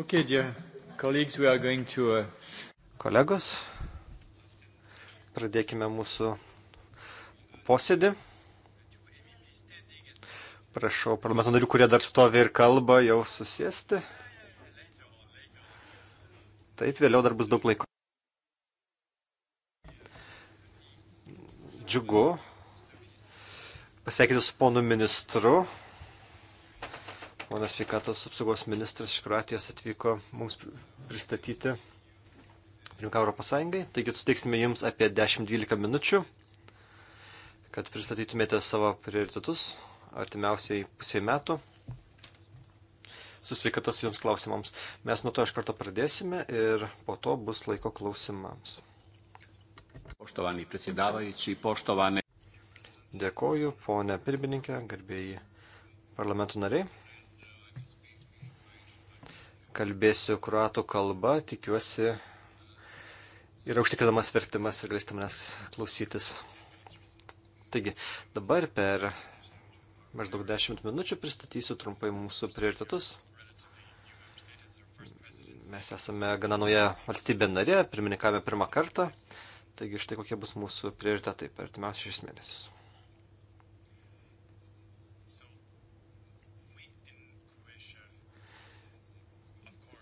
Okay, dear colleagues, we are going to. Uh, Kolegos, pradėkime mūsų posėdį. Prašau, parlamento narių, kurie dar stovi ir kalba, jau susėsti. Taip, vėliau dar bus daug laiko. Džiugu pasveikinti su ponu ministru Mano sveikatos apsaugos ministras iš Kroatijos atvyko mums pristatyti pirmininką Europos Sąjungai. Taigi suteiksime jums apie 10-12 minučių, kad pristatytumėte savo prioritetus artimiausiai pusiai metų su sveikatos jums klausimams. Mes nuo to iš karto pradėsime ir po to bus laiko klausimams. Poštovani prisidavajučiai, poštovani. Dėkoju, ponė pirmininkė, garbėjai parlamento nariai kalbėsiu kruatų kalba, tikiuosi, yra užtikrinamas vertimas ir galėsite manęs klausytis. Taigi, dabar per maždaug 10 minučių pristatysiu trumpai mūsų prioritetus. Mes esame gana nauja valstybė narė, pirmininkavome pirmą kartą, taigi štai kokie bus mūsų prioritetai per artimiausius šešis mėnesius.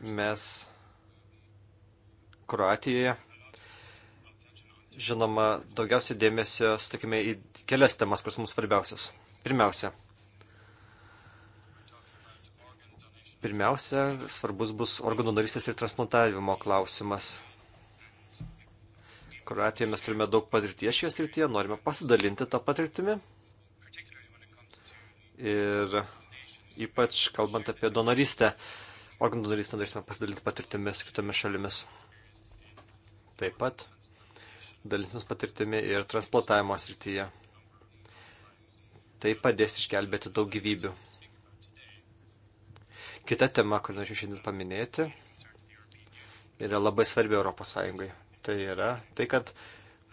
mes Kroatijoje žinoma, daugiausiai dėmesio sutikime į kelias temas, kurios mums svarbiausios. Pirmiausia, pirmiausia, svarbus bus organų narystės ir transplantavimo klausimas. Kroatijoje mes turime daug patirties šioje srityje, norime pasidalinti tą patirtimį. Ir ypač kalbant apie donorystę, organų dalys norėsime pasidalinti patirtimis kitomis šalimis. Taip pat dalinsimės patirtimi ir transplantavimo srityje. Tai padės išgelbėti daug gyvybių. Kita tema, kurią norėčiau šiandien paminėti, yra labai svarbi ES. Tai yra tai, kad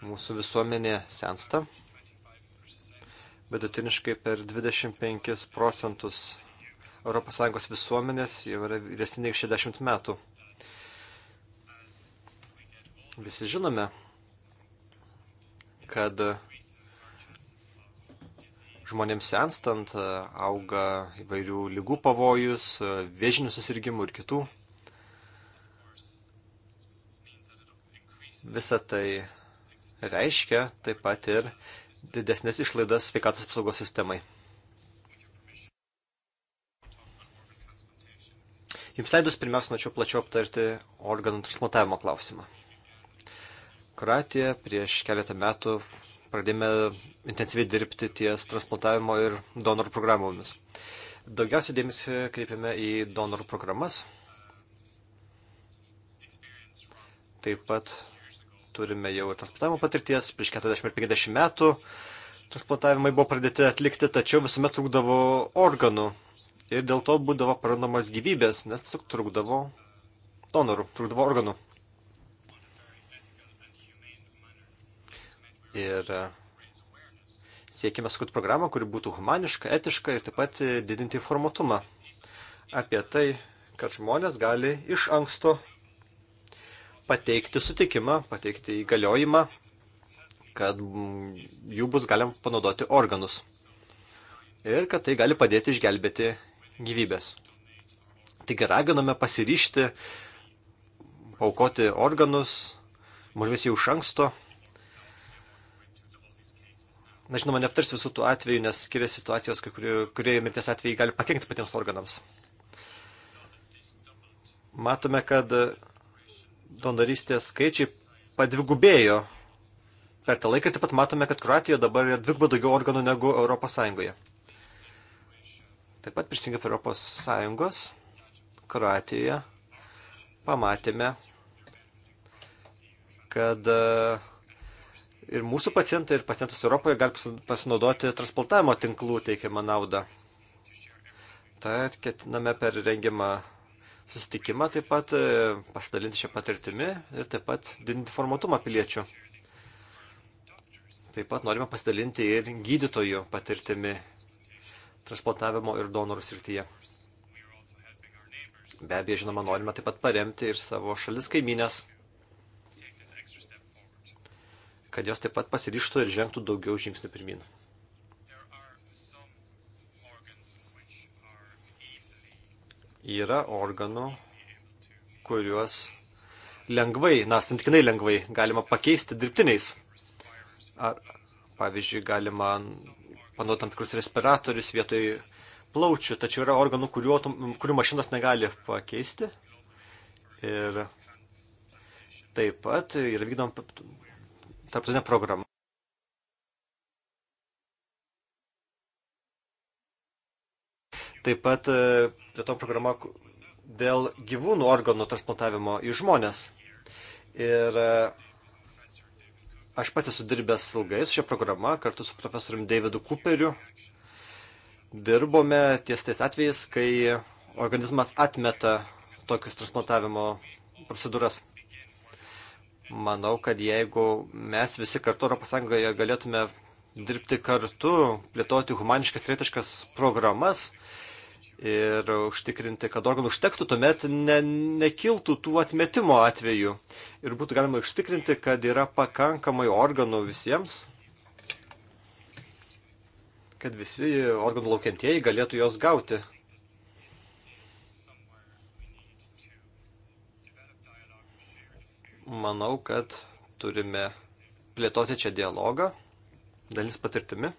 mūsų visuomenė sensta. Vidutiniškai per 25 procentus ES visuomenės jau yra vyresni nei 60 metų. Visi žinome, kad žmonėms senstant e, auga įvairių lygų pavojus, e, vėžinių susirgymų ir kitų. Visa tai reiškia taip pat ir didesnės išlaidas sveikatos apsaugos sistemai. Jums leidus pirmiausia, norėčiau plačiau aptarti organų transplantavimo klausimą. Kroatija prieš keletą metų pradėjome intensyviai dirbti ties transplantavimo ir donorų programomis. Daugiausia dėmesio kreipiame į donorų programas. Taip pat turime jau ir transplantavimo patirties. Prieš 40 ir 50 metų transplantavimai buvo pradėti atlikti, tačiau visuomet trūkdavo organų ir dėl to būdavo prarandamas gyvybės, nes tiesiog trukdavo donorų, trukdavo organų. Ir e, siekime sukurti programą, kuri būtų humaniška, etiška ir taip pat didinti informatumą apie tai, kad žmonės gali iš anksto pateikti sutikimą, pateikti įgaliojimą, kad mm, jų bus galima panaudoti organus. Ir kad tai gali padėti išgelbėti gyvybės. Taigi raginame pasiryšti, aukoti organus, žmonėmis jau iš anksto. Na, žinoma, neaptarsiu visų tų atvejų, nes skiriasi situacijos, kai kurie, kurie mirties atvejai gali pakengti patiems organams. Matome, kad donorystės skaičiai padvigubėjo per tą laiką ir taip pat matome, kad Kroatijoje dabar yra dvigubai daugiau organų negu ES taip pat prisijungė prie Europos Sąjungos, Kroatijoje pamatėme, kad e, ir mūsų pacientai, ir pacientas Europoje gali pasinaudoti transplantavimo tinklų teikiamą naudą. Tad ketiname per rengiamą susitikimą taip pat e, pasidalinti šią patirtimį ir taip pat didinti formatumą piliečių. Taip pat norime pasidalinti ir gydytojų patirtimi transplantavimo ir donorų srityje. Be abejo, žinoma, norime taip pat paremti ir savo šalis kaiminės, kad jos taip pat pasiryštų ir žengtų daugiau žingsnių pirmin. Yra organų, kuriuos lengvai, na, santykinai lengvai galima pakeisti dirbtiniais. Ar, pavyzdžiui, galima panaudot tam tikrus respiratorius vietoj plaučių, tačiau yra organų, kurių, kurių mašinos negali pakeisti. Ir taip pat yra vykdom tarptautinę programą. Taip pat e, prie to programa dėl gyvūnų organų transplantavimo į žmonės. Ir e, Aš pats esu dirbęs ilgai su šia programa, kartu su profesoriumi Davidu Cooperiu. Dirbome ties tais atvejais, kai organizmas atmeta tokius transplantavimo procedūras. Manau, kad jeigu mes visi kartu Europos Sąjungoje galėtume dirbti kartu, plėtoti humaniškas ir etiškas programas, ir užtikrinti, kad organų užtektų, tuomet ne, nekiltų tų atmetimo atvejų. Ir būtų galima užtikrinti, kad yra pakankamai organų visiems, kad visi organų laukiantieji galėtų juos gauti. Manau, kad turime plėtoti čia dialogą, dalis patirtimi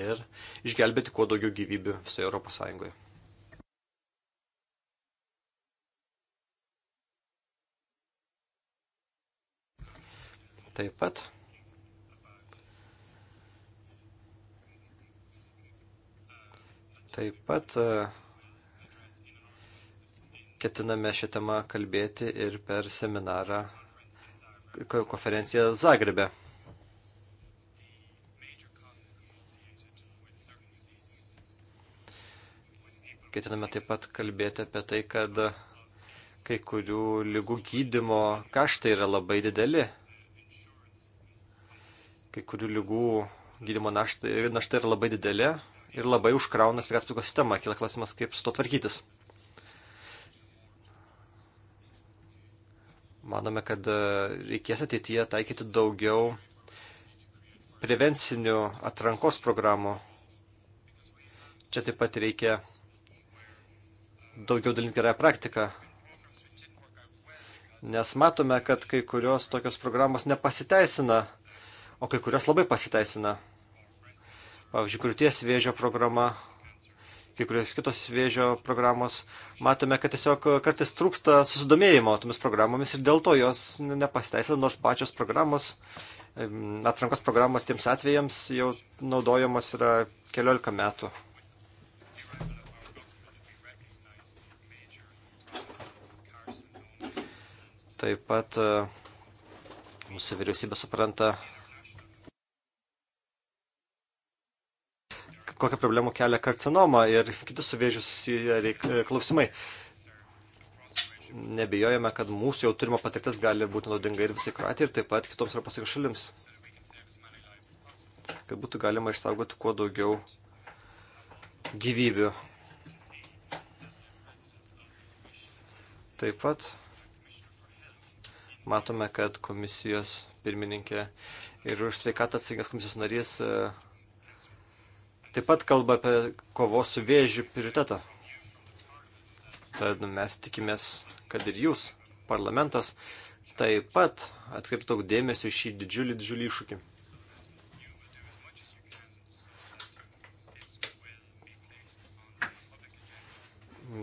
ir išgelbėti kuo daugiau gyvybių visoje Europos Sąjungoje. Taip pat Taip pat e, ketiname šią temą kalbėti ir per seminarą konferenciją Zagrebe. Ketiname taip pat kalbėti apie tai, kad kai kurių lygų gydimo kaštai yra labai dideli. Kai kurių lygų gydimo našta, našta yra labai didelė ir labai užkrauna sveikatos apsaugos sistemą. Kila klausimas, kaip su to tvarkytis. Manome, kad reikės ateityje taikyti daugiau prevencinių atrankos programų. Čia taip pat reikia daugiau dalinti gerąją praktiką. Nes matome, kad kai kurios tokios programos nepasiteisina, o kai kurios labai pasiteisina. Pavyzdžiui, krūties vėžio programa, kai kurios kitos vėžio programos. Matome, kad tiesiog kartais trūksta susidomėjimo tomis programomis ir dėl to jos nepasiteisina, nors pačios programos, atrankos programos tiems atvejams jau naudojamos yra keliolika metų. Taip pat e, mūsų vyriausybė supranta, kokią problemą kelia karcinoma ir kiti su vėžiu susiję e, klausimai. Nebijojame, kad mūsų jau turimo patirtis gali būti naudinga ir visai Kroatijai, ir taip pat kitoms Europos šalims. Kad būtų galima išsaugoti kuo daugiau gyvybių. Taip pat matome, kad komisijos pirmininkė ir už sveikatą atsakingas komisijos narys e, taip pat kalba apie kovos su vėžiu prioritetą. Tad mes tikimės, kad ir jūs, parlamentas, taip pat atkreiptų daug dėmesio į šį didžiulį, didžiulį iššūkį.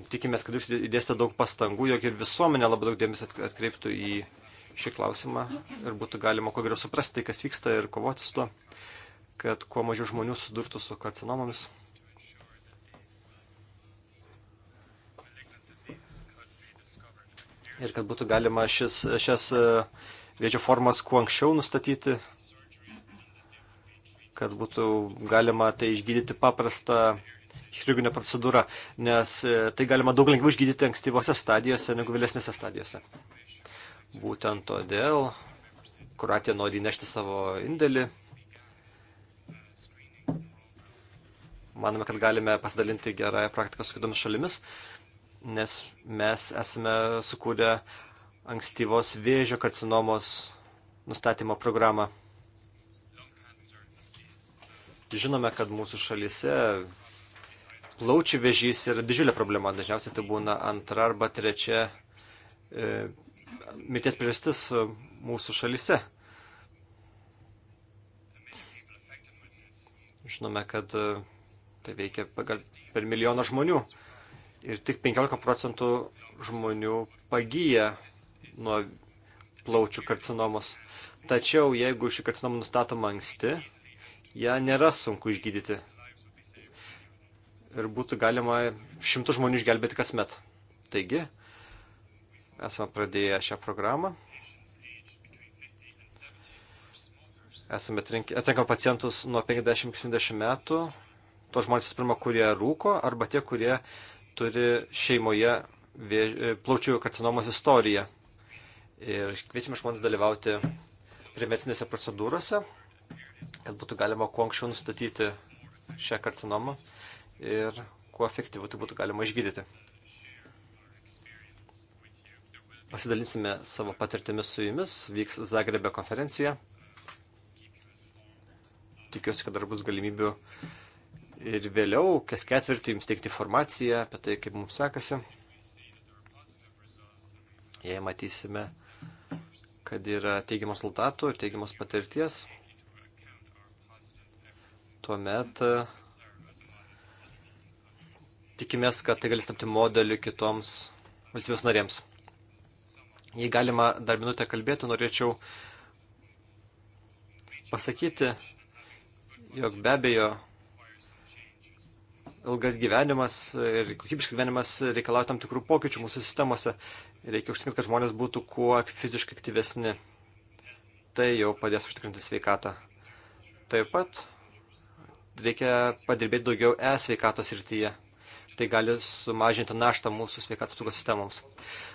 Tikimės, kad jūs įdėsite daug pastangų, jog ir visuomenė labai daug dėmesio atkreiptų į šį klausimą ir būtų galima kuo geriau suprasti tai, kas vyksta ir kovoti su to, kad kuo mažiau žmonių sudurtų su karcinomomis. Ir kad būtų galima šis, šias e, vėžio formas kuo anksčiau nustatyti, kad būtų galima tai išgydyti paprastą chirurginę procedūrą, nes e, tai galima daug lengviau išgydyti ankstyvose stadijose negu vėlesnėse stadijose. Būtent todėl Kroatija nori nešti savo indėlį. Manome, kad galime pasidalinti gerąją praktiką su kitomis šalimis, nes mes esame sukūrę ankstyvos vėžio karcinomos nustatymo programą. Žinome, kad mūsų šalyse plaučių vėžys yra didžiulė problema. Dažniausiai tai būna antra arba trečia e, mirties priežastis e, mūsų šalise. Žinome, kad e, tai veikia pagal, per milijoną žmonių ir tik 15 procentų žmonių pagyja nuo plaučių karcinomos. Tačiau jeigu ši karcinoma nustatoma anksti, ją nėra sunku išgydyti. Ir būtų galima šimtų žmonių išgelbėti kasmet. Taigi, esame pradėję šią programą. Esame atrenkam pacientus nuo 50-70 metų, to žmonės visų pirma, kurie rūko arba tie, kurie turi šeimoje vėž... plaučių karcinomos istoriją. Ir kviečiame žmonės dalyvauti prevencinėse procedūrose, kad būtų galima kuo anksčiau nustatyti šią karcinomą ir kuo efektyviau tai būtų galima išgydyti. Pasidalinsime savo patirtimis su jumis. Vyks Zagrebė konferencija. Tikiuosi, kad dar bus galimybių ir vėliau, kas ketvirtį, jums teikti informaciją apie tai, kaip mums sekasi. Jei matysime, kad yra teigiamas rezultatų ir teigiamas patirties, tuomet tikimės, kad tai galės tapti modeliu kitoms valstybės narėms. Jei galima dar minutę kalbėti, norėčiau pasakyti, jog be abejo ilgas gyvenimas ir kokybiškas gyvenimas reikalauja tam tikrų pokyčių mūsų sistemose. Reikia užtikrinti, kad žmonės būtų kuo fiziškai aktyvesni. Tai jau padės užtikrinti sveikatą. Taip pat reikia padirbėti daugiau e-sveikatos rytyje tai gali sumažinti naštą mūsų sveikatos apsaugos sistemoms.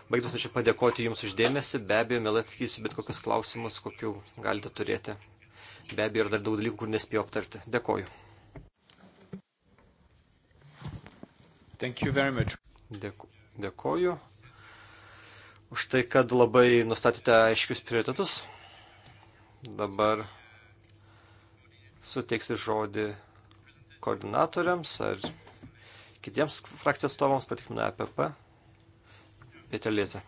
Baigdamas norėčiau padėkoti Jums uždėmesi, be abejo, mielai atsakysiu bet kokius klausimus, kokiu galite turėti. Be abejo, yra dar daug dalykų, kur nespėjau aptarti. Dėkoju. Dėku, dėkoju už tai, kad labai nustatėte aiškius prioritetus. Dabar suteiksiu žodį koordinatoriams ar kitiems frakcijos atstovams, patikime APP. E Peter Lėse.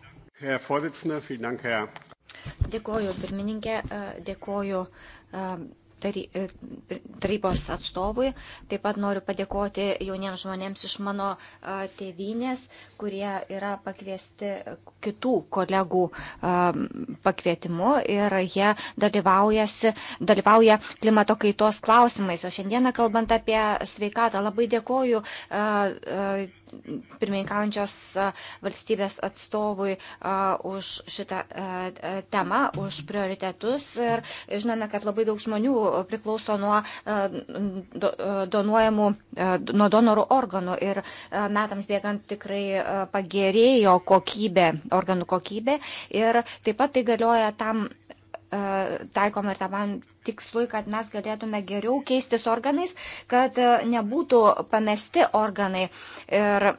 Dėkoju, pirmininkė, dėkoju E, tarybos atstovui. Taip pat noriu padėkoti jauniems žmonėms iš mano tėvynės, kurie yra pakviesti kitų kolegų pakvietimu ir jie dalyvauja klimato kaitos klausimais. O šiandieną kalbant apie sveikatą, labai dėkoju pirmininkaujančios valstybės atstovui už šitą temą, už prioritetus. Ir žinome, kad labai daug žmonių priklauso nuo donuojamų, nuo donorų organų. Ir metams bėgant tikrai pagerėjo kokybė, organų kokybė. Ir taip pat tai galioja tam taikoma ir tam tikslui, kad mes galėtume geriau keistis organais, kad e, nebūtų pamesti organai. Ir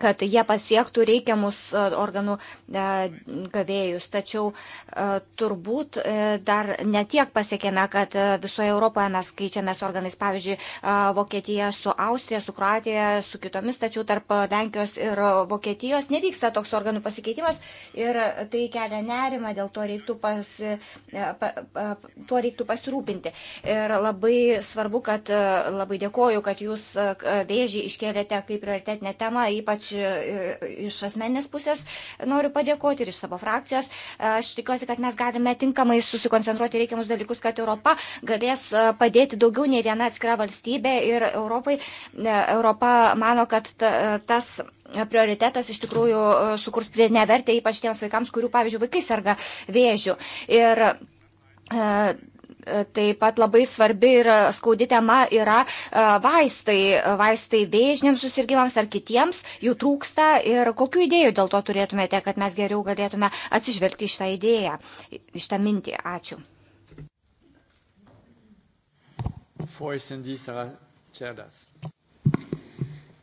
kad jie pasiektų reikiamus e, organų e, gavėjus. Tačiau e, turbūt dar netiek pasiekėme, kad visoje Europoje mes keičiamės organais, pavyzdžiui, Vokietija su Austrija, su Kroatija, su kitomis, tačiau tarp Lenkijos ir Vokietijos nevyksta toks organų pasikeitimas ir tai kelia nerimą, dėl to reiktų, pas, pa, pa, tuo reiktų pasirūpinti. Ir labai svarbu, kad labai dėkoju, kad jūs vėžį iškėlėte kaip prioritetinę temą, ypač ypač e, iš asmeninės pusės noriu padėkoti ir iš savo frakcijos. Aš tikiuosi, kad mes galime tinkamai susikoncentruoti reikiamus dalykus, kad Europa galės e, padėti daugiau nei viena atskira valstybė ir Europai. E, Europa mano, kad tas prioritetas iš tikrųjų sukurs pridėtinę vertę, ypač tiems vaikams, kurių, pavyzdžiui, vaikai serga vėžiu. Ir Taip pat labai svarbi ir e, skaudi tema yra e, vaistai, e, vaistai vėžiniams susirgymams ar kitiems, jų trūksta ir kokiu idėjų dėl to turėtumėte, kad mes geriau galėtume atsižvelgti iš tą idėją, iš tą mintį. Ačiū.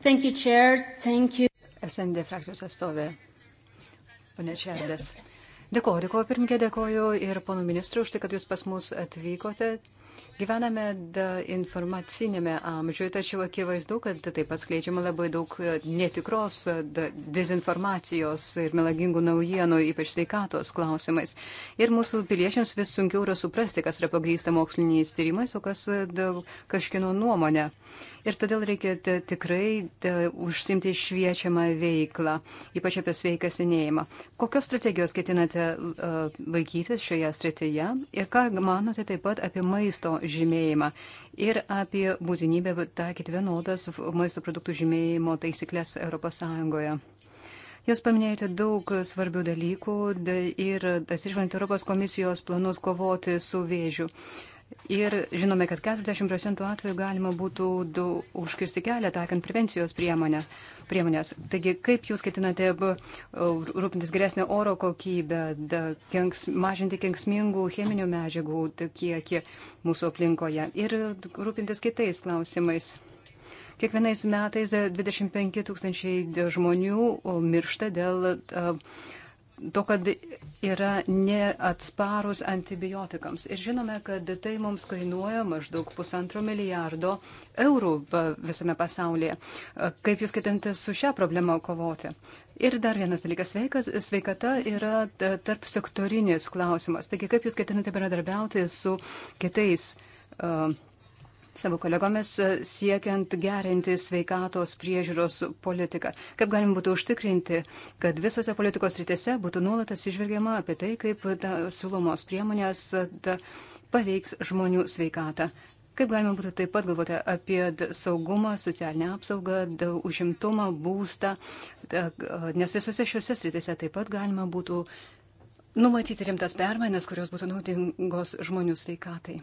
Thank you, Chair. Thank you. SND frakcijos atstovė. Pane Čerdas. Dėkuoju, dėkuoju pirmininkė, dėkuoju ir ponų ministrui už tai, kad jūs pas mus atvykote. Gyvename informacinėme amžiuje, tačiau akivaizdu, kad taip paskleidžiama labai daug netikros dezinformacijos ir melagingų naujienų, ypač sveikatos klausimais. Ir mūsų piliečiams vis sunkiau yra suprasti, kas yra pagrysta moksliniais tyrimais, o kas kažkino nuomonė. Ir todėl reikia tikrai užsimti šviečiamą veiklą, ypač apie sveiką senėjimą. Kokios strategijos ketinate e, laikytis šioje srityje ir ką manote taip pat apie maisto žymėjimą ir apie būtinybę taikyti vienodas maisto produktų žymėjimo taisyklės ES? Jūs paminėjote daug svarbių dalykų ir atsižvelgiant Europos komisijos planus kovoti su vėžiu. Ir žinome, kad 40 procentų atveju galima būtų du, užkirsti kelią, taikant prevencijos priemonę, priemonės. Taigi, kaip jūs ketinate rūpintis geresnę oro kokybę, da, kenks, mažinti kenksmingų cheminių medžiagų kiekį mūsų aplinkoje ir rūpintis kitais klausimais? Kiekvienais metais 25 tūkstančiai žmonių miršta dėl. Uh, to, kad yra neatsparus antibiotikams. Ir žinome, kad tai mums kainuoja maždaug pusantro milijardo eurų visame pasaulyje. Kaip jūs ketinate su šią problemą kovoti? Ir dar vienas dalykas, sveikas, sveikata yra tarp sektorinis klausimas. Taigi, kaip jūs ketinate bendradarbiauti su kitais uh, savo kolegomis e, siekiant gerinti sveikatos priežiūros politiką. Kaip galim būtų užtikrinti, kad visose politikos rytise būtų nuolat atsižvelgiama apie tai, kaip ta, siūlomos priemonės e, ta, paveiks žmonių sveikatą. Kaip galima būtų taip pat galvoti apie saugumą, socialinę apsaugą, užimtumą, būstą, da, nes visose šiuose sritise taip pat galima būtų numatyti rimtas permainas, kurios būtų naudingos žmonių sveikatai.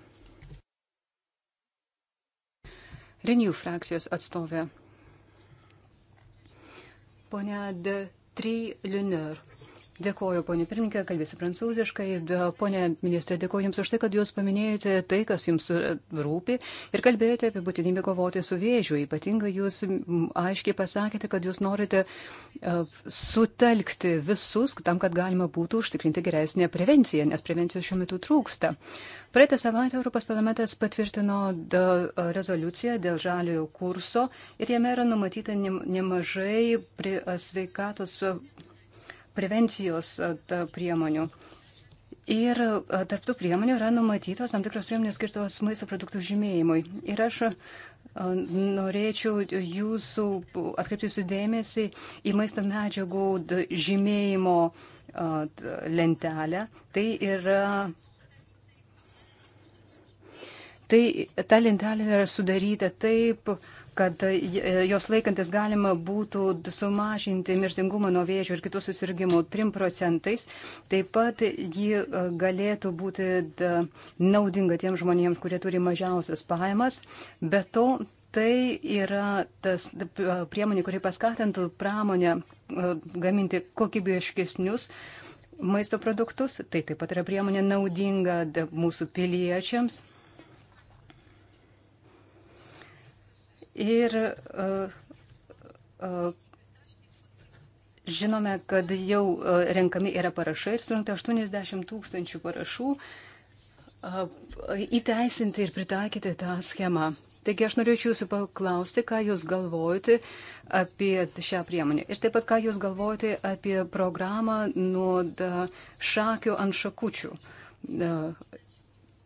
Renew frakcijos atstovė. Pone D. Tri Luneur. Dėkuoju, ponė pirmininkė, kalbėsiu prancūziškai. Pone ministrė, dėkuoju Jums už tai, kad Jūs paminėjote tai, kas Jums e, rūpi ir kalbėjote apie būtinybę kovoti su vėžiu. Ypatingai Jūs aiškiai pasakėte, kad Jūs norite e, sutelkti visus tam, kad galima būtų užtikrinti geresnę prevenciją, nes prevencijos šiuo metu trūksta. Praeitą savaitę Europos parlamentas patvirtino rezoliuciją dėl žaliojo kurso ir jame yra numatyta nemažai e, sveikatos prevencijos priemonių. Ir tarptų priemonių yra numatytos tam tikros priemonės skirtos maisto produktų žymėjimui. Ir aš norėčiau jūsų atkreipti jūsų dėmesį į maisto medžiagų žymėjimo lentelę. Tai yra Tai ta lentelė yra sudaryta taip, kad e, jos laikantis galima būtų sumažinti mirtingumą nuo vėžio ir kitų susirgymų 3 procentais. Taip pat ji e, galėtų būti e, naudinga tiems žmonėms, kurie turi mažiausias pajamas. Be to, tai yra tas priemonė, kuri paskatintų pramonę gaminti kokybiškesnius maisto produktus. Tai taip pat yra priemonė naudinga mūsų piliečiams. Ir e, e, žinome, kad jau e, renkami yra parašai ir surinkta 80 tūkstančių parašų įteisinti ir pritaikyti tą schemą. Taigi aš norėčiau jūsų paklausti, ką jūs galvojate apie šią priemonę. Ir taip pat, ką jūs galvojate apie programą nuo šakio ant šakučių.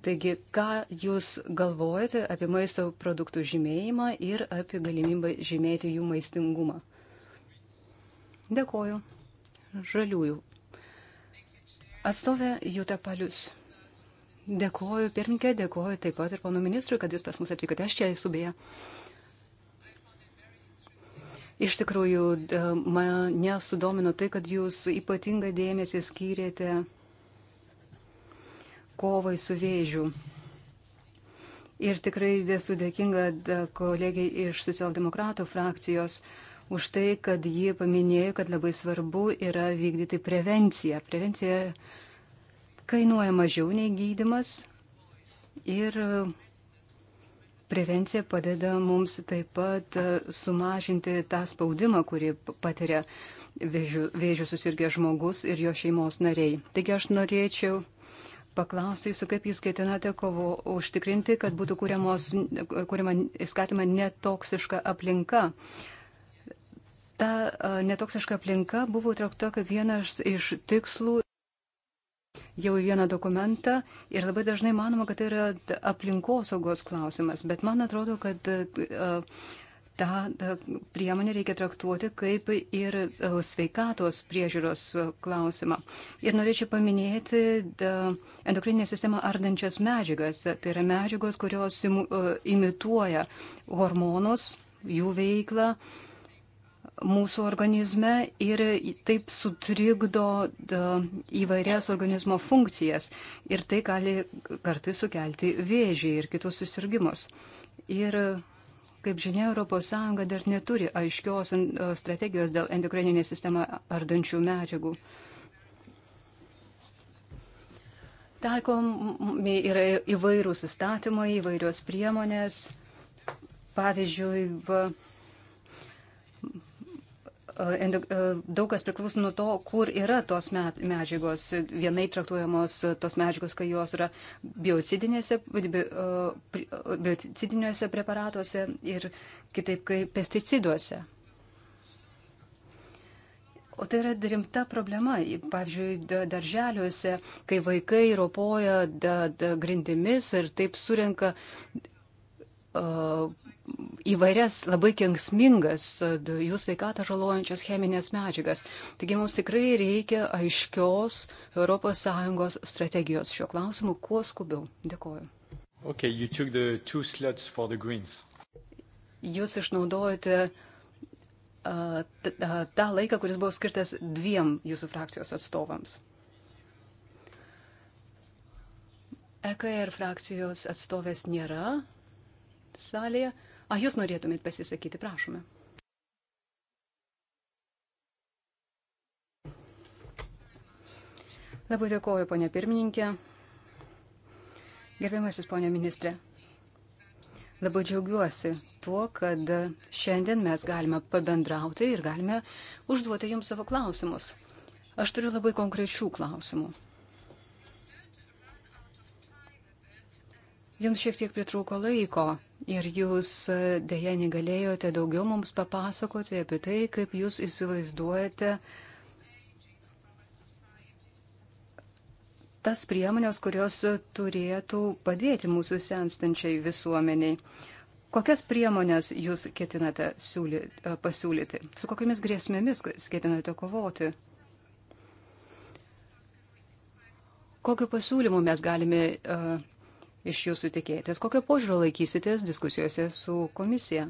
Taigi, ką Jūs galvojate apie maisto produktų žymėjimą ir apie galimybę žymėti jų maistingumą? Dėkoju. Žaliųjų. Atstovė Jūta Palius. Dėkoju, pirmininkė, dėkoju taip pat ir panu ministrui, kad jūs pas mus atvykote. Aš čia esu beje. Iš tikrųjų, mane sudomino tai, kad jūs ypatingą dėmesį skyrėte kovai su vėžiu. Ir tikrai esu dėkinga kolegiai iš socialdemokratų frakcijos už tai, kad ji paminėjo, kad labai svarbu yra vykdyti prevenciją. Prevencija kainuoja mažiau nei gydimas ir prevencija padeda mums taip pat e, sumažinti tą spaudimą, kurį patiria vėžių, vėžių susirgęs žmogus ir jo šeimos nariai. Taigi aš norėčiau paklausti jūsų, kaip jūs ketinate kovo užtikrinti, kad būtų kuriamos, kuriama įstatymą netoksiška aplinka. Ta netoksiška aplinka buvo traukta kaip vienas iš tikslų jau į vieną dokumentą ir labai dažnai manoma, kad tai yra aplinkosaugos klausimas, bet man atrodo, kad uh, tą priemonę reikia traktuoti kaip ir e, sveikatos priežiūros e, klausimą. Ir norėčiau paminėti endokrininę sistemą ardančias medžiagas. Tai yra medžiagos, kurios e, imituoja hormonus, jų veiklą mūsų organizme ir taip sutrikdo įvairias organizmo funkcijas ir tai gali kartais sukelti vėžį ir kitus susirgymus. Ir Kaip žinia, ES dar neturi aiškios strategijos dėl endokrininę sistemą ardančių medžiagų. Taikomi yra įvairūs įstatymai, įvairios priemonės. Pavyzdžiui, E, e, daug kas priklauso nuo to, kur yra tos medžiagos. Vienai traktuojamos tos medžiagos, kai jos yra e, biocidiniuose preparatuose ir kitaip kaip pesticiduose. O tai yra rimta problema. Pavyzdžiui, darželiuose, kai vaikai ropoja da, da, grindimis ir taip surenka uh, įvairias labai kengsmingas, e, jų sveikatą žalojančias cheminės medžiagas. Taigi mums tikrai reikia aiškios ES strategijos šiuo klausimu, kuo skubiau. Dėkuoju. Okay, Jūs išnaudojate uh, tą laiką, kuris buvo skirtas dviem jūsų frakcijos atstovams. EKR frakcijos atstovės nėra salėje. A, jūs norėtumėt pasisakyti, prašome. Labai dėkoju, ponė pirmininkė. Gerbiamasis ponė ministrė, labai džiaugiuosi tuo, kad šiandien mes galime pabendrauti ir galime užduoti jums savo klausimus. Aš turiu labai konkrečių klausimų. Jums šiek tiek pritrūko laiko ir jūs e, dėja negalėjote daugiau mums papasakoti apie tai, kaip jūs įsivaizduojate tas priemonės, kurios turėtų padėti mūsų senstančiai visuomeniai. Kokias priemonės jūs ketinate siūly, e, pasiūlyti? Su kokiamis grėsmėmis ketinate kovoti? Kokiu pasiūlymu mes galime uh, iš jūsų tikėtės, kokio požiūrio laikysitės diskusijose su komisija.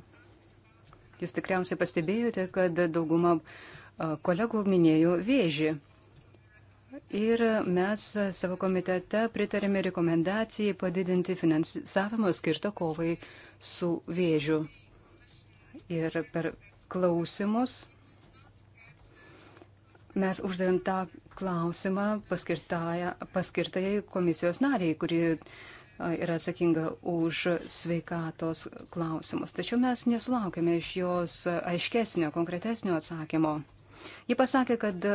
Jūs tikriausiai pastebėjote, kad dauguma kolegų minėjo vėžį. Ir mes savo komitete pritarėme rekomendacijai padidinti finansavimą skirtą kovai su vėžiu. Ir per klausimus mes uždavėm tą klausimą paskirtąją, paskirtąją komisijos nariai, kuri uh, yra atsakinga už sveikatos klausimus. Tačiau mes nesulaukėme iš jos aiškesnio, konkretesnio atsakymo. Ji pasakė, kad e,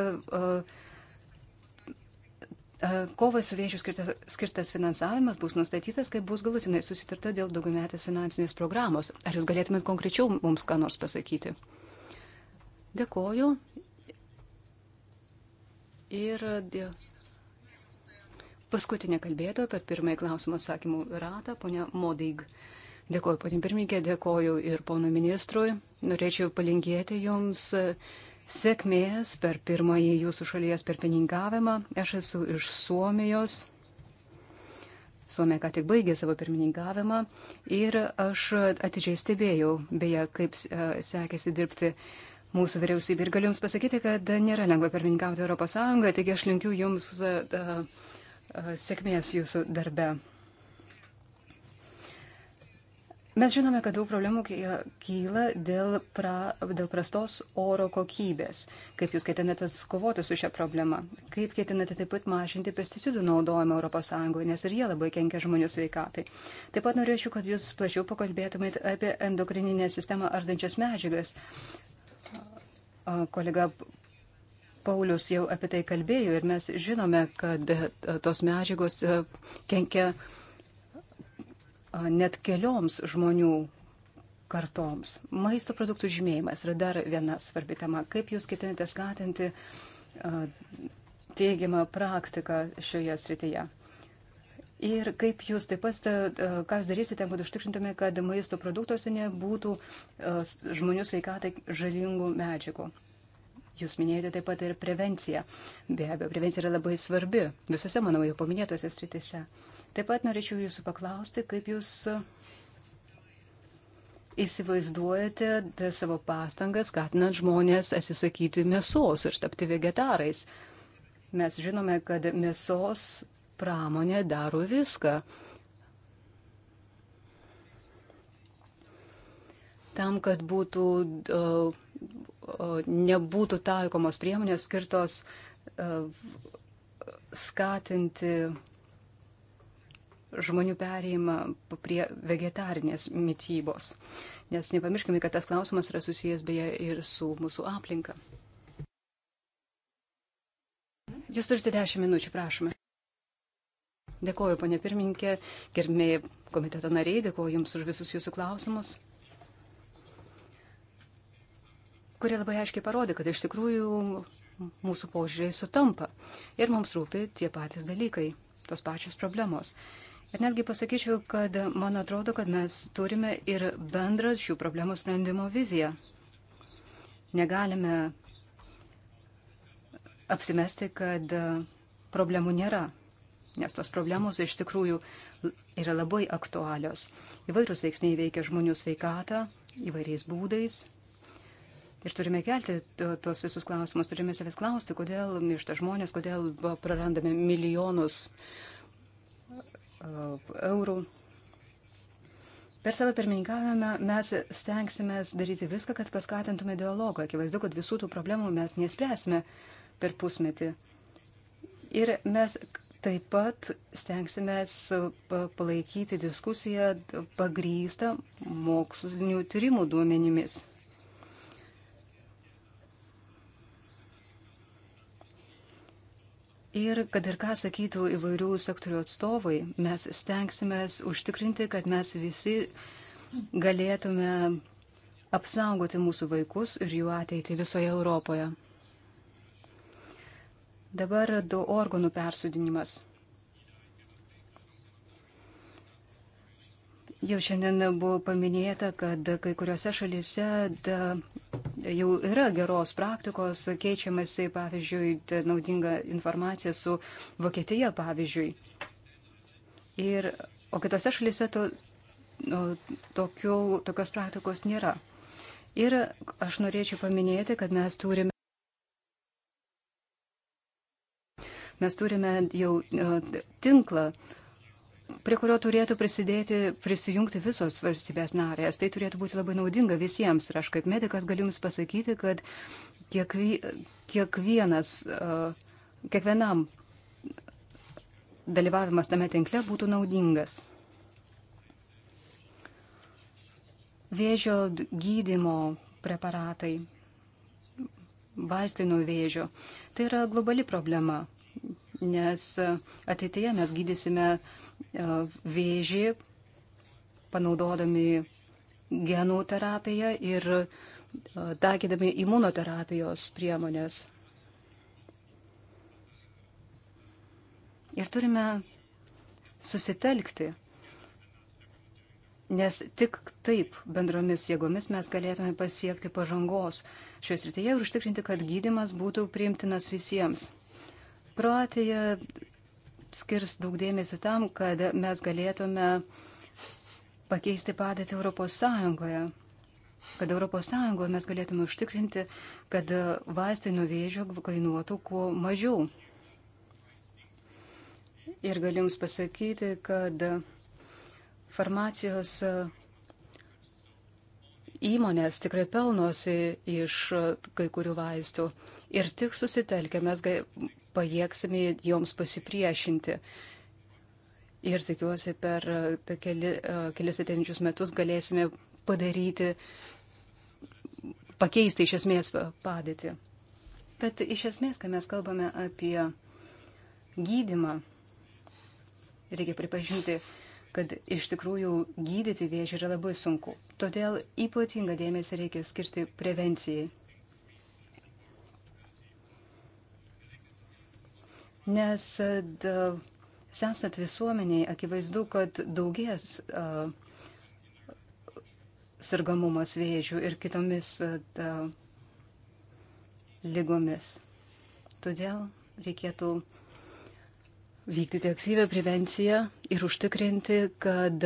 e, kovai su vėžiu skirtas, skirtas finansavimas bus nustatytas, kai bus galutinai susitarta dėl daugiametės finansinės programos. Ar jūs galėtumėt konkrečiau mums ką nors pasakyti? Dėkoju. Ir dėkoju. Paskutinė kalbėtoja per pirmąjį klausimą atsakymų ratą, ponia Modig. Dėkoju, ponia pirmininkė, dėkoju ir pono ministrui. Norėčiau palinkėti jums e, sėkmės per pirmąjį jūsų šalies pirmininkavimą. Aš esu iš Suomijos. Suomija ką tik baigė savo pirmininkavimą ir aš atidžiai stebėjau, beje, kaip e, sekėsi dirbti mūsų vyriausybė. Ir galiu Jums pasakyti, kad nėra lengva pirmininkauti ES, taigi aš linkiu Jums uh, E, sėkmės jūsų darbe. Mes žinome, kad daug problemų kyla dėl, pra, dėl prastos oro kokybės. Kaip jūs ketinate kovoti su šią problemą? Kaip ketinate taip pat mažinti pesticidų naudojimą ES, nes ir jie labai kenkia žmonių sveikatai? Taip pat norėčiau, kad jūs plačiau pakalbėtumėt apie endokrininę sistemą ardančias medžiagas. Kolega Paulius jau apie tai kalbėjo ir mes žinome, kad e, tos medžiagos e, kenkia e, net kelioms žmonių kartoms. Maisto produktų žymėjimas yra dar viena svarbi tema. Kaip jūs ketinate skatinti teigiamą praktiką šioje srityje? Ir kaip jūs taip pat, ką jūs darysite, kad užtikrintume, kad maisto produktuose nebūtų žmonių sveikatai žalingų medžiagų? Jūs minėjote taip pat ir prevenciją. Be abejo, prevencija yra labai svarbi visose mano jau paminėtose sritise. Taip pat norėčiau jūsų paklausti, kaip jūs uh, įsivaizduojate savo pastangas, skatinant žmonės atsisakyti mėsos ir tapti vegetarais. Mes žinome, kad mėsos pramonė daro viską. Tam, kad būtų uh, nebūtų taikomos priemonės skirtos e, skatinti žmonių perėjimą prie vegetarinės mytybos. Nes nepamirškime, kad tas klausimas yra susijęs beje ir su mūsų aplinka. Jūs turite dešimt minučių, prašome. Dėkoju, ponė pirmininkė, gerbėjai komiteto nariai, dėkoju Jums už visus Jūsų klausimus kurie labai aiškiai parodė, kad iš tikrųjų mūsų požiūriai sutampa ir mums rūpi tie patys dalykai, tos pačios problemos. Ir netgi pasakyčiau, kad man atrodo, kad mes turime ir bendrą šių problemų sprendimo viziją. Negalime apsimesti, kad problemų nėra, nes tos problemos iš tikrųjų yra labai aktualios. Įvairūs veiksniai veikia žmonių sveikatą įvairiais būdais, Ir turime kelti tuos visus klausimus, turime savęs klausti, kodėl miršta žmonės, kodėl prarandame milijonus eurų. Per savo pirmininkavimą mes stengsime daryti viską, kad paskatintume dialogą. Akivaizdu, kad visų tų problemų mes nespręsime per pusmetį. Ir mes taip pat stengsime palaikyti diskusiją pagrystą mokslinių tyrimų duomenimis. Ir kad ir ką sakytų įvairių sektorių atstovai, mes stengsimės užtikrinti, kad mes visi galėtume apsaugoti mūsų vaikus ir jų ateitį visoje Europoje. Dabar du organų persudinimas. Jau šiandien buvo paminėta, kad kai kuriuose šalyse da, jau yra geros praktikos, keičiamasi, pavyzdžiui, da, naudinga informacija su Vokietija, pavyzdžiui. Ir, o kitose šalyse to, no, tokių, tokios praktikos nėra. Ir aš norėčiau paminėti, kad mes turime. Mes turime jau tinklą prie kurio turėtų prisidėti, prisijungti visos valstybės narės. Tai turėtų būti labai naudinga visiems. Ir aš kaip medikas galiu Jums pasakyti, kad kiekvi, kiekvienas, kiekvienam dalyvavimas tame tinkle būtų naudingas. Vėžio gydimo preparatai, vaistai nuo vėžio. Tai yra globali problema, nes ateityje mes gydysime uh, E, vėžį, panaudodami genų terapiją ir e, taikydami imunoterapijos priemonės. Ir turime susitelkti, nes tik taip bendromis jėgomis mes galėtume pasiekti pažangos šioje srityje ir užtikrinti, kad gydimas būtų priimtinas visiems. Kroatija skirs daug dėmesio tam, kad mes galėtume pakeisti padėtį Europos Sąjungoje. Kad Europos Sąjungoje mes galėtume užtikrinti, kad vaistai nuo vėžio kainuotų kuo mažiau. Ir galiu Jums pasakyti, kad farmacijos įmonės tikrai pelnosi iš kai kurių vaistų. Ir tik susitelkę mes pajėgsime joms pasipriešinti. Ir tikiuosi, per keli, kelias ateinančius metus galėsime padaryti, pakeisti iš esmės padėtį. Bet iš esmės, kai mes kalbame apie gydimą, reikia pripažinti, kad iš tikrųjų gydyti vėžį yra labai sunku. Todėl ypatingą dėmesį reikia skirti prevencijai. nes e, senstant visuomeniai akivaizdu, kad daugės e, sirgamumas vėžių ir kitomis e, da, lygomis. Todėl reikėtų vykdyti aktyvę prevenciją ir užtikrinti, kad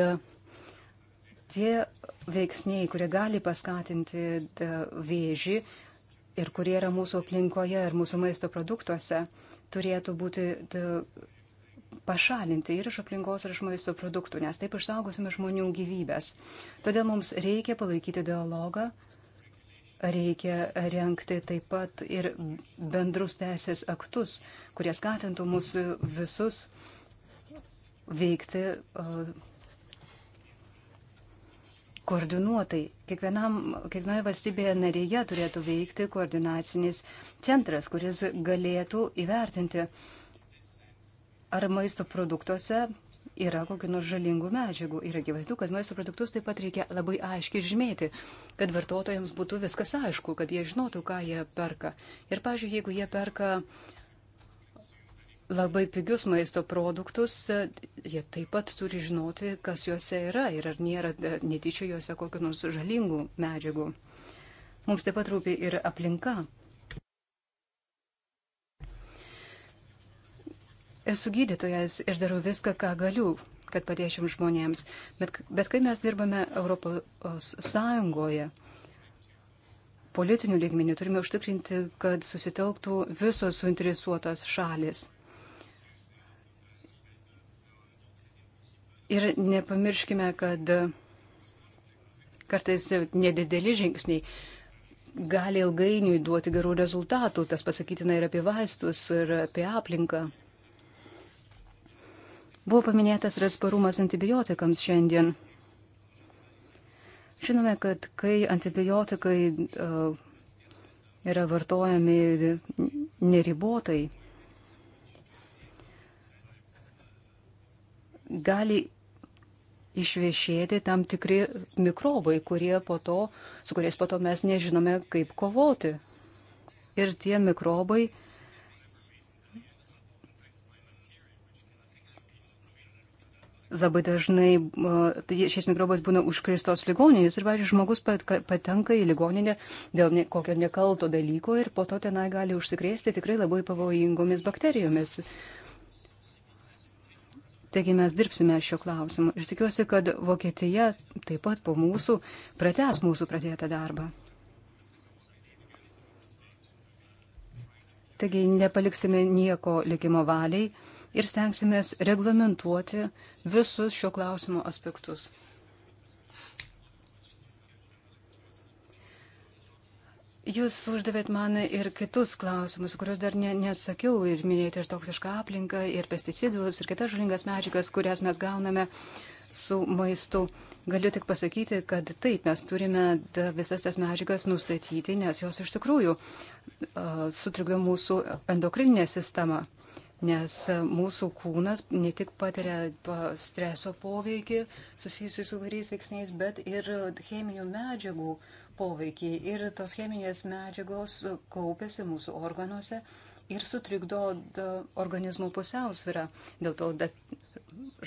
tie veiksniai, kurie gali paskatinti da, vėžį ir kurie yra mūsų aplinkoje ir mūsų maisto produktuose, uh, turėtų būti e, pašalinti ir iš aplinkos, ir iš maisto produktų, nes taip išsaugosime žmonių gyvybės. Todėl mums reikia palaikyti dialogą, reikia renkti taip pat ir bendrus teisės aktus, kurie skatintų mus visus veikti uh, koordinuotai. Kiekvienoje valstybėje narėje turėtų veikti koordinacinis centras, kuris galėtų įvertinti, ar maisto produktuose yra kokių nors žalingų medžiagų. Ir akivaizdu, kad maisto produktus taip pat reikia labai aiškiai žymėti, kad vartotojams būtų viskas aišku, kad jie žinotų, ką jie perka. Ir, pažiūrėjau, jeigu jie perka labai pigius maisto produktus, jie taip pat turi žinoti, kas juose yra ir ar nėra e, netyčia juose kokiu nors žalingų medžiagų. Mums taip pat rūpi ir aplinka. Esu gydytojas ir darau viską, ką galiu, kad padėčiau žmonėms. Bet, bet kai mes dirbame Europos Sąjungoje, politinių lygmenių turime užtikrinti, kad susitelktų visos suinteresuotos šalis. Ir nepamirškime, kad kartais nedideli žingsniai gali ilgainiui duoti gerų rezultatų. Tas pasakytina ir apie vaistus, ir apie aplinką. Buvo paminėtas resparumas antibiotikams šiandien. Žinome, kad kai antibiotikai uh, yra vartojami neribotai, gali išviešėti tam tikri mikrobai, to, su kuriais po to mes nežinome, kaip kovoti. Ir tie mikrobai labai dažnai, tai šiais mikrobais būna užkristos ligoninės ir, važiuoju, žmogus patenka į ligoninę dėl ne, kokio nekalto dalyko ir po to tenai gali užsikrėsti tikrai labai pavojingomis bakterijomis. Taigi mes dirbsime šio klausimu ir tikiuosi, kad Vokietija taip pat po mūsų pratęs mūsų pradėtą darbą. Taigi nepaliksime nieko likimo valiai ir stengsimės reglamentuoti visus šio klausimo aspektus. Jūs uždavėt man ir kitus klausimus, kuriuos dar ne, neatsakiau ir minėjote ir toksišką aplinką, ir pesticidus, ir kitas žalingas medžiagas, kurias mes gauname su maistu. Galiu tik pasakyti, kad taip, mes turime visas tas medžiagas nustatyti, nes jos iš tikrųjų sutrikdo mūsų endokrininę sistemą, nes mūsų kūnas ne tik patiria streso poveikį susijusiu su vairiais veiksniais, bet ir cheminių medžiagų poveikį ir tos cheminės medžiagos kaupiasi mūsų organuose ir sutrikdo organizmo pusiausvyrą. Dėl to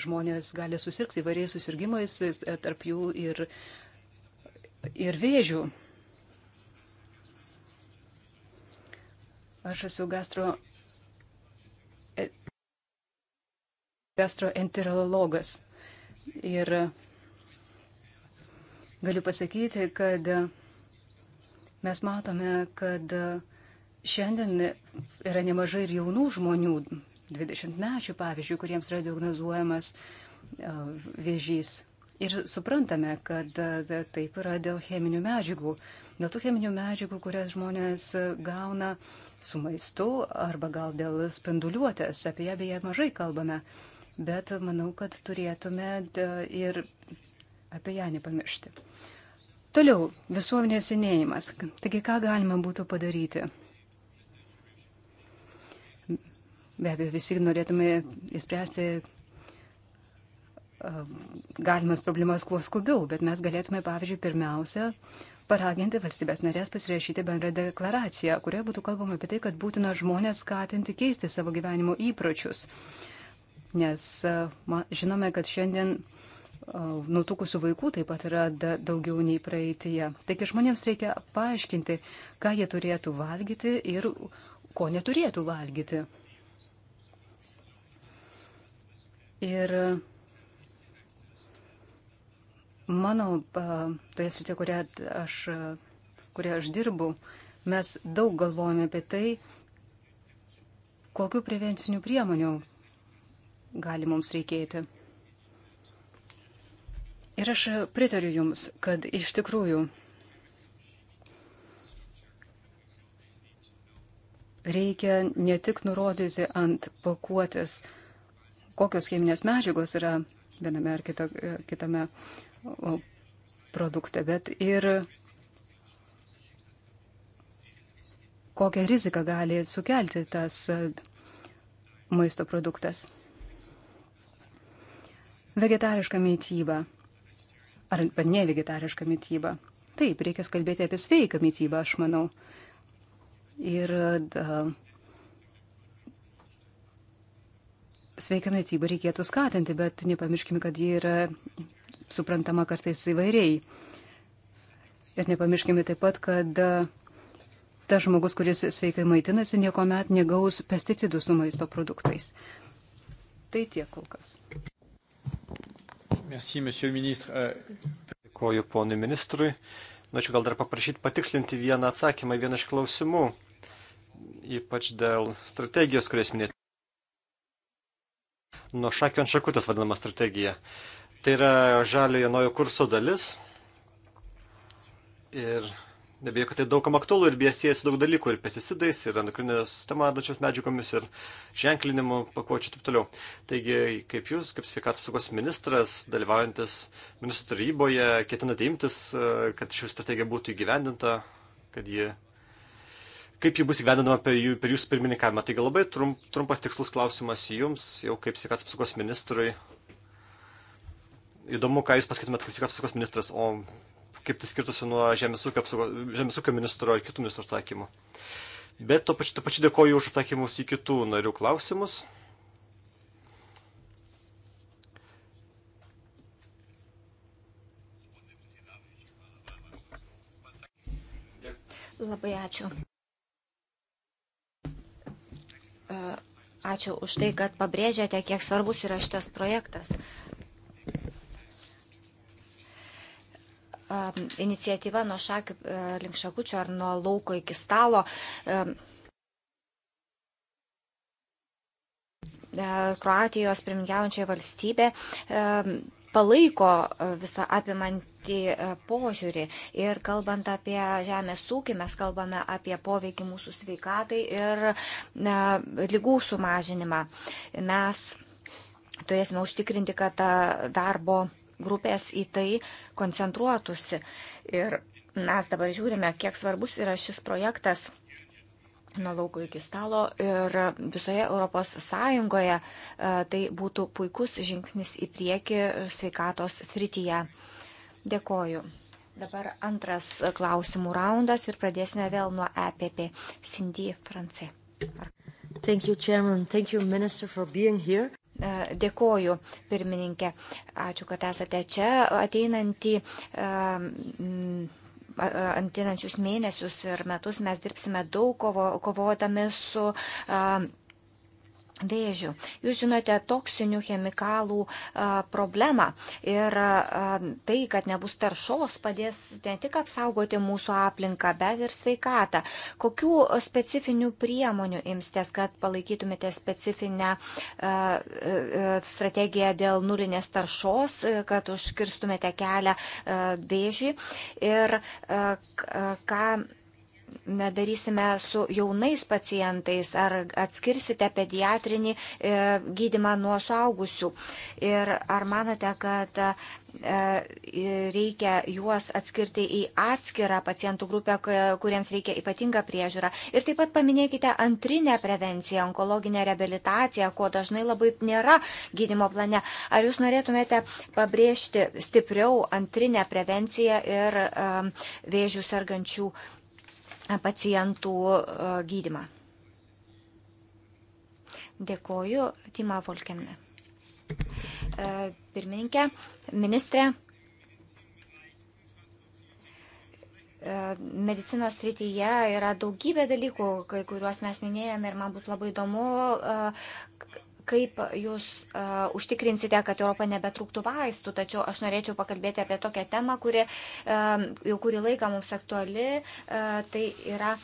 žmonės gali susirgti įvairiais susirgymais, e, tarp jų ir, ir vėžių. Aš esu gastro, e, gastroenterologas ir galiu pasakyti, kad Mes matome, kad šiandien yra nemažai ir jaunų žmonių, 20 mečių pavyzdžiui, kuriems yra diagnozuojamas e, vėžys. Ir suprantame, kad e, taip yra dėl cheminių medžiagų. Dėl tų cheminių medžiagų, kurias žmonės gauna su maistu arba gal dėl spinduliuotės, apie ją beje mažai kalbame. Bet manau, kad turėtume e, ir apie ją nepamiršti. Toliau, visuomenės senėjimas. Taigi, ką galima būtų padaryti? Be abejo, visi norėtume įspręsti uh, galimas problemas kuo skubiau, bet mes galėtume, pavyzdžiui, pirmiausia, paraginti valstybės narės pasirašyti bendrą deklaraciją, kurioje būtų kalbama apie tai, kad būtina žmonės skatinti keisti savo gyvenimo įpročius. Nes uh, ma, žinome, kad šiandien uh, nutukusių vaikų taip pat yra daugiau nei praeitie. Taigi žmonėms reikia paaiškinti, ką jie turėtų valgyti ir ko neturėtų valgyti. Ir mano toje srityje, kurioje aš, kurioje aš dirbu, mes daug galvojame apie tai, kokiu prevenciniu priemoniu gali mums reikėti. Ir aš pritariu Jums, kad iš tikrųjų reikia ne tik nurodyti ant pakuotės, kokios cheminės medžiagos yra viename ar kita, kitame produkte, bet ir kokią riziką gali sukelti tas e, maisto produktas. Vegetariška mytyba arba ne vegetarišką mytybą. Taip, reikia kalbėti apie sveiką mytybą, aš manau. Ir da, sveiką mytybą reikėtų skatinti, bet nepamirškime, kad ji yra suprantama kartais įvairiai. Ir nepamirškime taip pat, kad tas žmogus, kuris sveikai maitinasi, nieko met negaus pesticidų su maisto produktais. Tai tiek kol kas. Merci, monsieur le ministre. Euh, Dėkoju ponui ministrui. Norėčiau gal dar paprašyti patikslinti vieną atsakymą, vieną iš klausimų, ypač dėl strategijos, kurias minėjote. Nuo šakio ant šakutės vadinama strategija. Tai yra žaliojo naujo kurso dalis. Ir Nebijau, kad tai daugam aktualu ir bėsėjasi daug dalykų ir pesticidais, ir endokrinės temadačios medžiagomis, ir ženklinimu pakuočių ir taip toliau. Taigi, kaip jūs, kaip sveikatos apsaugos ministras, dalyvaujantis ministrų taryboje, ketinate imtis, e, kad ši strategija būtų įgyvendinta, kad ji kaip ji bus įgyvendinama per, jų, per jūsų pirmininkavimą. Taigi labai trump, trumpas tikslus klausimas jums, jau kaip sveikatos apsaugos ministrui. Įdomu, ką jūs pasakytumėt kaip sveikatos apsaugos ministras, o kaip tai skirtusi nuo Žemės ūkio, apsaugo, žemės ūkio ministro ar kitų ministrų atsakymų. Bet to pačiu, to pačiu dėkoju už atsakymus į kitų narių klausimus. Labai ačiū. E, ačiū už tai, kad pabrėžėte, kiek svarbus yra šitas projektas. Um, iniciatyva nuo šakių uh, link šakučio ar nuo lauko iki stalo. Um, uh, Kroatijos pirmingiaujančioje valstybė um, palaiko uh, visą apimantį požiūrį. Ir kalbant apie žemės ūkį, mes kalbame apie poveikį mūsų sveikatai ir ne, lygų sumažinimą. Mes turėsime užtikrinti, kad ta darbo grupės į tai koncentruotųsi. Ir mes dabar žiūrime, kiek svarbus yra šis projektas nuo lauko iki stalo ir visoje Europos Sąjungoje e, tai būtų puikus žingsnis į priekį sveikatos srityje. Dėkoju. Dabar antras klausimų raundas ir pradėsime vėl nuo EPP. Cindy France. Thank you, Chairman. Thank you, Minister, for being here. E, dėkoju, pirmininkė. Ačiū, kad esate čia. Ateinantį e, antinančius mėnesius ir metus mes dirbsime daug kovo, kovodami su a, e, vėžių. Jūs žinote toksinių chemikalų a, problemą ir a, tai, kad nebus taršos, padės ne tik apsaugoti mūsų aplinką, bet ir sveikatą. Kokių specifinių priemonių imstės, kad palaikytumėte specifinę a, a, strategiją dėl nulinės taršos, a, kad užkirstumėte kelią a, vėžį ir a, a, ką darysime su jaunais pacientais, ar atskirsite pediatrinį e, gydimą nuo suaugusių. Ir ar manote, kad e, reikia juos atskirti į atskirą pacientų grupę, kuriems reikia ypatinga priežiūra. Ir taip pat paminėkite antrinę prevenciją, onkologinę rehabilitaciją, ko dažnai labai nėra gydimo plane. Ar jūs norėtumėte pabrėžti stipriau antrinę prevenciją ir um, vėžių sergančių pacientų gydimą. Dėkoju, Tima Volkemne. Pirmininkė, ministrė, medicinos srityje yra daugybė dalykų, kai kuriuos mes minėjome ir man būtų labai įdomu, kaip jūs uh, užtikrinsite, kad Europa nebetrūktų vaistų, tačiau aš norėčiau pakalbėti apie tokią temą, kuri uh, jau kurį laiką mums aktuali, uh, tai yra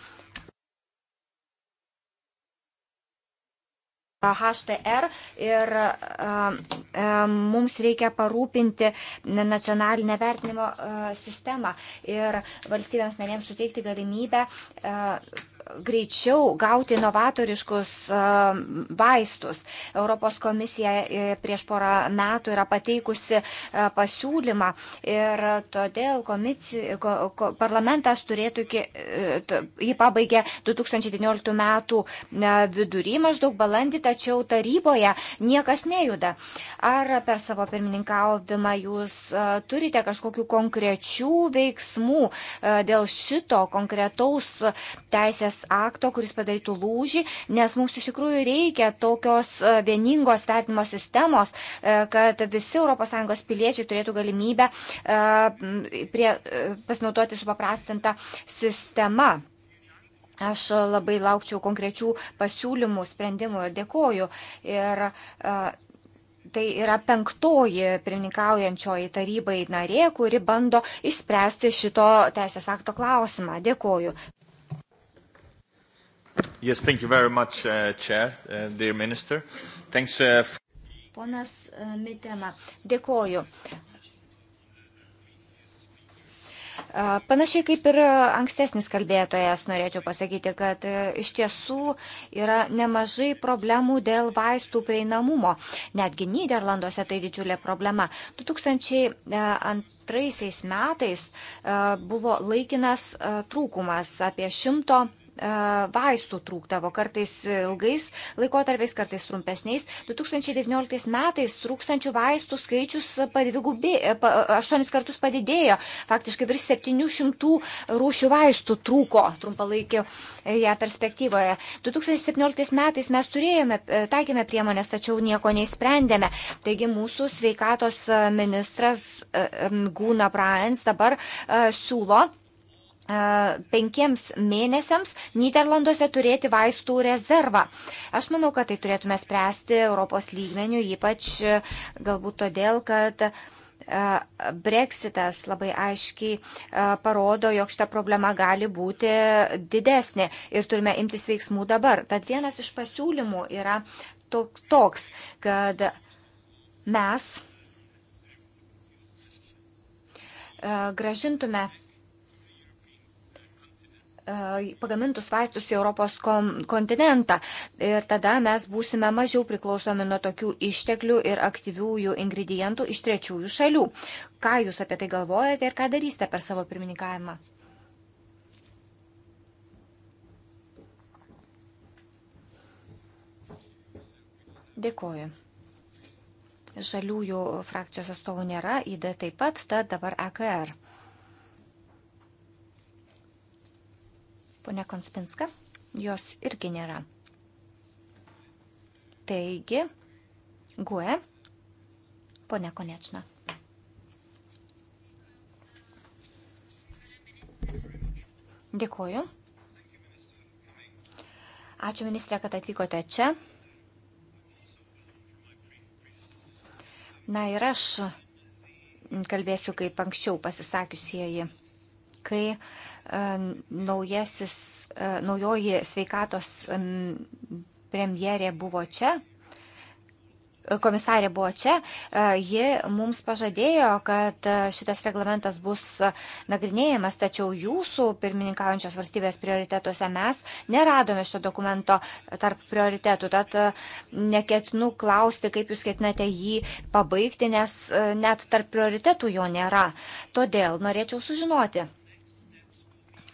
HTR ir uh, mums reikia parūpinti nacionalinę vertinimo uh, sistemą ir valstybėms narėms suteikti galimybę uh, greičiau gauti novatoriškus vaistus. Europos komisija e, prieš porą metų yra pateikusi pasiūlymą ir todėl komisija, parlamentas turėtų iki, e, jį pabaigė 2019 metų vidury maždaug balandį, tačiau taryboje niekas nejuda. Ar per savo pirmininkavimą jūs turite kažkokių konkrečių veiksmų dėl šito konkretaus teisės teisės akto, kuris padarytų lūžį, nes mums iš tikrųjų reikia tokios e, vieningos vertinimo sistemos, e, kad visi ES piliečiai turėtų galimybę e, prie, pasinaudoti supaprastintą sistemą. Aš labai laukčiau konkrečių pasiūlymų, sprendimų ir dėkoju. Ir, Tai yra penktoji pirmininkaujančioji tarybai narė, kuri bando išspręsti šito teisės akto klausimą. Dėkoju. Yes, thank you very much, uh, Chair, uh, dear Minister. Thanks. Uh, Ponas uh, Mitema, dėkoju. Uh, panašiai kaip ir uh, ankstesnis kalbėtojas, norėčiau pasakyti, kad uh, iš tiesų yra nemažai problemų dėl vaistų prieinamumo. Netgi Niderlanduose tai didžiulė problema. 2002 metais buvo laikinas trūkumas apie 100 E, vaistų trūktavo, kartais ilgais laikotarpiais, kartais trumpesniais. 2019 metais trūkstančių vaistų skaičius padvigubė, e, pa, aštuonis kartus padidėjo. Faktiškai virš 700 rūšių vaistų trūko trumpalaikėje perspektyvoje. 2017 metais mes turėjome, e, taikėme priemonės, tačiau nieko neįsprendėme. Taigi mūsų sveikatos ministras Gūna Brains dabar siūlo penkiems mėnesiams Niderlanduose turėti vaistų rezervą. Aš manau, kad tai turėtume spręsti Europos lygmenių, ypač galbūt todėl, kad Brexitas labai aiškiai parodo, jog šita problema gali būti didesnė ir turime imtis veiksmų dabar. Tad vienas iš pasiūlymų yra toks, kad mes gražintume E, pagamintus vaistus į Europos kontinentą. Ir tada mes būsime mažiau priklausomi nuo tokių išteklių ir aktyviųjų ingredientų iš trečiųjų šalių. Ką Jūs apie tai galvojate ir ką darysite per savo pirmininkavimą? Dėkoju. Žaliųjų frakcijos atstovų nėra, ID taip pat, tad dabar EKR. Pone Konspinska, jos irgi nėra. Taigi, Gue, pone Konečna. Dėkuoju. Ačiū ministrė, kad atvykote čia. Na ir aš kalbėsiu kaip anksčiau pasisakiusieji, kai E, naujasis, e, naujoji sveikatos premjerė buvo čia, komisarė buvo čia, e, ji mums pažadėjo, kad šitas reglamentas bus nagrinėjimas, tačiau jūsų pirmininkaujančios valstybės prioritetuose mes neradome šio dokumento tarp prioritetų. Tad neketinu klausti, kaip jūs ketinate jį pabaigti, nes net tarp prioritetų jo nėra. Todėl norėčiau sužinoti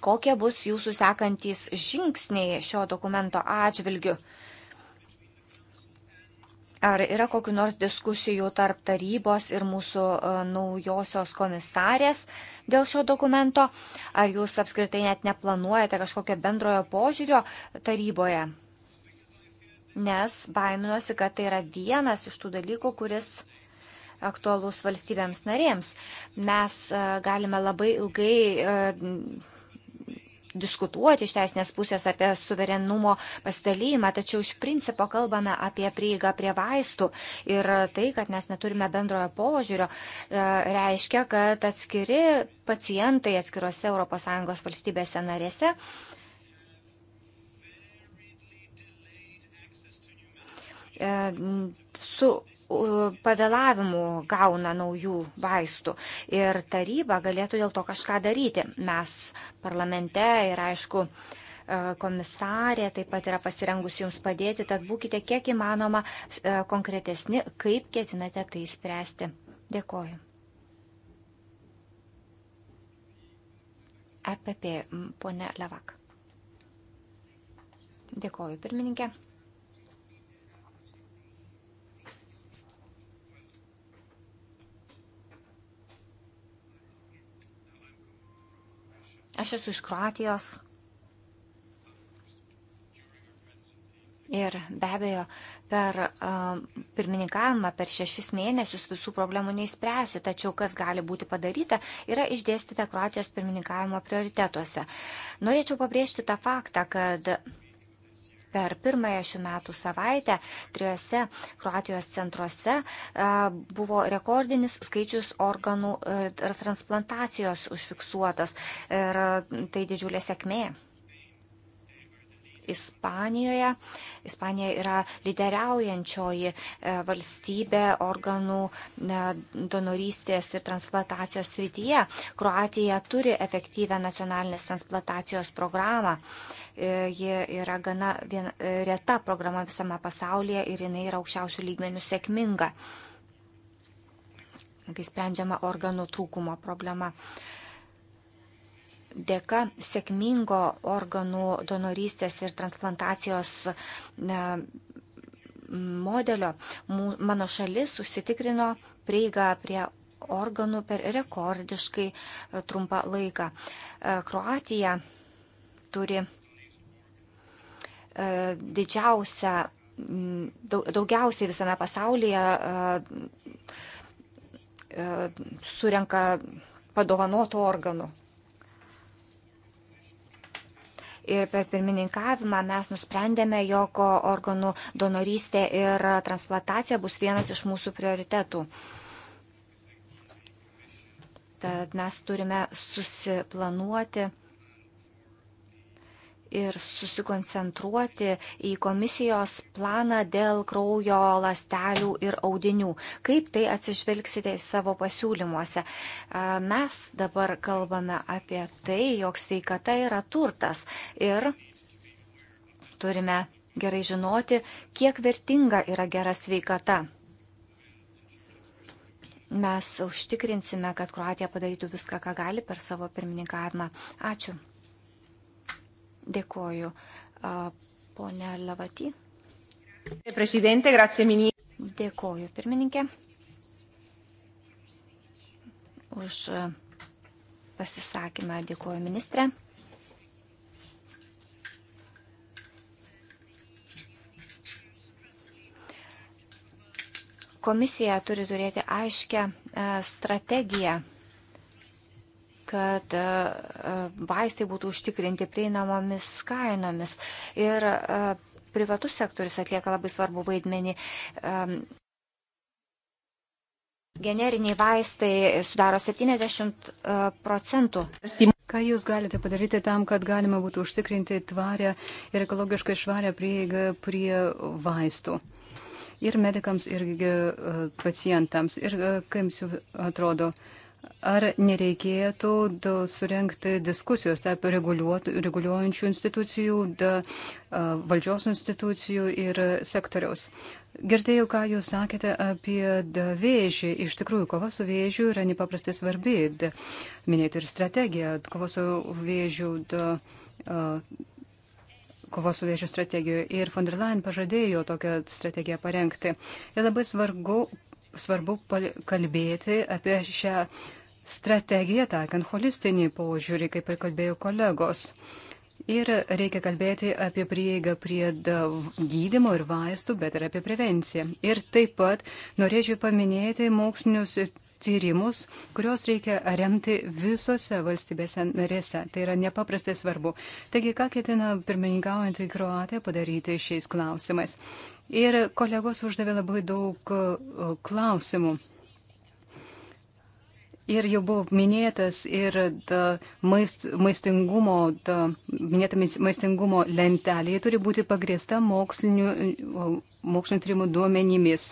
kokie bus jūsų sekantys žingsniai šio dokumento atžvilgiu. Ar yra kokiu nors diskusijų tarp tarybos ir mūsų e, naujosios komisarės dėl šio dokumento? Ar jūs apskritai net neplanuojate kažkokio bendrojo požiūrio taryboje? Nes baiminuosi, kad tai yra vienas iš tų dalykų, kuris aktualus valstybėms narėms. Mes e, galime labai ilgai e, diskutuoti iš teisinės pusės apie suverenumo pasidalymą, tačiau iš principo kalbame apie prieigą prie vaistų ir tai, kad mes neturime bendrojo požiūrio, e, reiškia, kad atskiri pacientai atskirose ES valstybėse narėse e, su pavėlavimu gauna naujų vaistų ir taryba galėtų dėl to kažką daryti. Mes parlamente ir aišku e, komisarė taip pat yra pasirengusi jums padėti, tad būkite kiek įmanoma e, konkretesni, kaip ketinate tai spręsti. Dėkoju. EPP, ponė Levak. Dėkoju, pirmininkė. Aš esu iš Kroatijos. Ir be abejo, per uh, pirmininkavimą, per šešis mėnesius visų problemų neįspręsi, tačiau kas gali būti padaryta, yra išdėstyta Kroatijos pirmininkavimo prioritetuose. Norėčiau pabrėžti tą faktą, kad uh, Per pirmąją šių metų savaitę trijose Kroatijos centruose e, buvo rekordinis skaičius organų e, transplantacijos užfiksuotas ir e, tai didžiulė sėkmė. Ispanijoje. Ispanija yra lyderiaujančioji e, valstybė organų e, donorystės ir transplantacijos srityje. Kroatija turi efektyvę nacionalinės transplantacijos programą. E, ji yra gana vien, reta programa visame pasaulyje ir jinai yra aukščiausių lygmenių sėkminga kai sprendžiama organų trūkumo problema. Uh, dėka sėkmingo organų donorystės ir transplantacijos modelio mano šalis užsitikrino prieigą prie organų per rekordiškai e, trumpą laiką. E, Kroatija turi e, didžiausią, daugiausiai visame pasaulyje surenka padovanotų organų. Ir per pirmininkavimą mes nusprendėme, jog organų donorystė ir transplantacija bus vienas iš mūsų prioritetų. Tad mes turime susiplanuoti ir susikoncentruoti į komisijos planą dėl kraujo lastelių ir audinių. Kaip tai atsižvelgsite į savo pasiūlymuose? Mes dabar kalbame apie tai, jog sveikata yra turtas ir turime gerai žinoti, kiek vertinga yra gera sveikata. Mes užtikrinsime, kad Kroatija padarytų viską, ką gali per savo pirmininkavimą. Ačiū. Dėkoju. Pone Lavaty. Prezidentė, grazie ministrė. Dėkoju, pirmininkė, už pasisakymą. Dėkoju, ministrė. Komisija turi turėti aiškę e, strategiją kad e, e, vaistai būtų užtikrinti prieinamomis kainomis. Ir e, privatus sektorius atlieka labai svarbu vaidmenį. Generiniai vaistai sudaro 70 procentų. Ką jūs galite padaryti tam, kad galima būtų užtikrinti tvarę ir ekologiškai švarę prieigą prie vaistų? Ir medikams, ir pacientams. Ir kaip jums atrodo, uh, ar nereikėtų surenkti diskusijos tarp reguliuojančių institucijų, da, valdžios institucijų ir sektoriaus. Girdėjau, ką jūs sakėte apie vėžį. Iš tikrųjų, kova su vėžiu yra nepaprastai svarbi. Da, minėti ir strategiją, kova su vėžiu. Da, kovos su vėžiu strategijoje ir von der Leyen pažadėjo tokią strategiją parengti. Ir labai svarbu, svarbu kalbėti apie šią strategiją, taikant holistinį požiūrį, kaip ir kalbėjo kolegos. Ir reikia kalbėti apie prieigą prie gydimo ir vaistų, bet ir apie prevenciją. Ir taip pat norėčiau paminėti mokslinius tyrimus, kuriuos reikia remti visose valstybėse narėse. Tai yra nepaprastai svarbu. Taigi, ką ketina pirmininkaujantį Kroatiją padaryti šiais klausimais? Ir kolegos uždavė labai daug e, klausimų. Ir jau buvo minėtas ir maist, maistingumo, da, minėta maistingumo lentelė, ji turi būti pagrėsta mokslinių, mokslinio tyrimų duomenimis.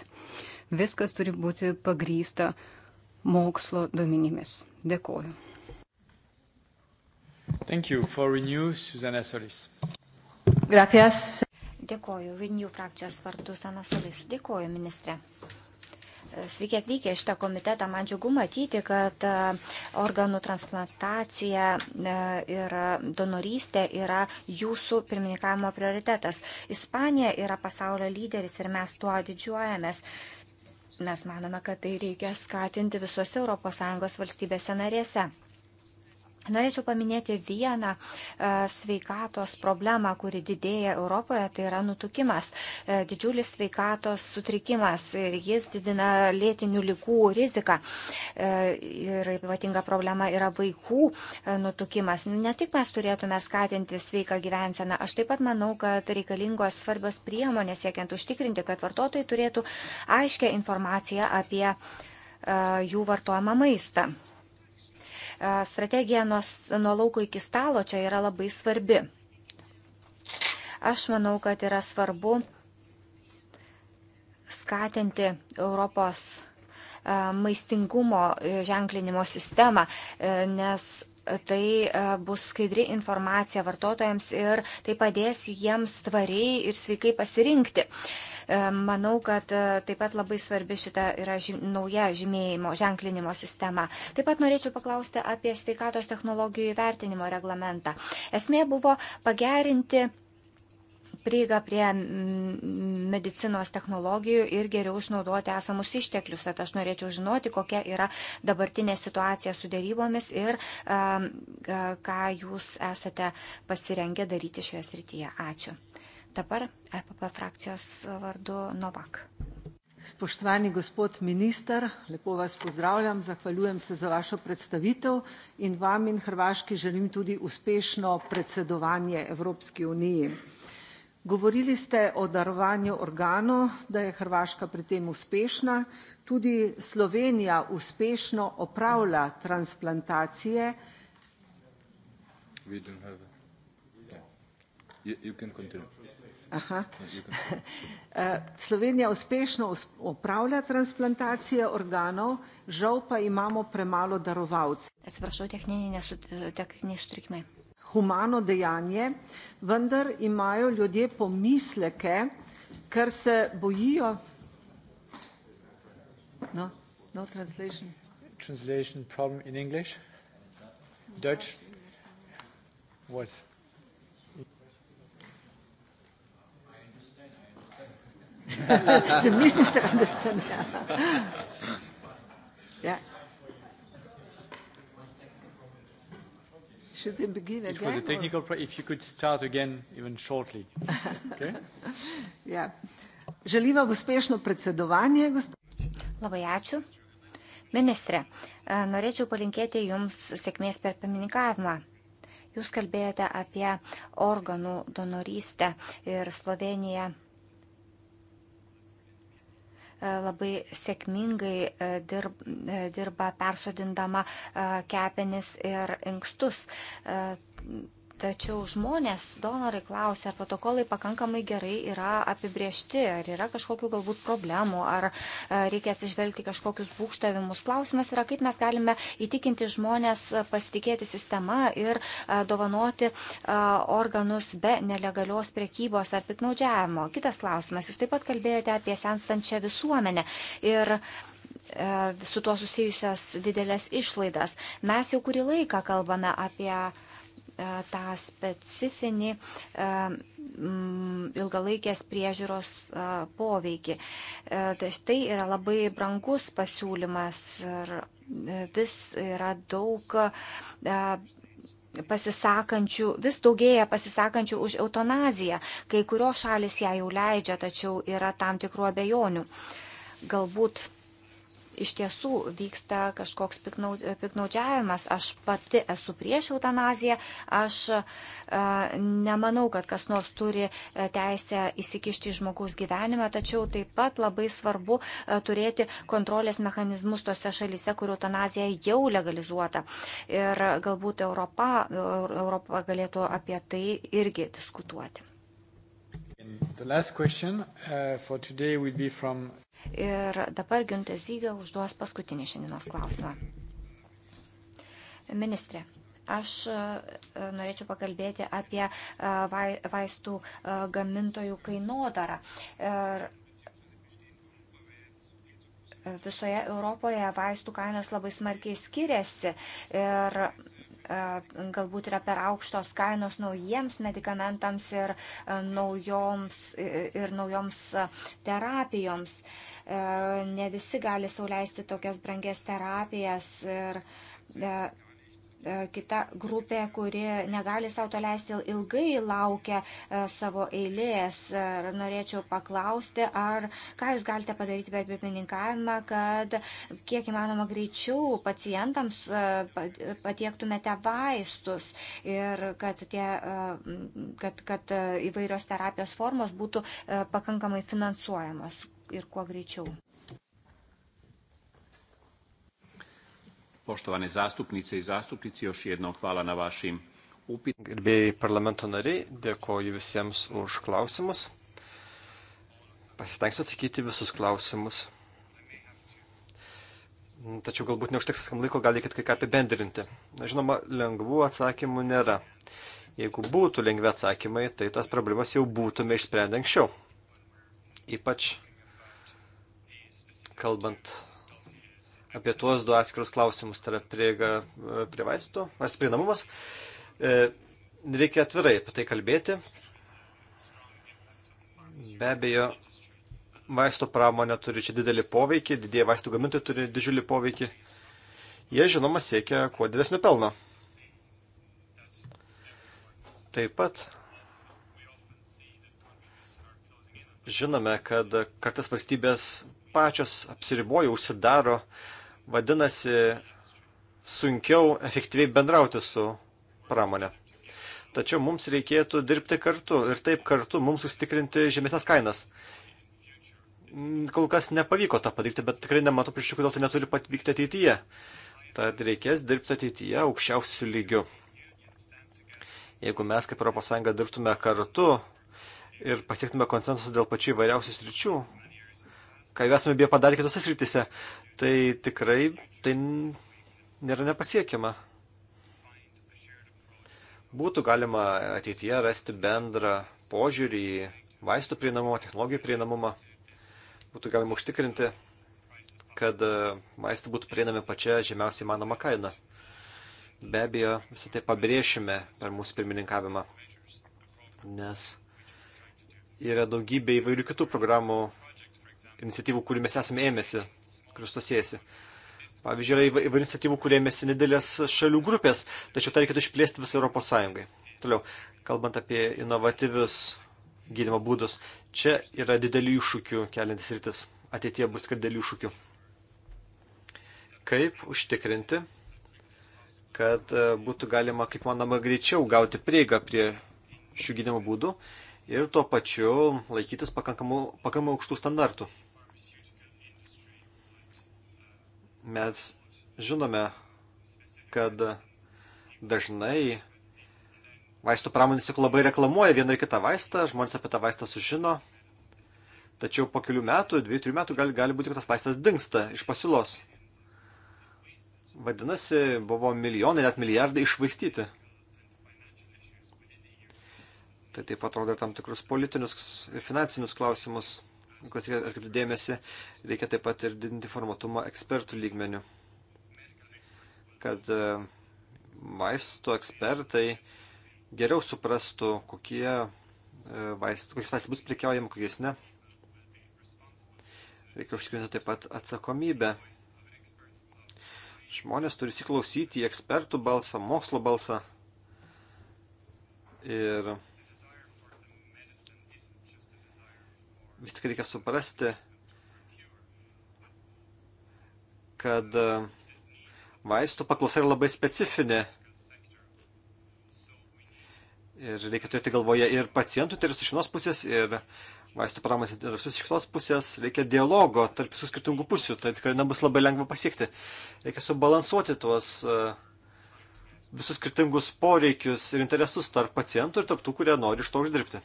Viskas turi būti pagrysta mokslo duomenimis. Dėkuoju. Thank you for renew, Susanna Solis. Gracias. Dėkoju Renew frakcijos vardu Sanasolis. Dėkoju, ministrė. Sveiki atvykę šitą komitetą. Man džiugu matyti, kad e, organų transplantacija e, ir donorystė yra jūsų pirmininkavimo prioritetas. Ispanija yra pasaulio lyderis ir mes tuo didžiuojamės. Mes manome, kad tai reikia skatinti visose ES valstybėse narėse. Norėčiau paminėti vieną e, sveikatos problemą, kuri didėja Europoje, tai yra nutukimas, e, didžiulis sveikatos sutrikimas ir jis didina lėtinių lygų riziką. E, ir ypatinga problema yra vaikų nutukimas. Ne tik mes turėtume skatinti sveiką gyvenseną, aš taip pat manau, kad reikalingos svarbios priemonės siekiant užtikrinti, kad vartotojai turėtų aiškę informaciją apie jų vartojamą maistą strategija nuo, nuo lauko iki stalo čia yra labai svarbi. Aš manau, kad yra svarbu skatinti Europos maistingumo ženklinimo sistemą, nes tai bus skaidri informacija vartotojams ir tai padės jiems tvariai ir sveikai pasirinkti. Uh, E, manau, kad e, taip pat labai svarbi šita yra žym, nauja žymėjimo, ženklinimo sistema. Taip pat norėčiau paklausti apie sveikatos technologijų įvertinimo reglamentą. Esmė buvo pagerinti prieigą prie medicinos technologijų ir geriau išnaudoti esamus išteklius. Tad aš norėčiau žinoti, kokia yra dabartinė situacija su dėrybomis ir e, ką jūs esate pasirengę daryti šioje srityje. Ačiū. Dabar EPP frakcijos vardu Novak. Spoštovani gospod minister, lepo vas pozdravljam, zahvaljujem se za vašo predstavitev in vam in Hrvaški želim tudi uspešno predsedovanje Evropski uniji. Govorili ste o darovanju organov, da je Hrvaška pri tem uspešna. Tudi Slovenija uspešno opravlja transplantacije. We don't have a... Yeah. You, you can continue. Aha. Eh, Slovenija uspešno upravlja transplantacije organov, žal pa imamo premalo darovalcev. Atsiprašau, techniniai nesutrikmai. Eh, Humano dejanje, vendar imajo ljudje pomisleke, ker se bojijo. No, no translation. Translation problem in English? Dutch? Was. the minister understand. yeah. Should they begin it again? It was a technical or? If you could start again, even shortly. Okay? yeah. Želim vam uspešno predsedovanje. Labai ačiū. Ministre, e, norėčiau palinkėti Jums sėkmės per pirmininkavimą. Jūs kalbėjote apie organų donorystę ir Sloveniją E, labai sėkmingai e, e, dirba persodindama kepenis ir inkstus Tačiau žmonės, donorai klausia, ar protokolai pakankamai gerai yra apibriešti, ar yra kažkokių galbūt problemų, ar e, reikia atsižvelgti kažkokius būkštavimus. Klausimas yra, kaip mes galime įtikinti žmonės pasitikėti sistema ir e, dovanoti e, organus be nelegalios priekybos ar piknaudžiavimo. Kitas klausimas, jūs taip pat kalbėjote apie senstančią visuomenę. Ir su tuo susijusias didelės išlaidas. Mes jau kurį laiką kalbame apie E, tą specifinį e, mm, ilgalaikės priežiūros e, poveikį. Tai yra labai brangus pasiūlymas ir vis yra daug pasisakančių, vis daugėja pasisakančių už eutanaziją. Kai kurios šalis ją jau leidžia, tačiau yra tam tikrų abejonių. Galbūt iš tiesų vyksta kažkoks piknaudžiavimas. Aš pati esu prieš eutanaziją, aš a, e, nemanau, kad kas nors turi e, teisę įsikišti į žmogaus gyvenimą, tačiau taip pat labai svarbu a, e, turėti kontrolės mechanizmus tose šalise, kur eutanazija jau legalizuota. Ir galbūt Europa, Europa galėtų apie tai irgi diskutuoti. Uh, from... Ir dabar Güntė Zygė užduos paskutinį šiandienos klausimą. Ministrė, aš uh, norėčiau pakalbėti apie uh, vaistų gamintojų kainodarą. Ir visoje Europoje vaistų kainos labai smarkiai skiriasi ir E, galbūt yra per aukštos kainos naujiems medikamentams ir e, naujoms, ir naujoms e, terapijoms. Ne visi gali sauliaisti tokias brangias terapijas ir E, kita grupė, kuri negali savo to leisti ilgai laukia e, savo eilės. Ir e, norėčiau paklausti, ar ką jūs galite padaryti per pirmininkavimą, kad kiek įmanoma greičiau pacientams patiektumėte vaistus ir kad, tie, kad, kad įvairios terapijos formos būtų pakankamai finansuojamos ir kuo greičiau. Poštovane zastupnice i zastupnici, još jednom hvala na vašim upitim. Gerbėjai parlamento nariai, dėkoju visiems už klausimus. Pasistengsiu atsakyti visus klausimus. Tačiau galbūt neužteks kam laiko, gal reikėtų kai ką apibendrinti. Na, žinoma, lengvų atsakymų nėra. Jeigu būtų lengvi atsakymai, tai tas problemas jau būtume išsprendę anksčiau. Ypač kalbant apie tuos du atskirus klausimus, tai yra prieiga e, prie vaistų, vaistų prieinamumas. E, reikia atvirai apie tai kalbėti. Be abejo, vaistų pramonė turi čia didelį poveikį, didieji vaistų gamintojai turi didžiulį poveikį. Jie, žinoma, siekia kuo didesnio pelno. Taip pat žinome, kad kartais valstybės pačios apsiriboja, užsidaro Vadinasi, sunkiau efektyviai bendrauti su pramonė. Tačiau mums reikėtų dirbti kartu ir taip kartu mums sustikrinti žemesnės kainas. Kol kas nepavyko tą padaryti, bet tikrai nematau priešių, kodėl tai neturi pavykti ateityje. Tad reikės dirbti ateityje aukščiausių lygių. Jeigu mes kaip ES dirbtume kartu ir pasiektume konsensusą dėl pačių įvairiausių sričių, ką jau esame bijo padarę kitose srityse, tai tikrai tai nėra nepasiekiama. Būtų galima ateityje rasti bendrą požiūrį į vaistų prieinamumą, technologijų prieinamumą. Būtų galima užtikrinti, kad e, vaistai būtų prieinami pačia žemiausiai manoma kaina. Be abejo, visą tai pabrėšime per mūsų pirmininkavimą, nes yra daugybė įvairių kitų programų iniciatyvų, kurių mes esame ėmėsi, kurios to siejasi. Pavyzdžiui, yra įvairių iniciatyvų, kurie ėmėsi nedidelės šalių grupės, tačiau tai reikėtų išplėsti visą Europos Sąjungai. Toliau, kalbant apie inovatyvius gydimo būdus, čia yra didelių iššūkių keliantis rytis. Ateitie bus tikrai didelių iššūkių. Kaip užtikrinti, kad e, būtų galima, kaip manoma, greičiau gauti prieigą prie šių gydimo būdų ir tuo pačiu laikytis pakankamų, pakankamų aukštų standartų. Mes žinome, kad dažnai vaistų pramonės juk labai reklamuoja vieną ar kitą vaistą, žmonės apie tą vaistą sužino, tačiau po kelių metų, dviejų, trijų metų gali, gali būti, kad tas vaistas dinksta iš pasiūlos. Vadinasi, buvo milijonai, net milijardai išvaistyti. Tai taip atrodo ir tam tikrus politinius ir finansinius klausimus kas reikia atkreipti dėmesį, reikia taip pat ir didinti formatumą ekspertų lygmenių. Kad e, vaisto ekspertai geriau suprastų, kokie e, vaistai, kokiais vaistai bus prikiaujami, kokiais ne. Reikia užtikrinti taip pat atsakomybę. Žmonės turi įsiklausyti į ekspertų balsą, mokslo balsą. Ir vis tik reikia suprasti, kad e, vaistų paklausa yra labai specifinė. Ir reikia turėti galvoje ir pacientų interesus iš vienos pusės, ir vaistų pramonės interesus iš kitos pusės. Reikia dialogo tarp visų skirtingų pusių. Tai tikrai nebus labai lengva pasiekti. Reikia subalansuoti tuos e, visus skirtingus poreikius ir interesus tarp pacientų ir tarp tų, kurie nori iš to uždirbti.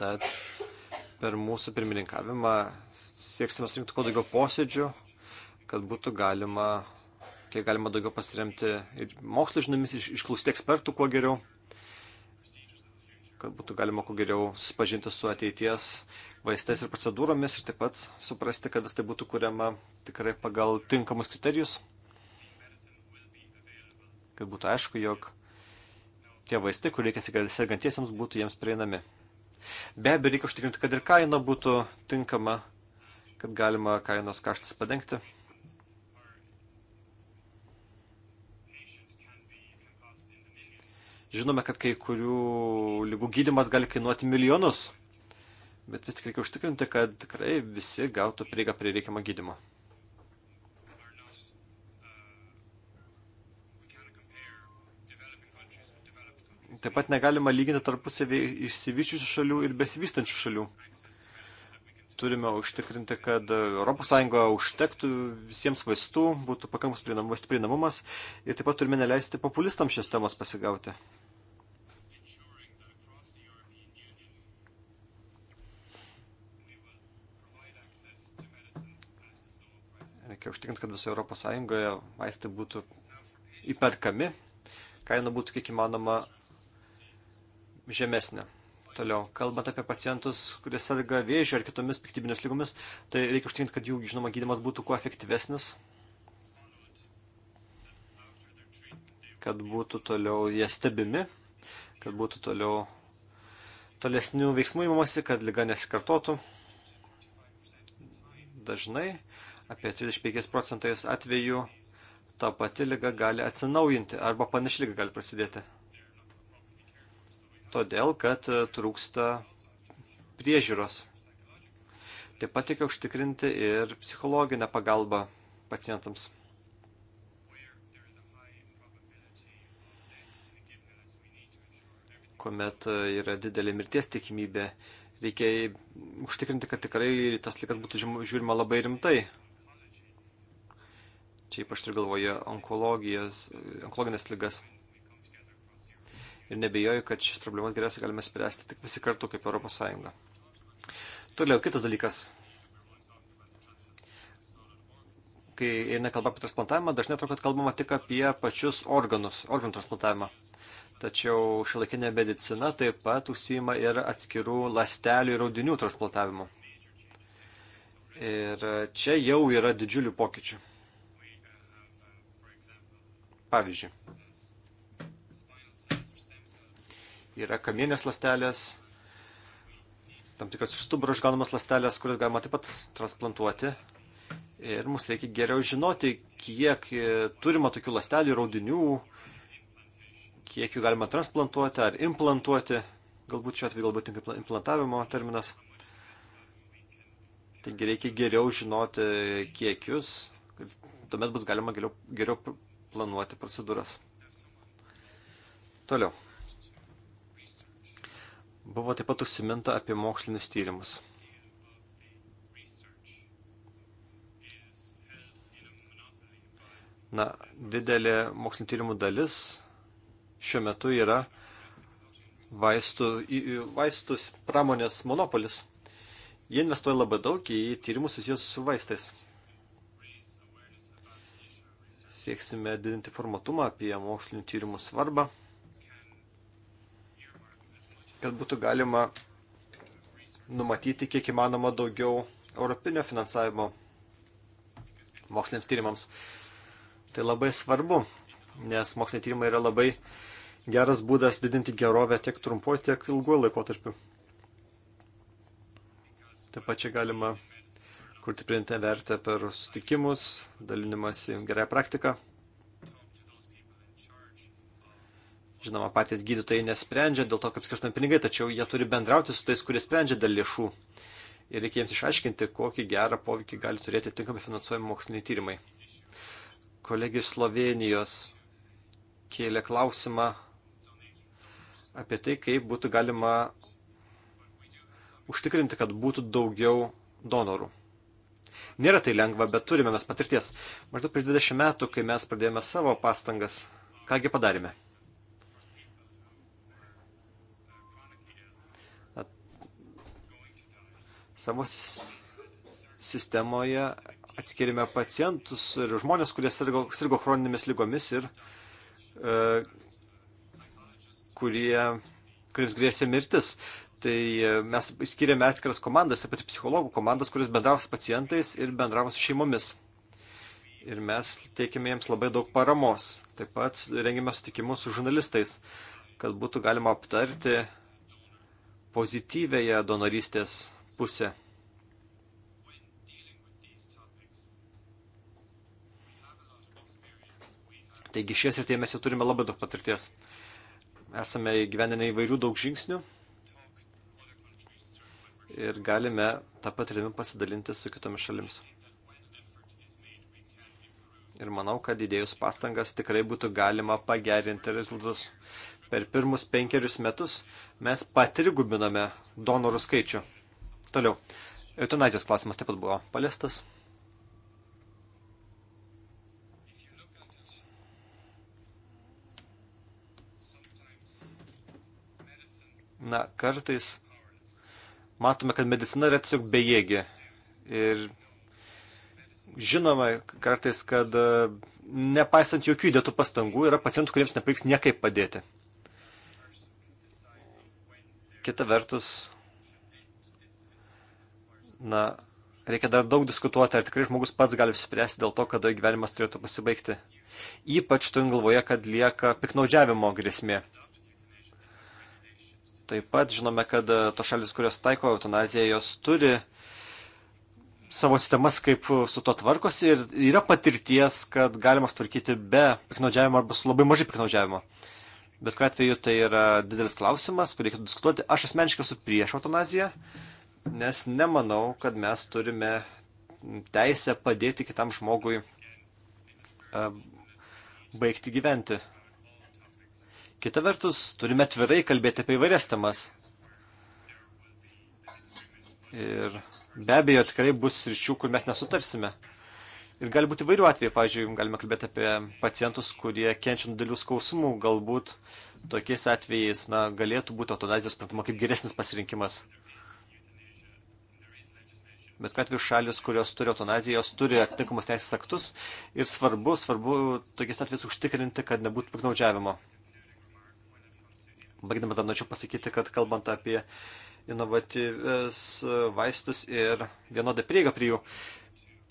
Tad per mūsų pirmininkavimą sieksime surinkti kuo daugiau posėdžių, kad būtų galima, kiek galima daugiau pasiremti ir mokslo žiniomis, iš, išklausyti ekspertų kuo geriau, kad būtų galima kuo geriau susipažinti su ateities vaistais ir procedūromis ir taip pat suprasti, kad vis tai būtų kuriama tikrai pagal tinkamus kriterijus, kad būtų aišku, jog tie vaistai, kur reikia sergantiesiems, būtų jiems prieinami. Be abejo, reikia užtikrinti, kad ir kaina būtų tinkama, kad galima kainos kaštas padengti. Žinome, kad kai kurių lygų gydimas gali kainuoti milijonus, bet vis tik reikia užtikrinti, kad tikrai visi gautų prieigą prie reikiamą gydimą. Taip pat negalima lyginti tarpusavį išsivyščiusių šalių ir besivystančių šalių. Turime užtikrinti, kad ES užtektų visiems vaistų, būtų pakankamas vaistų prieinamumas ir taip pat turime neleisti populistams šios temos pasigauti. Reikia užtikrinti, kad visoje ES vaistai būtų įperkami kaina būtų kiek įmanoma žemesnė. Toliau, kalbant apie pacientus, kurie serga vėžiu ar kitomis piktybinės lygomis, tai reikia užtikrinti, kad jų, žinoma, gydimas būtų kuo efektyvesnis, kad būtų toliau jie stebimi, kad būtų toliau tolesnių veiksmų įmamasi, kad lyga nesikartotų. Dažnai apie 35 procentais atvejų ta pati lyga gali atsinaujinti arba panaši lyga gali prasidėti todėl kad e, trūksta priežiūros. Taip pat reikia užtikrinti ir psichologinę pagalbą pacientams. Kuomet e, yra didelė mirties tikimybė, reikia užtikrinti, kad tikrai tas likas būtų žiūrima labai rimtai. Čia ypač turiu galvoje onkologijas, e, onkologinės ligas ir nebejoju, kad šias problemas geriausiai galime spręsti tik visi kartu kaip ES. Toliau, kitas dalykas. Kai eina kalba apie transplantavimą, dažnai atrodo, kad kalbama tik apie pačius organus, organų transplantavimą. Tačiau šilakinė medicina taip pat užsima ir atskirų lastelių ir audinių transplantavimu. Ir čia jau yra didžiulių pokyčių. Pavyzdžiui, yra kamienės lastelės, tam tikras iš stuburo išgaunamas lastelės, kurias galima taip pat transplantuoti. Ir mums reikia geriau žinoti, kiek turima tokių lastelių ir audinių, kiek jų galima transplantuoti ar implantuoti. Galbūt šiuo atveju galbūt tinka implantavimo terminas. Taigi reikia geriau žinoti kiekius, tuomet bus galima geriau, geriau planuoti procedūras. Toliau. Buvo taip pat užsiminta apie mokslinius tyrimus. Na, didelė mokslinio tyrimų dalis šiuo metu yra vaistų, vaistus pramonės monopolis. Jie investuoja labai daug į tyrimus susijęs su vaistais. Sieksime didinti formatumą apie mokslinio tyrimų svarbą kad būtų galima numatyti kiek įmanoma daugiau europinio finansavimo moksliniams tyrimams. Tai labai svarbu, nes moksliniai tyrimai yra labai geras būdas didinti gerovę tiek trumpuoju, tiek ilguoju laikotarpiu. Taip pat čia galima kurti pridėtinę vertę per sustikimus, dalinimąsi gerąją praktiką. Žinoma, patys gydytojai nesprendžia dėl to, kaip skirstami pinigai, tačiau jie turi bendrauti su tais, kurie sprendžia dėl lėšų. Ir reikia jiems išaiškinti, kokį gerą poveikį gali turėti tinkamai finansuojami moksliniai tyrimai. Kolegija iš Slovenijos kėlė klausimą apie tai, kaip būtų galima užtikrinti, kad būtų daugiau donorų. Nėra tai lengva, bet turime mes patirties. Maždaug prieš 20 metų, kai mes pradėjome savo pastangas, kągi padarėme Savo sistemoje atskirime pacientus ir žmonės, kurie sirgo, sirgo chroninėmis lygomis ir e, kurie, kuriems grėsė mirtis. Tai e, mes skiriame atskiras komandas, taip pat psichologų komandas, kuris bendravo su pacientais ir bendravo su šeimomis. Ir mes teikėme jiems labai daug paramos. Taip pat rengėme sutikimus su žurnalistais, kad būtų galima aptarti pozityvėje donorystės pusę. Taigi šies ir tie mes jau turime labai daug patirties. Esame gyveninę įvairių daug žingsnių ir galime tą patirimą pasidalinti su kitomis šalims. Ir manau, kad įdėjus pastangas tikrai būtų galima pagerinti rezultatus. Per pirmus penkerius metus mes patrigubiname donorų skaičių. Toliau. Eutanazijos klausimas taip pat buvo paliestas. Na, kartais matome, kad medicina yra tiesiog bejėgė. Ir žinoma, kartais, kad e, nepaisant jokių įdėtų pastangų, yra pacientų, kuriems nepavyks niekaip padėti. Kita vertus, na, reikia dar daug diskutuoti, ar tikrai žmogus pats gali apsispręsti dėl to, kada gyvenimas turėtų pasibaigti. Ypač turint galvoje, kad lieka piknaudžiavimo grėsmė. Taip pat žinome, kad e, to šalis, kurios taiko eutanaziją, jos turi savo sistemas, kaip su to tvarkosi ir yra patirties, kad galima tvarkyti be piknaudžiavimo arba su labai mažai piknaudžiavimo. Bet kuriu atveju tai yra didelis klausimas, kurį reikėtų diskutuoti. Aš asmeniškai esu prieš eutanaziją. Mm nes nemanau, kad mes turime teisę padėti kitam žmogui e, baigti gyventi. Kita vertus, turime tvirai kalbėti apie įvairias temas. Ir be abejo, tikrai bus ryšių, kur mes nesutarsime. Ir gali būti įvairių atvejų, pavyzdžiui, galime kalbėti apie pacientus, kurie kenčia nuo dėlių skausmų, galbūt tokiais atvejais na, galėtų būti eutanazijos sprendimo kaip geresnis pasirinkimas bet kuriuo atveju šalis, kurios turi eutanaziją, jos turi atitinkamus teisės aktus ir svarbu, svarbu tokiais atvejais užtikrinti, kad nebūtų piknaudžiavimo. Baigdamas dar norėčiau pasakyti, kad kalbant apie inovatyvius vaistus ir vienodą prieigą prie jų,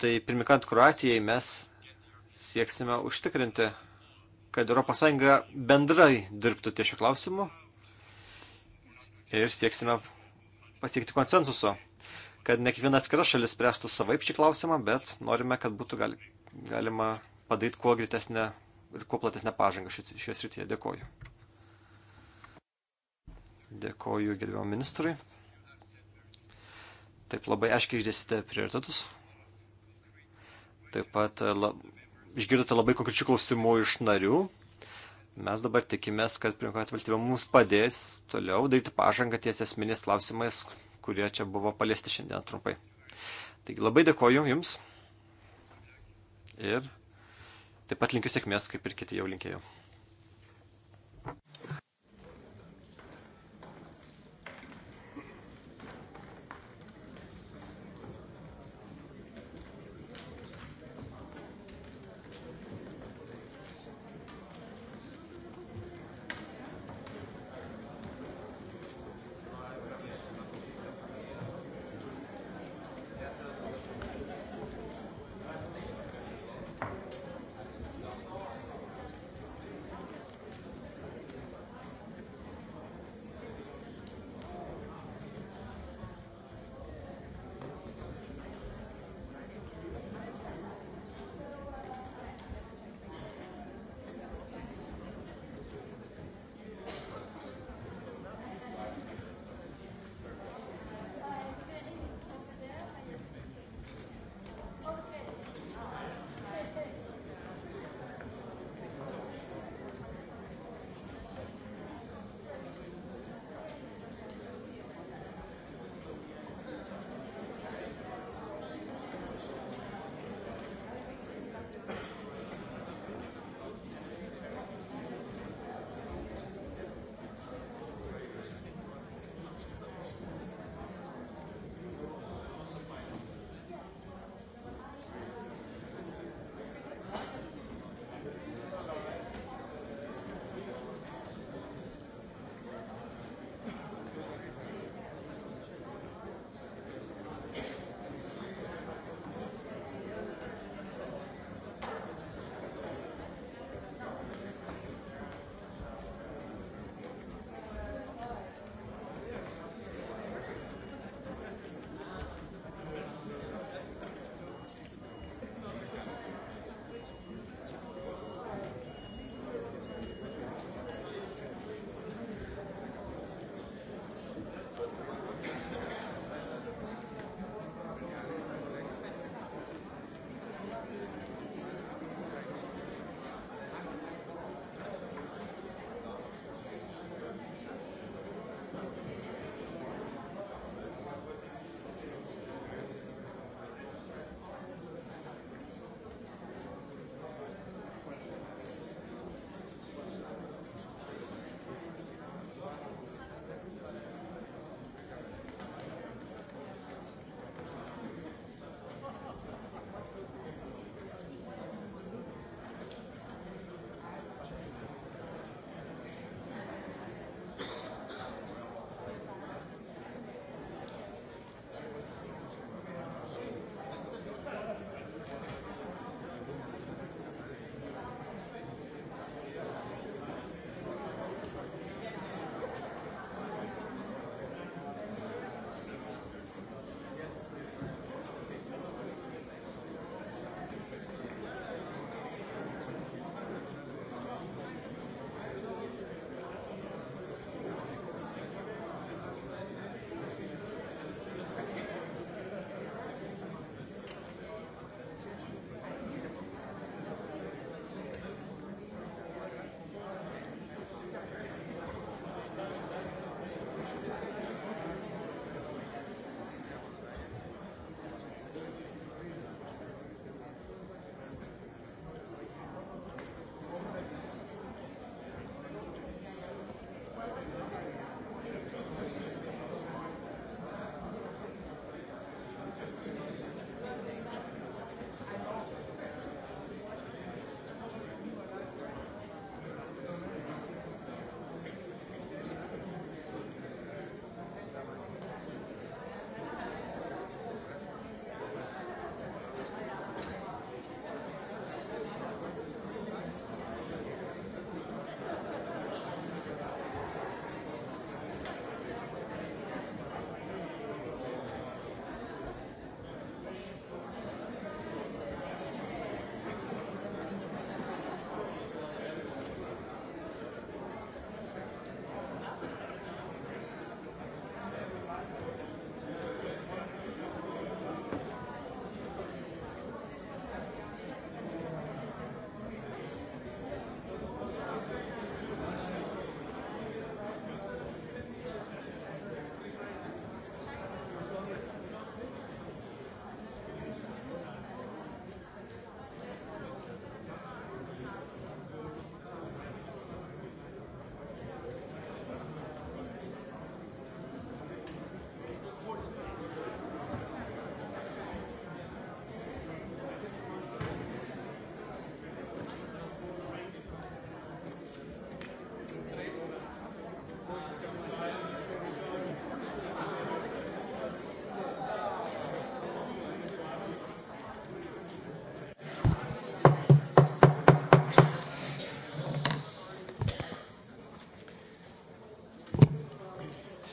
tai pirmikant Kroatijai mes sieksime užtikrinti, kad ES bendrai dirbtų ties šiuo klausimu ir sieksime pasiekti konsensuso kad ne kiekviena atskira šalis spręstų savaip šį klausimą, bet norime, kad būtų gali, galima padaryti kuo greitesnę ir kuo platesnę pažangą šioje srityje. Dėkoju. Dėkoju gerbiam ministrui. Taip labai aiškiai išdėsite prioritetus. Taip pat e, lab... išgirdote labai konkrečių klausimų iš narių. Mes dabar tikimės, kad pirmiausia valstybė mums padės toliau daryti pažangą ties esminės klausimais, kurie čia buvo paliesti šiandien trumpai. Taigi labai dėkoju Jums ir taip pat linkiu sėkmės, kaip ir kiti jau linkėjau.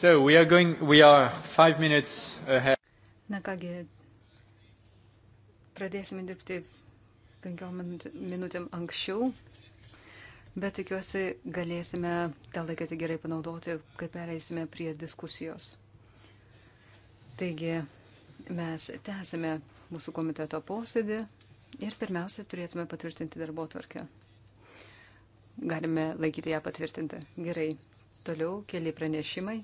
So we are going, we are five minutes ahead. Na kągi, pradėsime dirbti penkiom minutėm anksčiau, bet tikiuosi galėsime tą laiką gerai panaudoti, kai pereisime prie diskusijos. Taigi, mes tęsime mūsų komiteto posėdį ir pirmiausia turėtume patvirtinti darbo tvarkę. Galime laikyti ją patvirtinti. Gerai. Toliau keli pranešimai.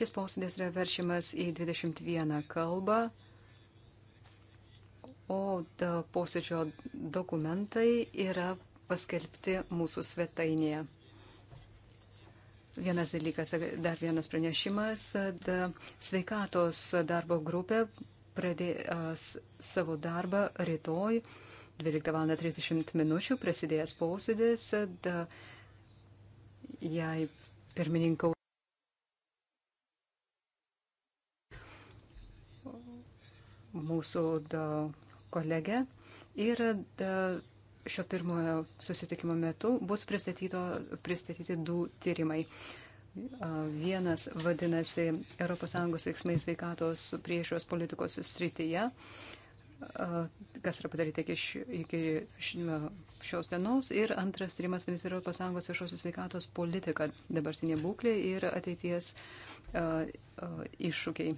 Šis posėdis yra veršimas į 21 kalbą, o posėdžio dokumentai yra paskelbti mūsų svetainėje. Vienas dalykas, dar vienas pranešimas, da, sveikatos darbo grupė pradės savo darbą rytoj 12.30 min. prasidėjęs posėdis, jai pirmininkau. mūsų kolegę ir šio pirmojo susitikimo metu bus pristatyti du tyrimai. Vienas vadinasi ES veiksmai sveikatos priežiūros politikos srityje, kas yra padaryta iki, š, iki šios dienos. Ir antras tyrimas vadinasi ES viešosios sveikatos politika, dabartinė būklė ir ateities uh, uh, iššūkiai.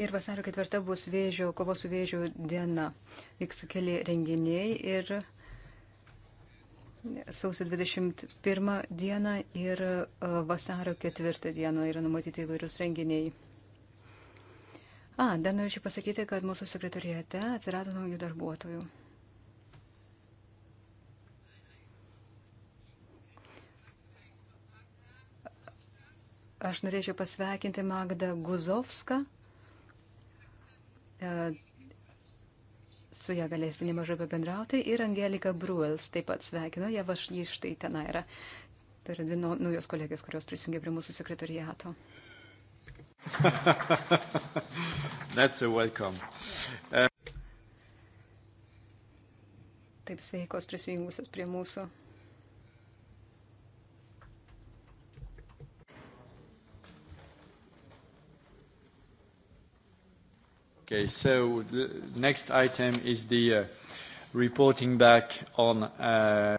ir vasario ketvirta bus vėžio, kovos su vėžio diena. Vyks keli renginiai ir sausio 21 dieną ir e, vasario ketvirtą dieną yra numatyti įvairius renginiai. A, dar norėčiau pasakyti, kad mūsų sekretorijate atsirado naujų darbuotojų. Aš norėčiau pasveikinti Magdą Guzovską, su ją galėsite nemažai pabendrauti. Ir Angelika Bruels taip pat sveikinu, jie aš jį štai ten yra. Tai yra dvi nu, naujos kolegės, kurios prisijungė prie mūsų sekretariato. That's a welcome. Uh... Taip sveikos prisijungusios prie mūsų. Okay, so the next item is the uh, reporting back on. Uh...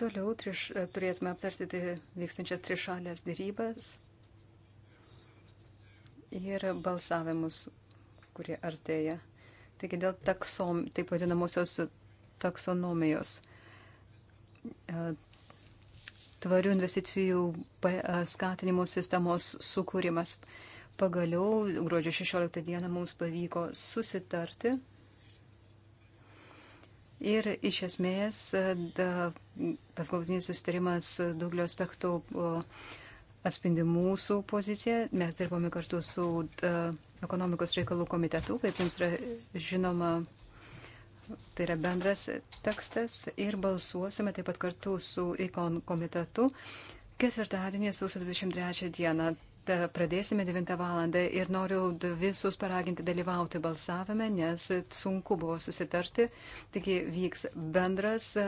Toliau triš, e, turėsime aptarti vykstančias trišalės dėrybas ir balsavimus, kurie artėja. Taigi dėl taksom, taip vadinamosios taksonomijos e, tvarių investicijų e, skatinimo sistemos sukūrimas. Uh, Pagaliau gruodžio 16 dieną mums pavyko susitarti ir iš esmės da, tas galutinis susitarimas daugelio aspektų atspindi mūsų poziciją. Mes dirbame kartu su da, ekonomikos reikalų komitetu, kaip jums yra žinoma. Tai yra bendras tekstas ir balsuosime taip pat kartu su ikon komitetu ketvirtadienį sausio 23 dieną. E, pradėsime 9 valandą ir noriu visus paraginti dalyvauti balsavime, nes sunku buvo susitarti. Taigi vyks bendras e,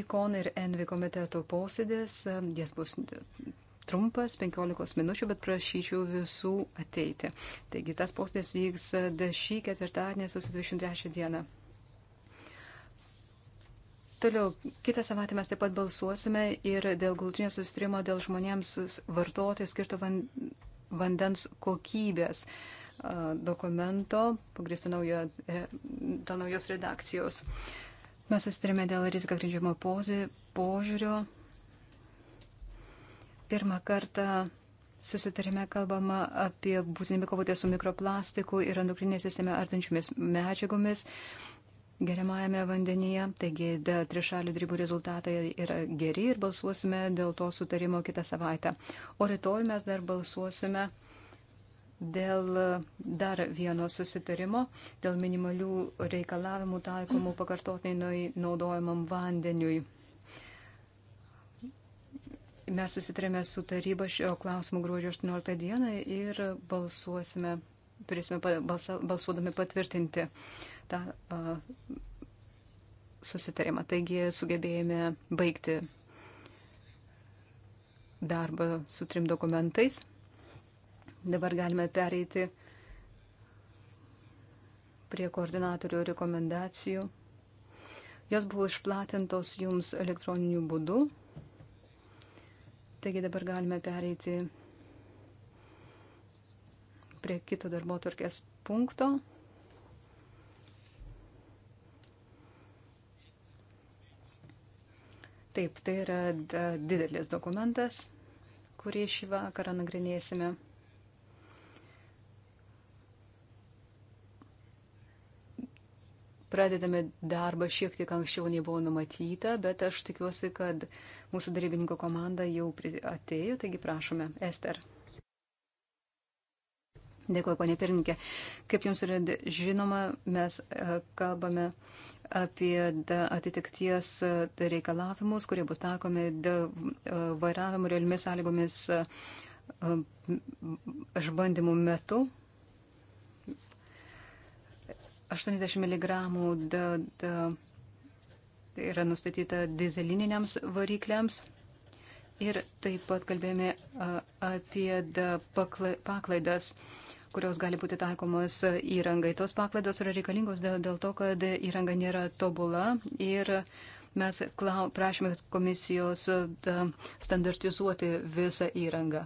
ikon ir envi komiteto posėdis. E, jis bus trumpas, 15 minučių, bet prašyčiau visų ateiti. Taigi tas posėdis vyks šį ketvirtadienį, sausio 23 dieną. Toliau, kitą savaitę mes taip pat balsuosime ir dėl galutinio sustrimo dėl žmonėms vartoti skirto vandens kokybės dokumento, pagrįsta naujo, dėl e, naujos redakcijos. Mes sustarėme dėl riziką grindžiamo požiūrio. Pirmą kartą susitarime kalbama apie būtinybę kovoti su mikroplastiku ir endokrinė sistema artančiomis medžiagomis. Uh, geriamajame vandenyje. Taigi trišalių drybų rezultatai yra geri ir balsuosime dėl to sutarimo kitą savaitę. O rytoj mes dar balsuosime dėl e, dar vieno susitarimo, dėl minimalių reikalavimų taikomų pakartotinai naudojamam vandeniui. Mes susitarėme su taryba šio klausimu gruodžio 18 dieną ir balsuosime, turėsime balsa, balsuodami patvirtinti. Uh, tą a, susitarimą. Taigi sugebėjome baigti darbą su trim dokumentais. Dabar galime pereiti prie koordinatorių rekomendacijų. Jos buvo išplatintos jums elektroniniu būdu. Taigi dabar galime pereiti prie kito darbo tvarkės punkto. Taip, tai yra didelis dokumentas, kurį šį vakarą nagrinėsime. Pradedame darbą šiek tiek anksčiau nei buvo numatyta, bet aš tikiuosi, kad mūsų darybininko komanda jau atėjo, taigi prašome, Ester. Dėkuoju, ponė pirmininkė. Kaip jums yra žinoma, mes e, kalbame apie atitikties e, reikalavimus, kurie bus takomi e, vairavimo realiomis sąlygomis e, išbandymų metu. 80 mg da, da, yra nustatyta dizeliniams varikliams. Ir taip pat kalbėjome apie da, pakla, paklaidas. Uh, kurios gali būti taikomos įrangai. Tos paklaidos yra reikalingos dėl, dėl to, kad įranga nėra tobula ir mes klau, prašome komisijos standartizuoti visą įrangą.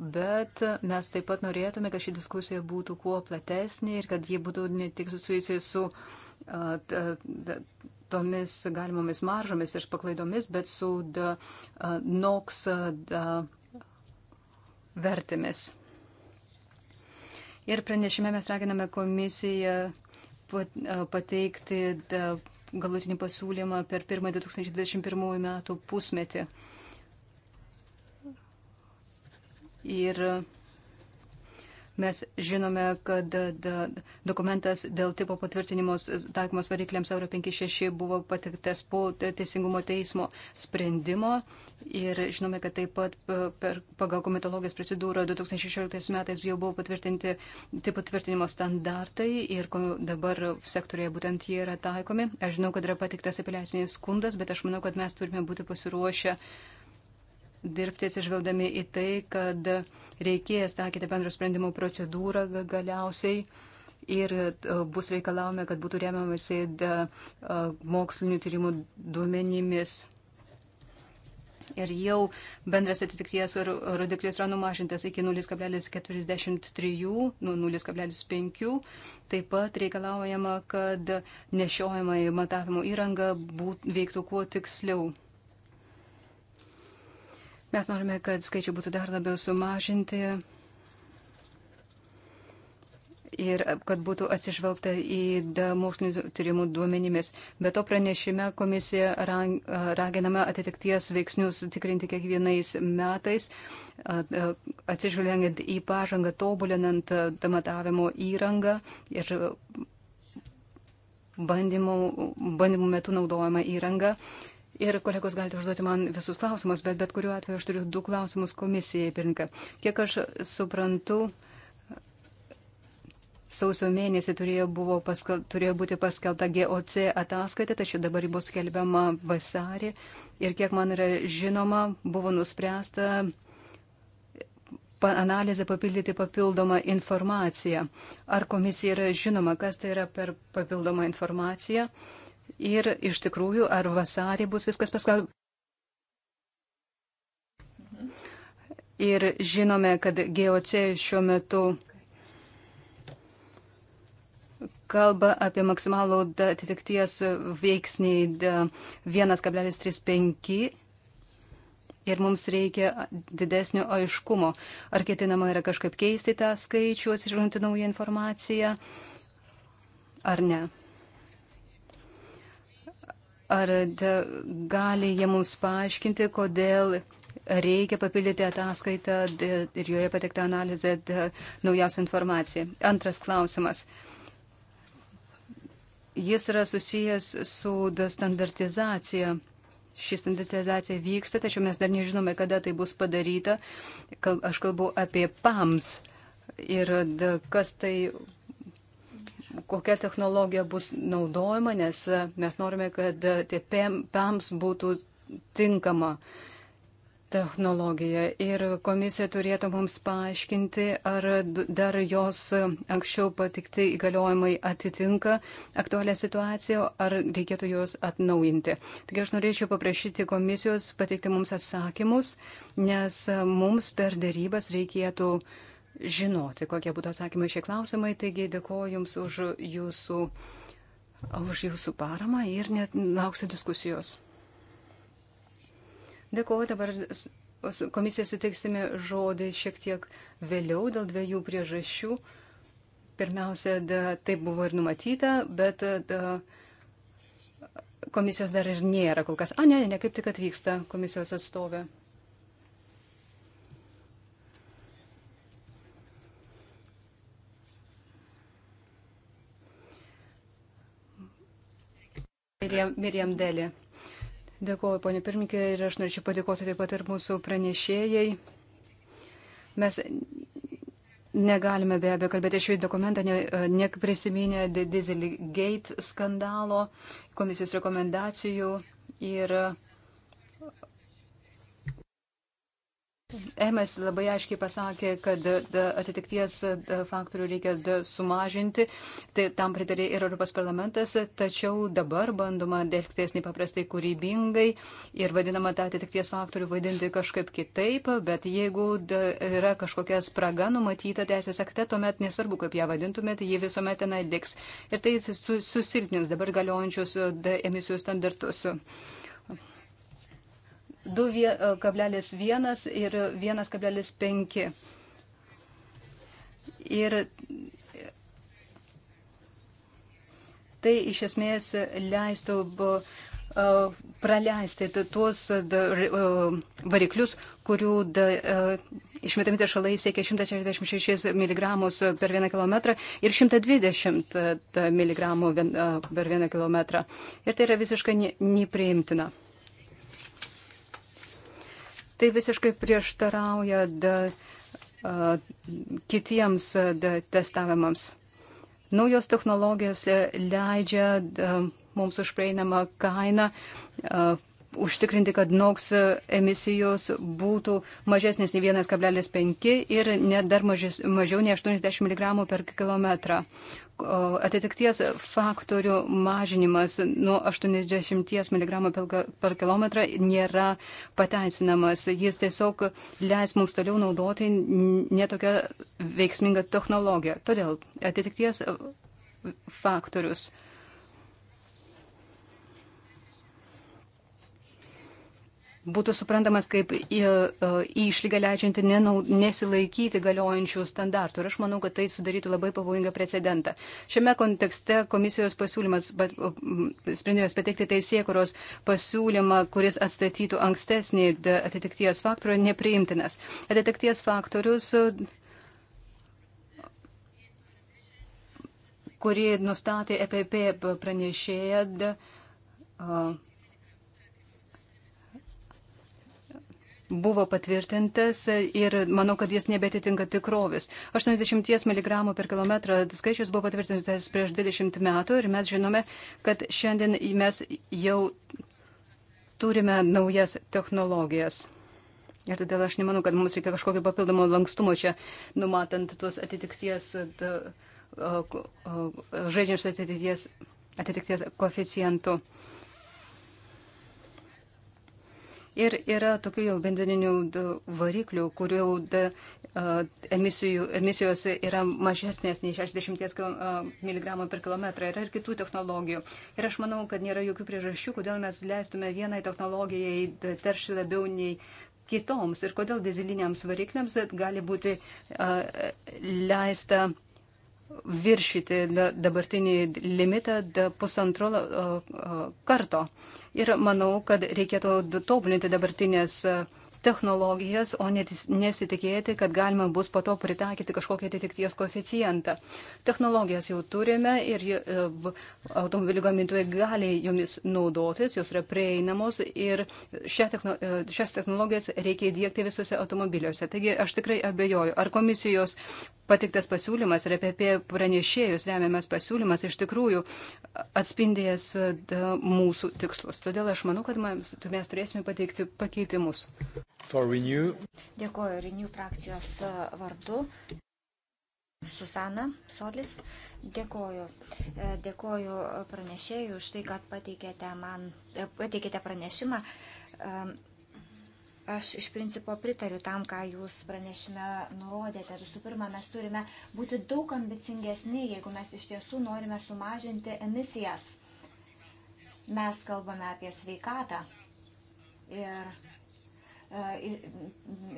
Bet mes taip pat norėtume, kad ši diskusija būtų kuo platesnė ir kad ji būtų ne tik susijusi su a, t, t, tomis galimomis maržomis ir paklaidomis, bet su da, a, NOX da, vertėmis. Ir pranešime mes raginame komisiją pateikti galutinį pasiūlymą per pirmą 2021 metų pusmetį. Ir Mes žinome, kad dokumentas dėl tipo patvirtinimos taikomos varikliams Euro 56 buvo patiktas po Teisingumo teismo sprendimo. Ir žinome, kad taip pat per, pagal komitologijos procedūrą 2016 metais jau buvo patvirtinti tipo tvirtinimo standartai ir dabar sektorėje būtent jie yra taikomi. Aš žinau, kad yra patiktas apeliacinis skundas, bet aš manau, kad mes turime būti pasiruošę uh, dirbti atsižvelgdami į tai, kad reikės taikyti bendro sprendimo procedūrą galiausiai ir e, bus reikalavome, kad būtų remiamasi e, mokslinių tyrimų duomenimis. Ir jau bendras atitikties rodiklis yra numažintas iki 0,43, nu 0,5. Taip pat reikalaujama, kad nešiojama matavimo įranga būt, veiktų kuo tiksliau. Mes norime, kad skaičiai būtų dar labiau sumažinti ir kad būtų atsižvelgta į mokslinio tyrimų duomenimis. Be to pranešime komisija raginama atitikties veiksnius tikrinti kiekvienais metais, atsižvelgiant į pažangą, tobulinant matavimo įrangą ir bandymų, bandymų metu naudojama įranga. Ir kolegos galite užduoti man visus klausimus, bet bet kuriuo atveju aš turiu du klausimus komisijai, pirinka. Kiek aš suprantu, sausio mėnesį turėjo, paskal, turėjo būti paskelbta GOC ataskaita, tačiau dabar ji bus skelbiama vasarį. Ir kiek man yra žinoma, buvo nuspręsta analizę papildyti papildomą informaciją. Ar komisija yra žinoma, kas tai yra per papildomą informaciją? ir iš tikrųjų ar vasarį bus viskas paskelbta. Ir žinome, kad GOC šiuo metu kalba apie maksimalų atitikties veiksnį 1,35 ir mums reikia didesnio aiškumo. Ar ketinama yra kažkaip keisti tą skaičių, atsižvelgiant naują informaciją, ar ne? Ar gali jie mums paaiškinti, kodėl reikia papildyti ataskaitą ir joje patektą analizę naujausią informaciją? Antras klausimas. Jis yra susijęs su standartizacija ši standartizacija vyksta, tačiau mes dar nežinome, kada tai bus padaryta. Aš kalbu apie PAMS ir kas tai kokia technologija bus naudojama, nes mes norime, kad tie PAMS būtų tinkama technologija. Ir komisija turėtų mums paaiškinti, ar dar jos anksčiau patikti įgaliojimai atitinka aktualią situaciją, ar reikėtų juos atnaujinti. Taigi aš norėčiau paprašyti komisijos pateikti mums atsakymus, nes mums per darybas reikėtų uh, žinoti, kokie būtų atsakymai šie klausimai. Taigi dėkoju Jums už Jūsų, už jūsų paramą ir net lauksiu diskusijos. Dėkoju dabar. Komisija suteiksime žodį šiek tiek vėliau dėl dviejų priežasčių. Pirmiausia, da, taip buvo ir numatyta, bet da, komisijos dar ir nėra kol kas. A, ne, ne, kaip tik atvyksta komisijos atstovė. Miriam Deli. Dėkuoju, ponė pirmininkė, ir aš norėčiau padėkoti taip pat ir mūsų pranešėjai. Mes negalime be abejo kalbėti šį dokumentą, neprisiminę ne, ne Dieselgate skandalo, komisijos rekomendacijų ir uh, Emes labai aiškiai pasakė, kad atitikties faktorių reikia sumažinti, tai tam pritarė ir Europos parlamentas, tačiau dabar bandoma dėlgtis nepaprastai kūrybingai ir vadinama tą atitikties faktorių vaidinti kažkaip kitaip, bet jeigu yra kažkokia spraga numatyta teisės akte, tuomet nesvarbu, kaip ją vadintumėte, ji visuomet tenai liks. Ir tai susilpnins dabar galiojančius emisijų standartus. 2,1 e, ir 1,5. Ir tai iš esmės leistų e, praleisti tuos e, variklius, kurių išmetami teršalai siekia 166 mg per 1 km ir 120 mg per 1 km. Ir tai yra visiškai nepriimtina. Tai visiškai prieštarauja da, a, kitiems da, testavimams. Naujos technologijos e, leidžia da, mums užprieinamą kainą a, užtikrinti, kad NOX emisijos būtų mažesnės nei 1,5 ir net dar mažes, mažiau nei 80 mg per kilometrą. Atitikties faktorių mažinimas nuo 80 mg per kilometrą nėra pateisinamas. Jis tiesiog leis mums toliau naudoti netokią veiksmingą technologiją. Todėl atitikties faktorius būtų suprantamas kaip į, e, į išlygą leidžianti nenau, nesilaikyti galiojančių standartų. Ir aš manau, kad tai sudarytų labai pavojingą precedentą. Šiame kontekste komisijos pasiūlymas, sprendimas pateikti teisėkuros pasiūlymą, kuris atstatytų ankstesnį atitikties faktorių, nepriimtinas. Atitikties faktorius kurį nustatė EPP pranešėja. Uh, buvo patvirtintas ir manau, kad jis nebetitinka tikrovės. 80 mg per kilometrą skaičius buvo patvirtintas prieš 20 metų ir mes žinome, kad šiandien mes jau turime naujas technologijas. Ir todėl aš nemanau, kad mums reikia kažkokio papildomo lankstumo čia, numatant tuos atitikties, žaidžiančius atitikties, atitikties koeficientų. Uh, Ir yra tokių jau benzininių variklių, kurių emisijų, emisijos yra mažesnės nei 60 mg per kilometrą. Yra ir kitų technologijų. Ir aš manau, kad nėra jokių priežasčių, kodėl mes leistume vienai technologijai teršti labiau nei kitoms. Ir kodėl dizeliniams varikliams gali būti leista. Uh, viršyti dabartinį limitą pusantro karto. Ir manau, kad reikėtų tobulinti dabartinės e, technologijas, o nesitikėti, kad galima bus po to pritaikyti kažkokį atitikties koeficientą. Technologijas jau turime ir e, automobilių gamintojai gali jomis naudotis, jos yra prieinamos ir techno, e, šias technologijas reikia įdėkti visuose automobiliuose. Taigi aš tikrai abejoju, ar komisijos patiktas pasiūlymas ir apie pranešėjus remiamas pasiūlymas iš tikrųjų atspindėjęs e, mūsų tikslus. Todėl aš manau, kad mes, mes turėsime pateikti pakeitimus. Dėkuoju Renew frakcijos e, vardu. Susana Solis, dėkoju. E, dėkoju pranešėjui už tai, kad pateikėte, man, pateikėte pranešimą. Aš iš principo pritariu tam, ką jūs pranešime nurodėte. Visų pirma, mes turime būti daug ambicingesni, jeigu mes iš tiesų norime sumažinti emisijas. Mes kalbame apie sveikatą ir e,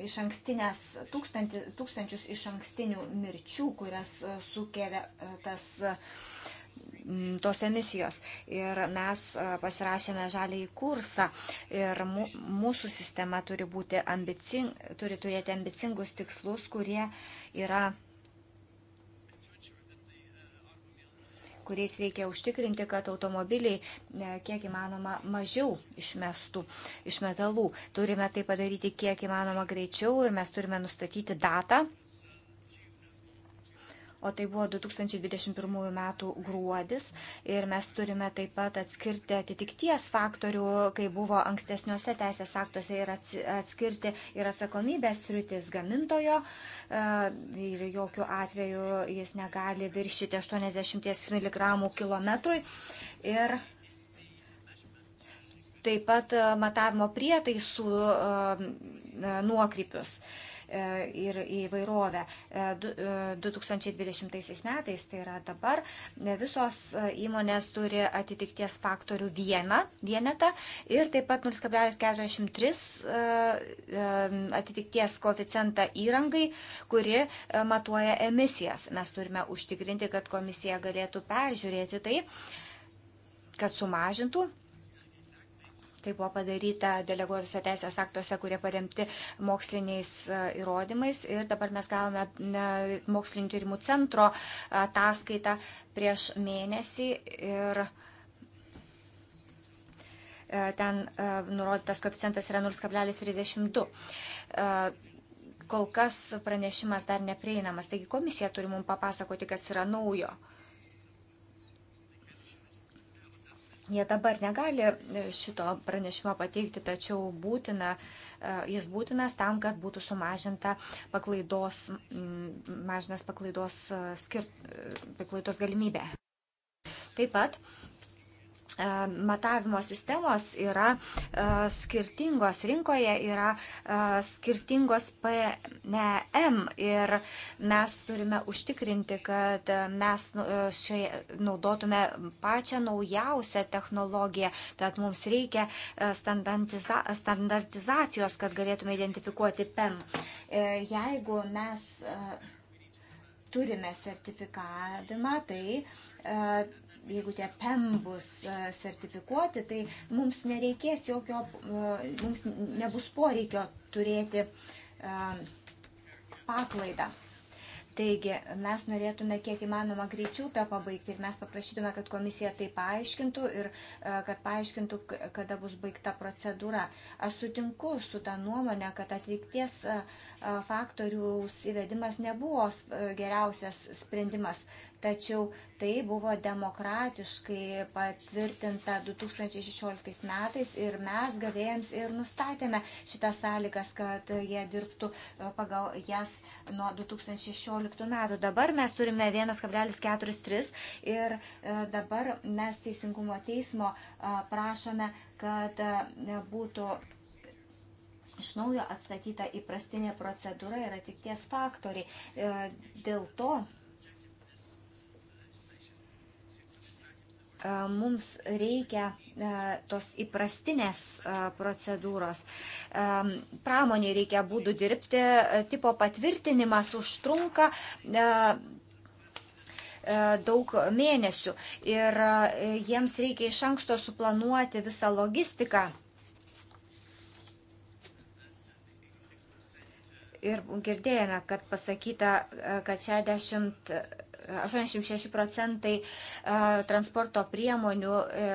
iš ankstinės, tūkstanti, tūkstančius iš ankstinių mirčių, kurias e, sukėlė e, tas Mm, tos emisijos. Ir mes e, pasirašėme žaliai kursą ir mūsų sistema turi, būti ambicing, turi turėti ambicingus tikslus, kurie yra kuriais reikia užtikrinti, kad automobiliai e, kiek įmanoma mažiau išmestų iš metalų. Turime tai padaryti kiek įmanoma greičiau ir mes turime nustatyti datą o tai buvo 2021 m. gruodis. Ir mes turime taip pat atskirti atitikties faktorių, kai buvo ankstesniuose teisės aktuose ir atskirti ir atsakomybės rytis gamintojo. E, ir jokių atveju jis negali viršyti 80 mg kilometrui. Ir taip pat matavimo prietaisų e, nuokrypius. Uh, E, ir įvairovę. 2020 e, e, metais, tai yra dabar, visos įmonės turi atitikties faktorių vieną vienetą ir taip pat 0,43 atitikties koeficientą įrangai, kuri matuoja emisijas. Mes turime užtikrinti, kad komisija galėtų peržiūrėti tai, kad sumažintų Tai buvo padaryta deleguotose teisės aktuose, kurie paremti moksliniais e, įrodymais. Ir dabar mes gavome mokslinio tyrimų centro ataskaitą prieš mėnesį. Ir e, ten e, nurodytas koeficientas yra 0,32 kol kas pranešimas dar neprieinamas, taigi komisija turi mums papasakoti, kas yra naujo. Jie dabar negali e, šito pranešimo pateikti, tačiau būtina, e, jis būtinas tam, kad būtų sumažinta paklaidos, mažinas paklaidos, e, skirt, paklaidos galimybė. Taip pat E, matavimo sistemos yra e, skirtingos, rinkoje yra e, skirtingos PNM ir mes turime užtikrinti, kad mes šioje, naudotume pačią naujausią technologiją, tad mums reikia standartiza, standartizacijos, kad galėtume identifikuoti PEM. Jeigu mes turime sertifikavimą, tai jeigu tie PEM bus e, sertifikuoti, tai mums nereikės jokio, e, mums nebus poreikio turėti e, paklaidą. Taigi mes norėtume kiek įmanoma greičiau tą pabaigti ir mes paprašytume, kad komisija tai paaiškintų ir kad paaiškintų, kada bus baigta procedūra. Aš sutinku su tą nuomonę, kad atlikties faktoriaus įvedimas nebuvo geriausias sprendimas tačiau tai buvo demokratiškai patvirtinta 2016 metais ir mes gavėjams ir nustatėme šitas sąlygas, kad jie dirbtų e, pagal jas nuo 2016 metų. Dabar mes turime 1,43 ir e, dabar mes Teisingumo teismo e, prašome, kad būtų iš naujo atstatyta įprastinė procedūra yra tik ties faktoriai. Dėl to mums reikia tos įprastinės procedūros. Pramonį reikia būdų dirbti, tipo patvirtinimas užtrunka daug mėnesių ir jiems reikia iš anksto suplanuoti visą logistiką. ir girdėjome, kad pasakyta, kad 60 86 procentai transporto priemonių e,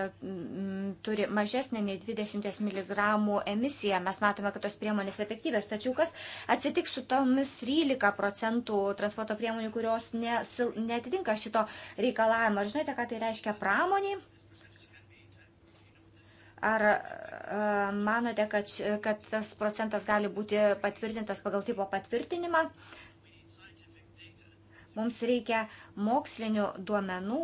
turi mažesnę nei 20 mg emisiją. Mes matome, kad tos priemonės efektyvės. Tačiau kas atsitiks su tomis 13 procentų transporto priemonių, kurios netitinka šito reikalavimo? Ar žinote, ką tai reiškia pramoniai? Ar e, manote, kad, kad tas procentas gali būti patvirtintas pagal tipo patvirtinimą? Uh, Mums reikia mokslinių duomenų,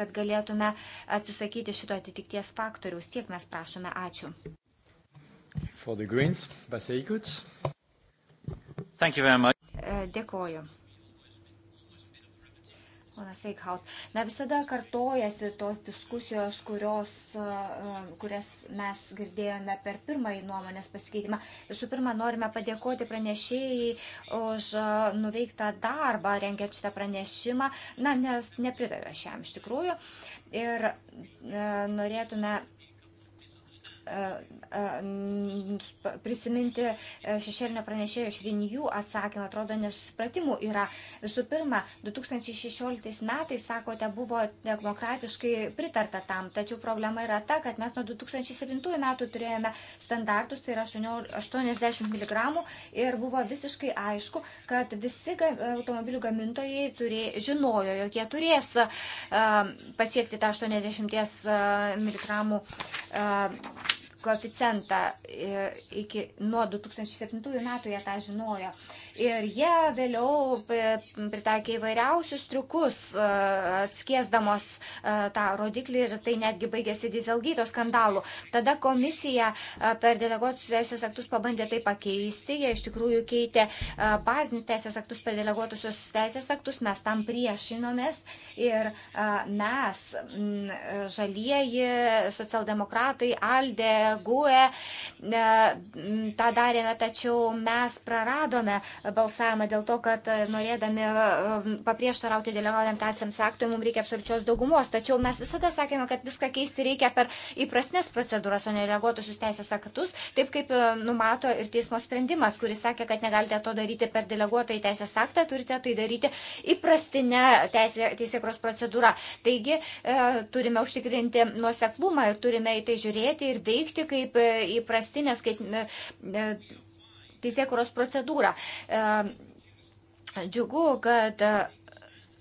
kad galėtume atsisakyti šito atitikties faktoriaus. Tiek mes prašome. Ačiū. Greens, e, Dėkoju. Ponas Eikhaut, na visada kartojasi tos diskusijos, kurios, um, kurias mes girdėjome per pirmąjį nuomonės pasikeitimą. Visų pirma, norime padėkoti pranešėjai už uh, nuveiktą darbą, rengiant šitą pranešimą. Na, nes nepritariu aš jam iš tikrųjų. Ir e, norėtume E, e, prisiminti e, šešėlinio pranešėjo iš Rinijų atsakymą, atrodo, nesusipratimų yra. Visų pirma, 2016 metais, sakote, buvo demokratiškai pritarta tam, tačiau problema yra ta, kad mes nuo 2007 metų turėjome standartus, tai yra 80 mg ir buvo visiškai aišku, kad visi automobilių gamintojai turė, žinojo, jog jie turės pasiekti tą 80 mg koeficientą e, iki nuo 2007 metų jie tą žinojo. Ir jie vėliau e, pritaikė įvairiausius triukus, e, atskiesdamos tą rodiklį ir tai netgi baigėsi dizelgyto skandalu. Tada komisija per deleguotus teisės aktus pabandė tai pakeisti, jie iš tikrųjų keitė bazinius teisės aktus per deleguotusius teisės aktus, mes tam priešinomės ir mes, žalieji, socialdemokratai, Aldė, GUE tą darėme, tačiau mes praradome balsavimą dėl to, kad norėdami e, paprieštarauti dėlionėm teisėms aktui, mums reikia absoliučios daugumos. Tačiau mes visada sakėme, kad viską keisti reikia per įprasnes procedūras, o ne reaguotusius teisės aktus, taip kaip e, numato ir teismo sprendimas, kuris sakė, kad negalite to daryti per deleguotą į teisės aktą, turite tai daryti įprastinę teisė, teisėkros procedūrą. Taigi e, turime užtikrinti nuoseklumą ir turime į tai žiūrėti ir veikti panaši kaip e, įprastinė e, e, teisėkuros procedūra. Džiugu, kad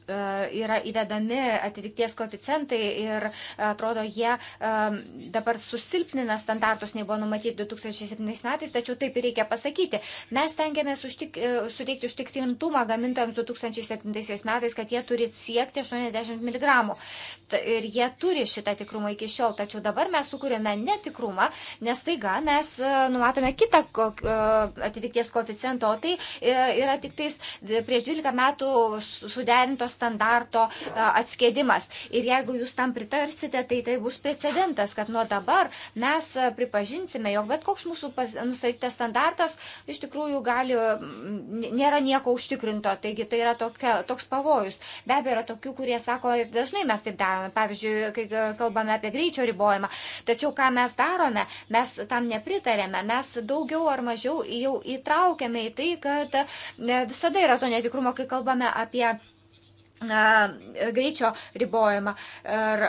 E, yra įvedami atitikties koeficientai ir e, atrodo jie e, dabar susilpnina standartus, nei buvo numatyti 2007 metais, tačiau taip ir reikia pasakyti. Mes tengiamės užtik, suteikti užtikrintumą gamintojams 2007 metais, kad jie turi siekti 80 mg. Ir jie turi šitą tikrumą iki šiol, tačiau dabar mes sukūrėme netikrumą, nes taiga mes numatome kitą atitikties koeficientą, o tai yra tik tais prieš 12 metų suderintos standarto e, atskėdimas. Ir jeigu jūs tam pritarsite, tai tai bus precedentas, kad nuo dabar mes e, pripažinsime, jog bet koks mūsų nustatytas standartas iš tikrųjų gali, nėra nieko užtikrinto. Taigi tai yra tokia, toks pavojus. Be abejo, yra tokių, kurie sako, dažnai mes taip darome. Pavyzdžiui, kai e, kalbame apie greičio ribojimą. Tačiau ką mes darome, mes tam nepritarėme. Mes daugiau ar mažiau jau įtraukėme į tai, kad visada yra to netikrumo, kai kalbame apie greičio ribojimą. Ir,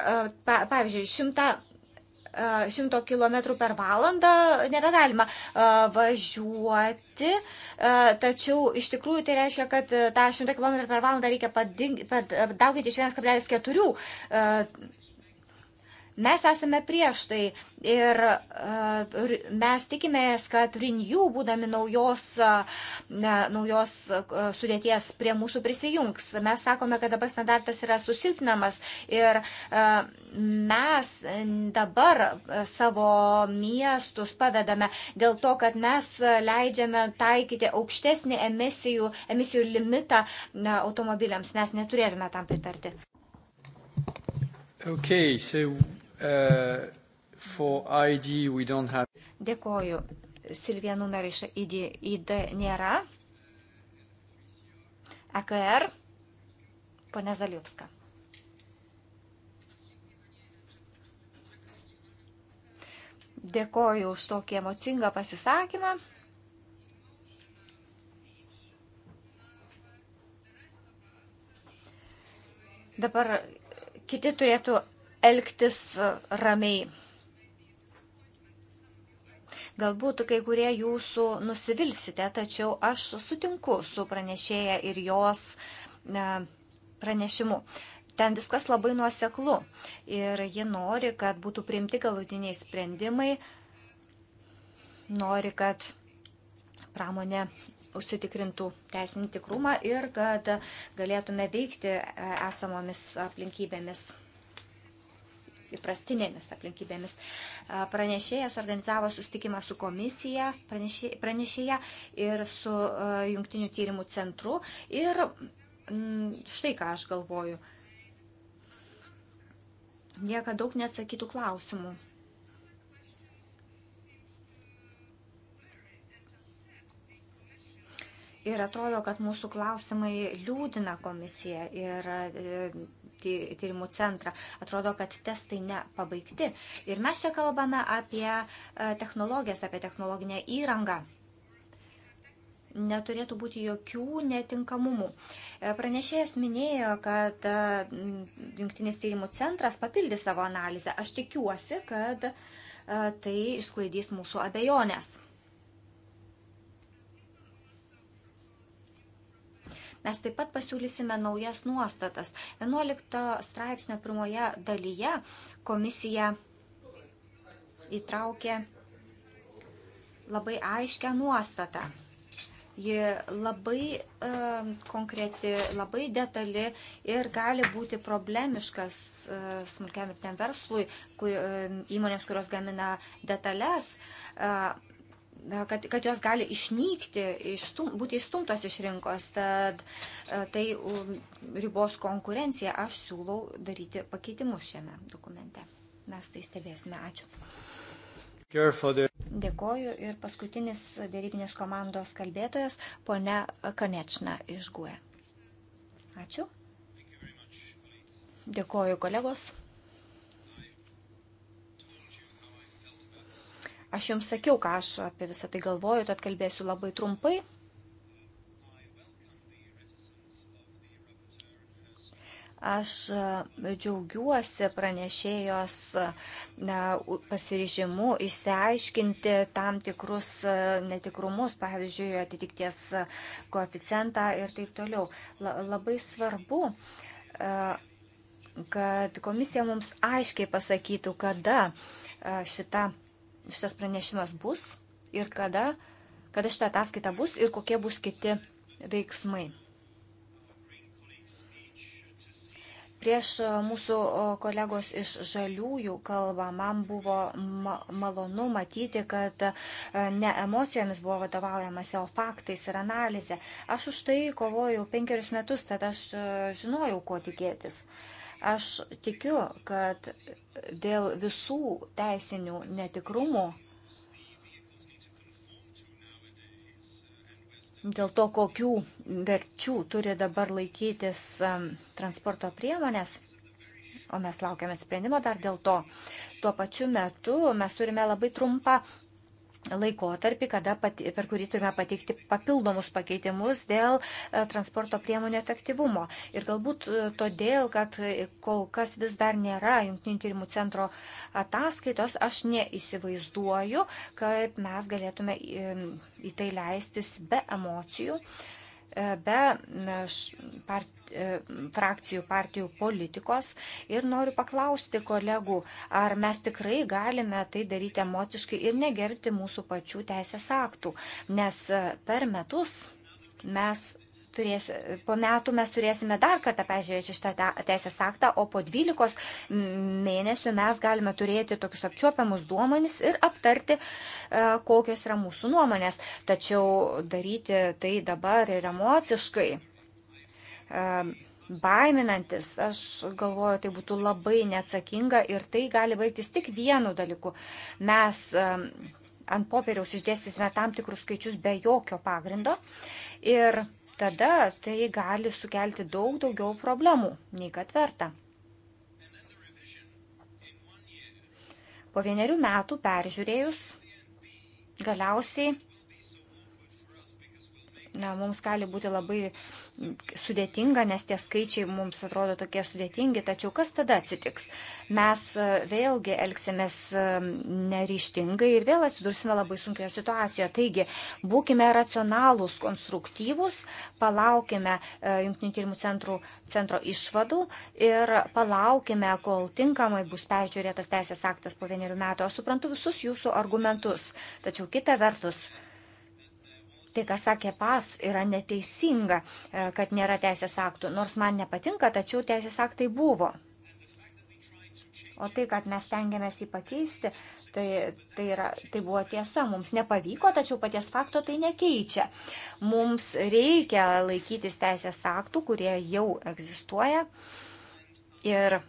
pavyzdžiui, šimta 100 km per valandą nebegalima važiuoti, tačiau iš tikrųjų tai reiškia, kad tą 100 km per valandą reikia padauginti iš 1,4 Mes esame prieš tai ir e, mes tikimės, kad Rinjų, būdami naujos, e, ne, naujos e, sudėties prie mūsų prisijungs. Mes sakome, kad dabar standartas yra susilpinamas ir mes dabar savo miestus pavedame dėl to, kad mes leidžiame taikyti aukštesnį emisijų, emisijų limitą automobiliams. Mes neturėtume tam pritarti. Okay, so Uh, for ID we don't have. Dėkoju. Silvija numerį iš ID, ID nėra. AKR. E Pone Zalievska. Dėkoju už tokį emocingą pasisakymą. Dabar kiti turėtų elgtis e, ramiai. Galbūt kai kurie jūsų nusivilsite, tačiau aš sutinku su pranešėja ir jos e, pranešimu. Ten viskas labai nuoseklu ir ji nori, kad būtų priimti galutiniai sprendimai, nori, kad pramonė užsitikrintų teisinį tikrumą ir kad galėtume veikti e, esamomis aplinkybėmis įprastinėmis aplinkybėmis. Pranešėjas organizavo sustikimą su komisija, pranešėja ir su jungtiniu tyrimų centru. Ir mm, štai ką aš galvoju. Lieka daug neatsakytų klausimų. Ir atrodo, kad mūsų klausimai liūdina komisiją ir e, tyrimų centrą. Atrodo, kad testai nepabaigti. Ir mes čia kalbame apie e, technologijas, apie technologinę įrangą. Neturėtų būti jokių netinkamumų. E, pranešėjas minėjo, kad e, Junktinis tyrimų centras papildys savo analizę. Aš tikiuosi, kad tai išsklaidys mūsų abejonės. Mes taip pat pasiūlysime naujas nuostatas. 11 straipsnio pirmoje dalyje komisija įtraukė labai aiškę nuostatą. Ji labai e, konkreti, labai detali ir gali būti problemiškas e, smulkiam ir ten verslui, kui, e, įmonėms, kurios gamina detales. E, kad, kad jos gali išnykti, išstum, būti išstumtos iš rinkos, tad e, tai ribos konkurenciją aš siūlau daryti pakeitimus šiame dokumente. Mes tai stebėsime. Ačiū. Dėkoju ir paskutinis dėrybinės komandos kalbėtojas, ponia Kanečna iš GUE. Ačiū. Dėkoju kolegos. Aš jums sakiau, ką aš apie visą tai galvoju, tad kalbėsiu labai trumpai. Aš e, džiaugiuosi pranešėjos pasiryžimu išsiaiškinti tam tikrus e, netikrumus, pavyzdžiui, atitikties e, koeficientą ir taip toliau. Labai svarbu kad komisija mums aiškiai pasakytų, kada šita šitas pranešimas bus ir kada, kada šitą ataskaitą bus ir kokie bus kiti veiksmai. Prieš e, mūsų e, kolegos iš žaliųjų kalbą man buvo ma malonu matyti, kad e, ne emocijomis buvo vadovaujamas, o faktais ir analizė. Aš už tai kovojau penkerius metus, tad aš žinojau, ko tikėtis. Uh, Aš tikiu, kad dėl visų teisinių netikrumų, dėl to, kokių verčių turi dabar laikytis um, transporto priemonės, o mes laukiame sprendimo dar dėl to, tuo pačiu metu mes turime labai trumpą laikotarpį, kada, pati, per kurį turime pateikti papildomus pakeitimus dėl e, transporto priemonių efektyvumo. Ir galbūt e, todėl, kad e, kol kas vis dar nėra Junktinių tyrimų centro ataskaitos, aš neįsivaizduoju, kaip mes galėtume į tai leistis be emocijų. Uh, E, be e, part, e, frakcijų partijų politikos ir noriu paklausti kolegų, ar mes tikrai galime tai daryti emociškai ir negerbti mūsų pačių teisės aktų, nes per metus mes turės, po metų mes turėsime dar kartą peržiūrėti šitą teisės aktą, o po 12 mėnesių mes galime turėti tokius apčiuopiamus duomenis ir aptarti, e, kokios yra mūsų nuomonės. Tačiau daryti tai dabar ir emociškai e, baiminantis, aš galvoju, tai būtų labai neatsakinga ir tai gali baigtis tik vienu dalyku. Mes e, ant popieriaus išdėstysime tam tikrus skaičius be jokio pagrindo ir tada tai gali sukelti daug daugiau problemų, nei kad verta. Po vienerių metų peržiūrėjus, galiausiai na, mums gali būti labai sudėtinga, nes tie skaičiai mums atrodo tokie sudėtingi, tačiau kas tada atsitiks? Mes e, vėlgi elgsimės e, neryštingai ir vėl atsidursime labai sunkioje situacijoje. Taigi, būkime racionalūs, konstruktyvūs, palaukime e, Junktinių tyrimų centrų, centro išvadų ir palaukime, kol tinkamai bus peržiūrėtas teisės aktas po vienerių metų. Aš suprantu visus jūsų argumentus, tačiau kita vertus, tai, ką sakė pas, yra neteisinga, e, kad nėra teisės aktų. Nors man nepatinka, tačiau teisės aktai buvo. O tai, kad mes tengiamės jį pakeisti, tai, tai, yra, tai buvo tiesa. Mums nepavyko, tačiau paties fakto tai nekeičia. Mums reikia laikytis teisės aktų, kurie jau egzistuoja. Ir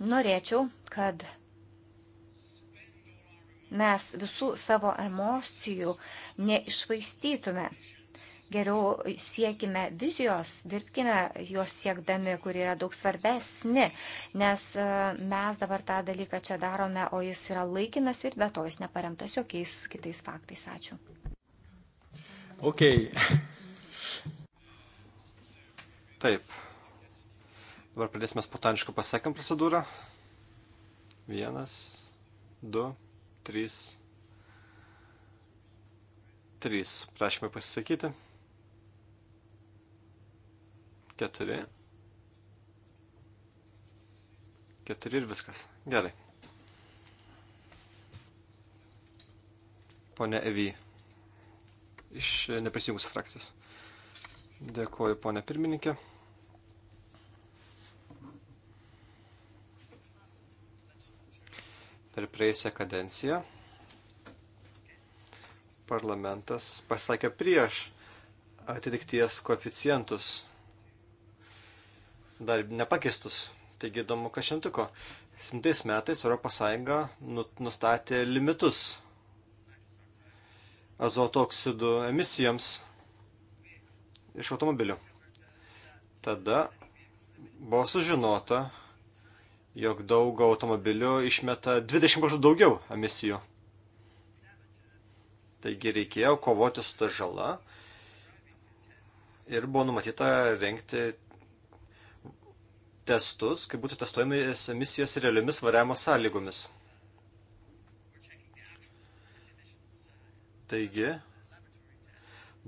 norėčiau, kad mes visų savo emocijų neišvaistytume. Geriau siekime vizijos, dirbkime juos siekdami, kurie yra daug svarbesni, nes e, mes dabar tą dalyką čia darome, o jis yra laikinas ir be to jis neparemtas jokiais kitais faktais. Ačiū. Okay. Taip. Dabar pradėsime spontaniškų pasakymų procedūrą. Vienas, du. 3. 3. Prašymai pasisakyti. 4. 4 ir viskas. Gerai. Pone Evy iš neprisijungusios frakcijos. Dėkuoju, ponė pirmininkė. Per praėjusią kadenciją parlamentas pasakė prieš atitikties koeficientus, dar nepakeistus. Taigi įdomu, kas šimtuko. 7 metais ES nu-, nustatė limitus azoto oksidų emisijoms iš automobilių. Tada buvo sužinota, jog daug automobilių išmeta 20 kartų daugiau emisijų. Taigi reikėjo kovoti su ta žala ir buvo numatyta renkti testus, kai būtų testuojami emisijos realiomis variavimo sąlygomis. Taigi,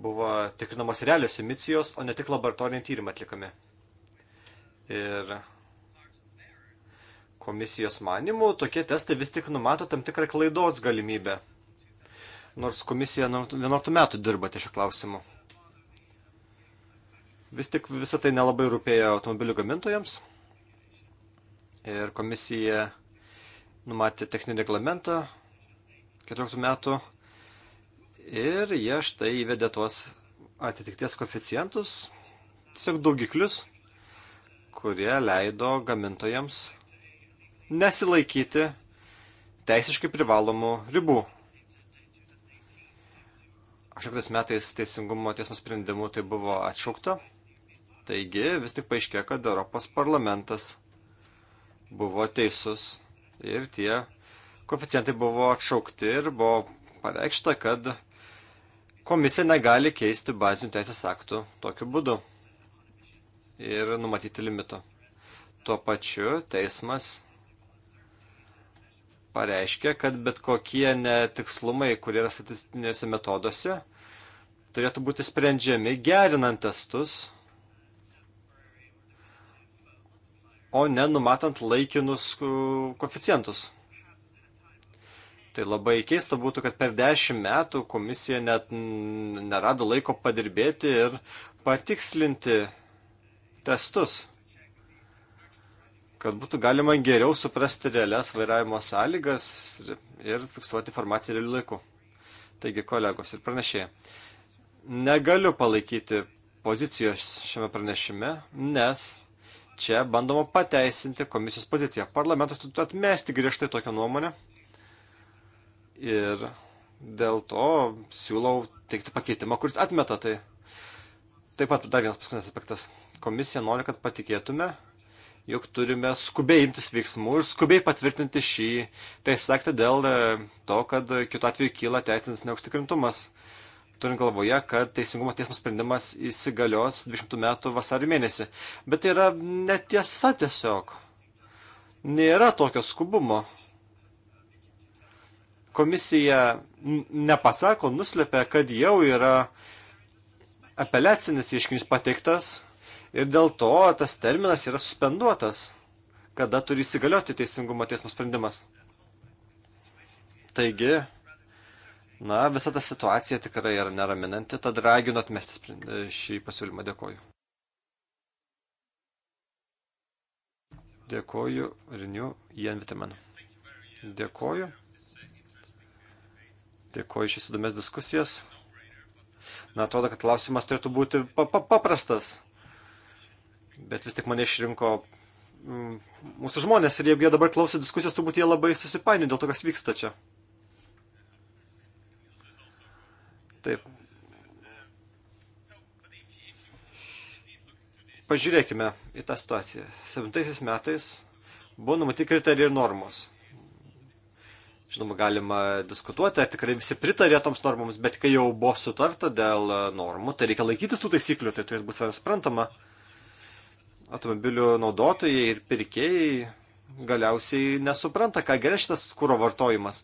buvo tikrinamos realios emisijos, o ne tik laboratoriniai tyrimai atlikami. Ir Komisijos manimu, tokie testai vis tik numato tam tikrą klaidos galimybę. Nors komisija nuo 11 metų dirba ties šio klausimu. Vis tik visą tai nelabai rūpėjo automobilių gamintojams. Ir komisija numatė techninį reglamentą 14 metų. Ir jie štai įvedė tuos atitikties koficijantus, tiesiog daugiklius, kurie leido gamintojams nesilaikyti teisiškai privalomų ribų. 18 metais teisingumo teismo sprendimu tai buvo atšaukta. Taigi vis tik paaiškėjo, kad Europos parlamentas buvo teisus ir tie koficijantai buvo atšaukti ir buvo pareikšta, kad komisija negali keisti bazinių teisės aktų tokiu būdu ir numatyti limito. Tuo pačiu teismas pareiškė, kad bet kokie netikslumai, kurie yra statistinėse metoduose, turėtų būti sprendžiami gerinant testus, o ne numatant laikinus koficijantus. Tai labai keista būtų, kad per dešimt metų komisija net nerado laiko padirbėti ir patikslinti testus kad būtų galima geriau suprasti realias vairavimo sąlygas ir fiksuoti informaciją realiu laiku. Taigi, kolegos ir pranešėjai, negaliu palaikyti pozicijos šiame pranešime, nes čia bandoma pateisinti komisijos poziciją. Parlamentas turi atmesti griežtai tokią nuomonę ir dėl to siūlau teikti pakeitimą, kuris atmeta tai. Taip pat dar vienas paskutinis aspektas. Komisija nori, kad patikėtume, jog turime skubiai imtis veiksmų ir skubiai patvirtinti šį teisės aktą dėl e, to, kad kitu atveju kyla teisinis neužtikrintumas. Turint galvoje, kad Teisingumo teismo sprendimas įsigalios 20 metų vasario mėnesį. Bet tai yra netiesa tiesiog. Nėra tokio skubumo. Komisija nepasako, nuslėpia, kad jau yra apeliacinis ieškinys pateiktas ir dėl to tas terminas yra suspenduotas, kada turi įsigalioti teisingumo teismo sprendimas. Taigi, na, visa ta situacija tikrai yra neraminanti, tad raginu atmesti šį pasiūlymą. Dėkoju. Dėkoju, Riniu Jan Vitamin. Dėkoju. Dėkoju šis įdomias diskusijas. Na, atrodo, kad klausimas turėtų būti pa pa paprastas. Bet vis tik mane išrinko mm, mūsų žmonės ir jeigu jie dabar klauso diskusijos, turbūt jie labai susipainio dėl to, kas vyksta čia. Taip. Pažiūrėkime į tą situaciją. 7 metais buvo numatyti kriterijai ir normos. Žinoma, galima diskutuoti, ar tikrai visi pritarė toms normoms, bet kai jau buvo sutarta dėl normų, tai reikia laikytis tų taisyklių, tai turėtų būti suprantama. suprantama automobilių naudotojai ir pirkėjai galiausiai nesupranta, ką geria šitas kūro vartojimas.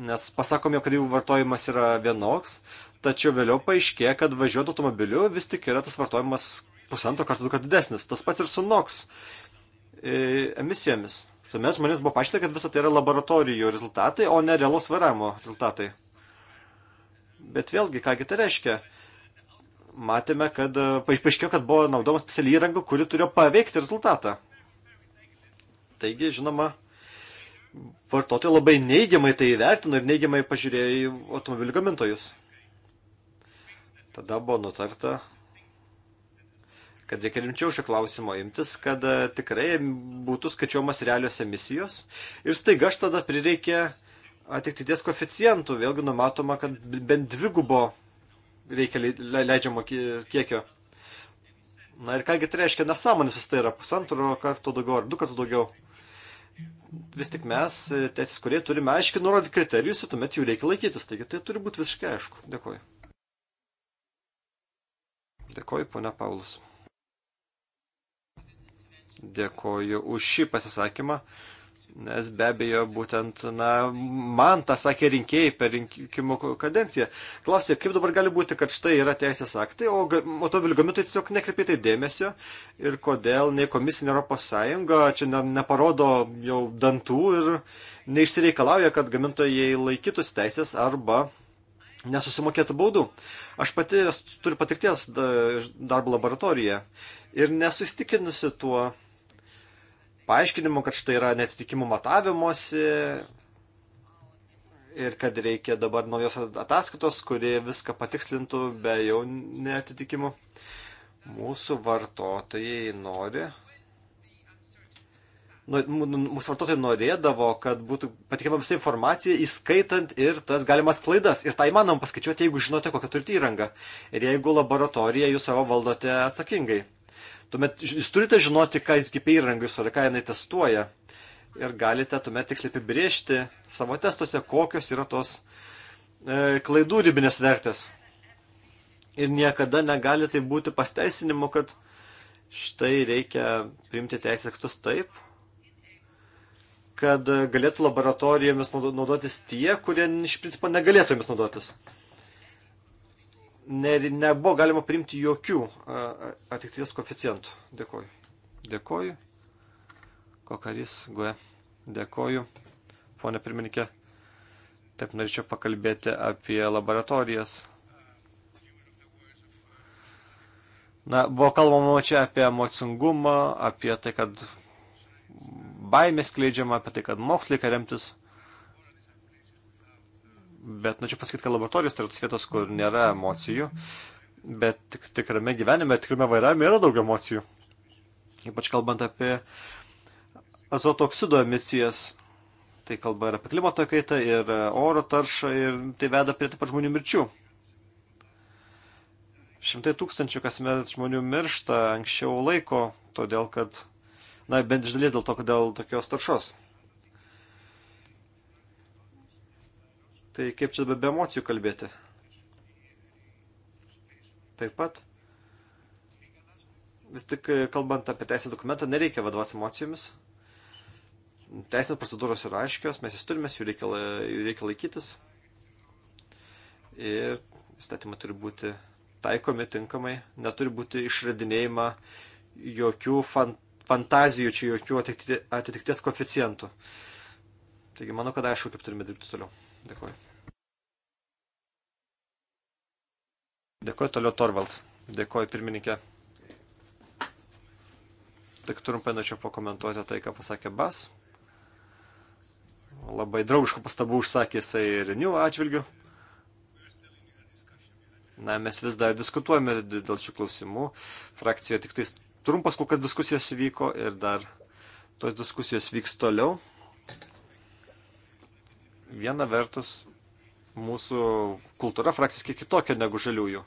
Nes pasakom jau, kad jų vartojimas yra vienoks, tačiau vėliau paaiškėja, kad važiuojant automobiliu vis tik yra tas vartojimas pusantro karto du kartų didesnis. Tas pats ir su NOX e, emisijomis. Tuomet žmonės buvo paaiškinta, kad visą tai yra laboratorijų rezultatai, o ne realaus vairavimo rezultatai. Bet vėlgi, kągi tai reiškia? matėme, kad e, paaiškėjo, kad buvo naudojama speciali įranga, kuri turėjo paveikti rezultatą. Taigi, žinoma, vartotojai labai neigiamai tai įvertino ir neigiamai pažiūrėjo į automobilių gamintojus. Tada buvo nutarta, kad reikia rimčiau šio klausimo imtis, kad e, tikrai būtų skaičiuomas realios emisijos. Ir staiga aš tada prireikė atitikties koficijantų, vėlgi numatoma, kad bent dvigubo reikia leidžiamo kiekio. Na ir kągi tai reiškia nesąmonės, vis tai yra pusantro karto daugiau ar du kartus daugiau. Vis tik mes, teisės kurie, turime aiškiai nurodyti kriterijus ir tuomet jų reikia laikytis. Taigi tai turi būti visiškai aišku. Dėkuoju. Dėkoju, ponia Paulus. Dėkoju už šį pasisakymą. Nes be abejo, būtent, na, man tą sakė rinkėjai per rinkimų kadenciją. Klausė, kaip dabar gali būti, kad štai yra teisės aktai, o automobilių gamintojai tiesiog nekreipia tai dėmesio ir kodėl nei komisija, nei Europos Sąjunga čia ne, neparodo jau dantų ir neišsireikalauja, kad gamintojai laikytųsi teisės arba nesusimokėtų baudų. Aš pati turiu patirties darbo laboratorijoje ir nesustikinusi tuo paaiškinimų, kad štai yra netitikimų matavimuose ir kad reikia dabar naujos ataskaitos, kurie viską patikslintų be jau netitikimų. Mūsų vartotojai nori. Nu, mūsų vartotojai norėdavo, kad būtų patikima visa informacija, įskaitant ir tas galimas klaidas. Ir tai manom paskaičiuoti, jeigu žinote, kokią turite įrangą. Ir jeigu laboratoriją jūs savo valdote atsakingai. Tuomet jūs turite žinoti, ką jis kaip įrangius ar ką jinai testuoja. Ir galite tuomet tiksliai apibriežti savo testuose, kokios yra tos e, klaidų ribinės vertės. Ir niekada negali tai būti pasteisinimu, kad štai reikia priimti teisės aktus taip, kad galėtų laboratorijomis naudotis tie, kurie iš principo negalėtų jomis naudotis ne, nebuvo galima priimti jokių atitikties koficijantų. Dėkoju. Dėkoju. Kokarys, Gue. Dėkoju. Pone pirmininkė, taip norėčiau pakalbėti apie laboratorijas. Na, buvo kalbama čia apie emocingumą, apie tai, kad baimės kleidžiama, apie tai, kad mokslininkai remtis Bet norėčiau nu, pasakyti, kad laboratorijos tai yra tas vietas, kur nėra emocijų, bet tik, tikrame gyvenime, tikrame vairavime yra daug emocijų. Ypač kalbant apie azoto oksido emisijas, tai kalba ir apie klimato kaitą, ir oro taršą, ir tai veda prie taip pat žmonių mirčių. Šimtai tūkstančių kasmet žmonių miršta anksčiau laiko, todėl kad, na, bent iš dalies dėl to, kad dėl tokios taršos. Tai kaip čia be emocijų kalbėti? Taip pat, vis tik e, kalbant apie teisės dokumentą, nereikia vadovauti emocijomis. Teisinės procedūros yra aiškios, mes jas turime, jų reikia, jų reikia laikytis. Ir įstatymai turi būti taikomi tinkamai, neturi būti išradinėjama jokių fan, fantazijų, čia jokių atitikties koeficientų. Taigi manau, kad aišku, kaip turime dirbti toliau. Dėkuoju. Dėkuoju toliau Torvalds. Dėkuoju pirmininkė. Tik trumpai norėčiau pakomentuoti tai, ką pasakė Bas. Labai draugiškų pastabų užsakė jisai Renew atžvilgiu. Na, mes vis dar diskutuojame dėl šių klausimų. Frakcijoje tik tais trumpas kol kas diskusijos įvyko ir dar tos diskusijos vyks toliau viena vertus mūsų kultūra frakcijos kiek kitokia negu žaliųjų.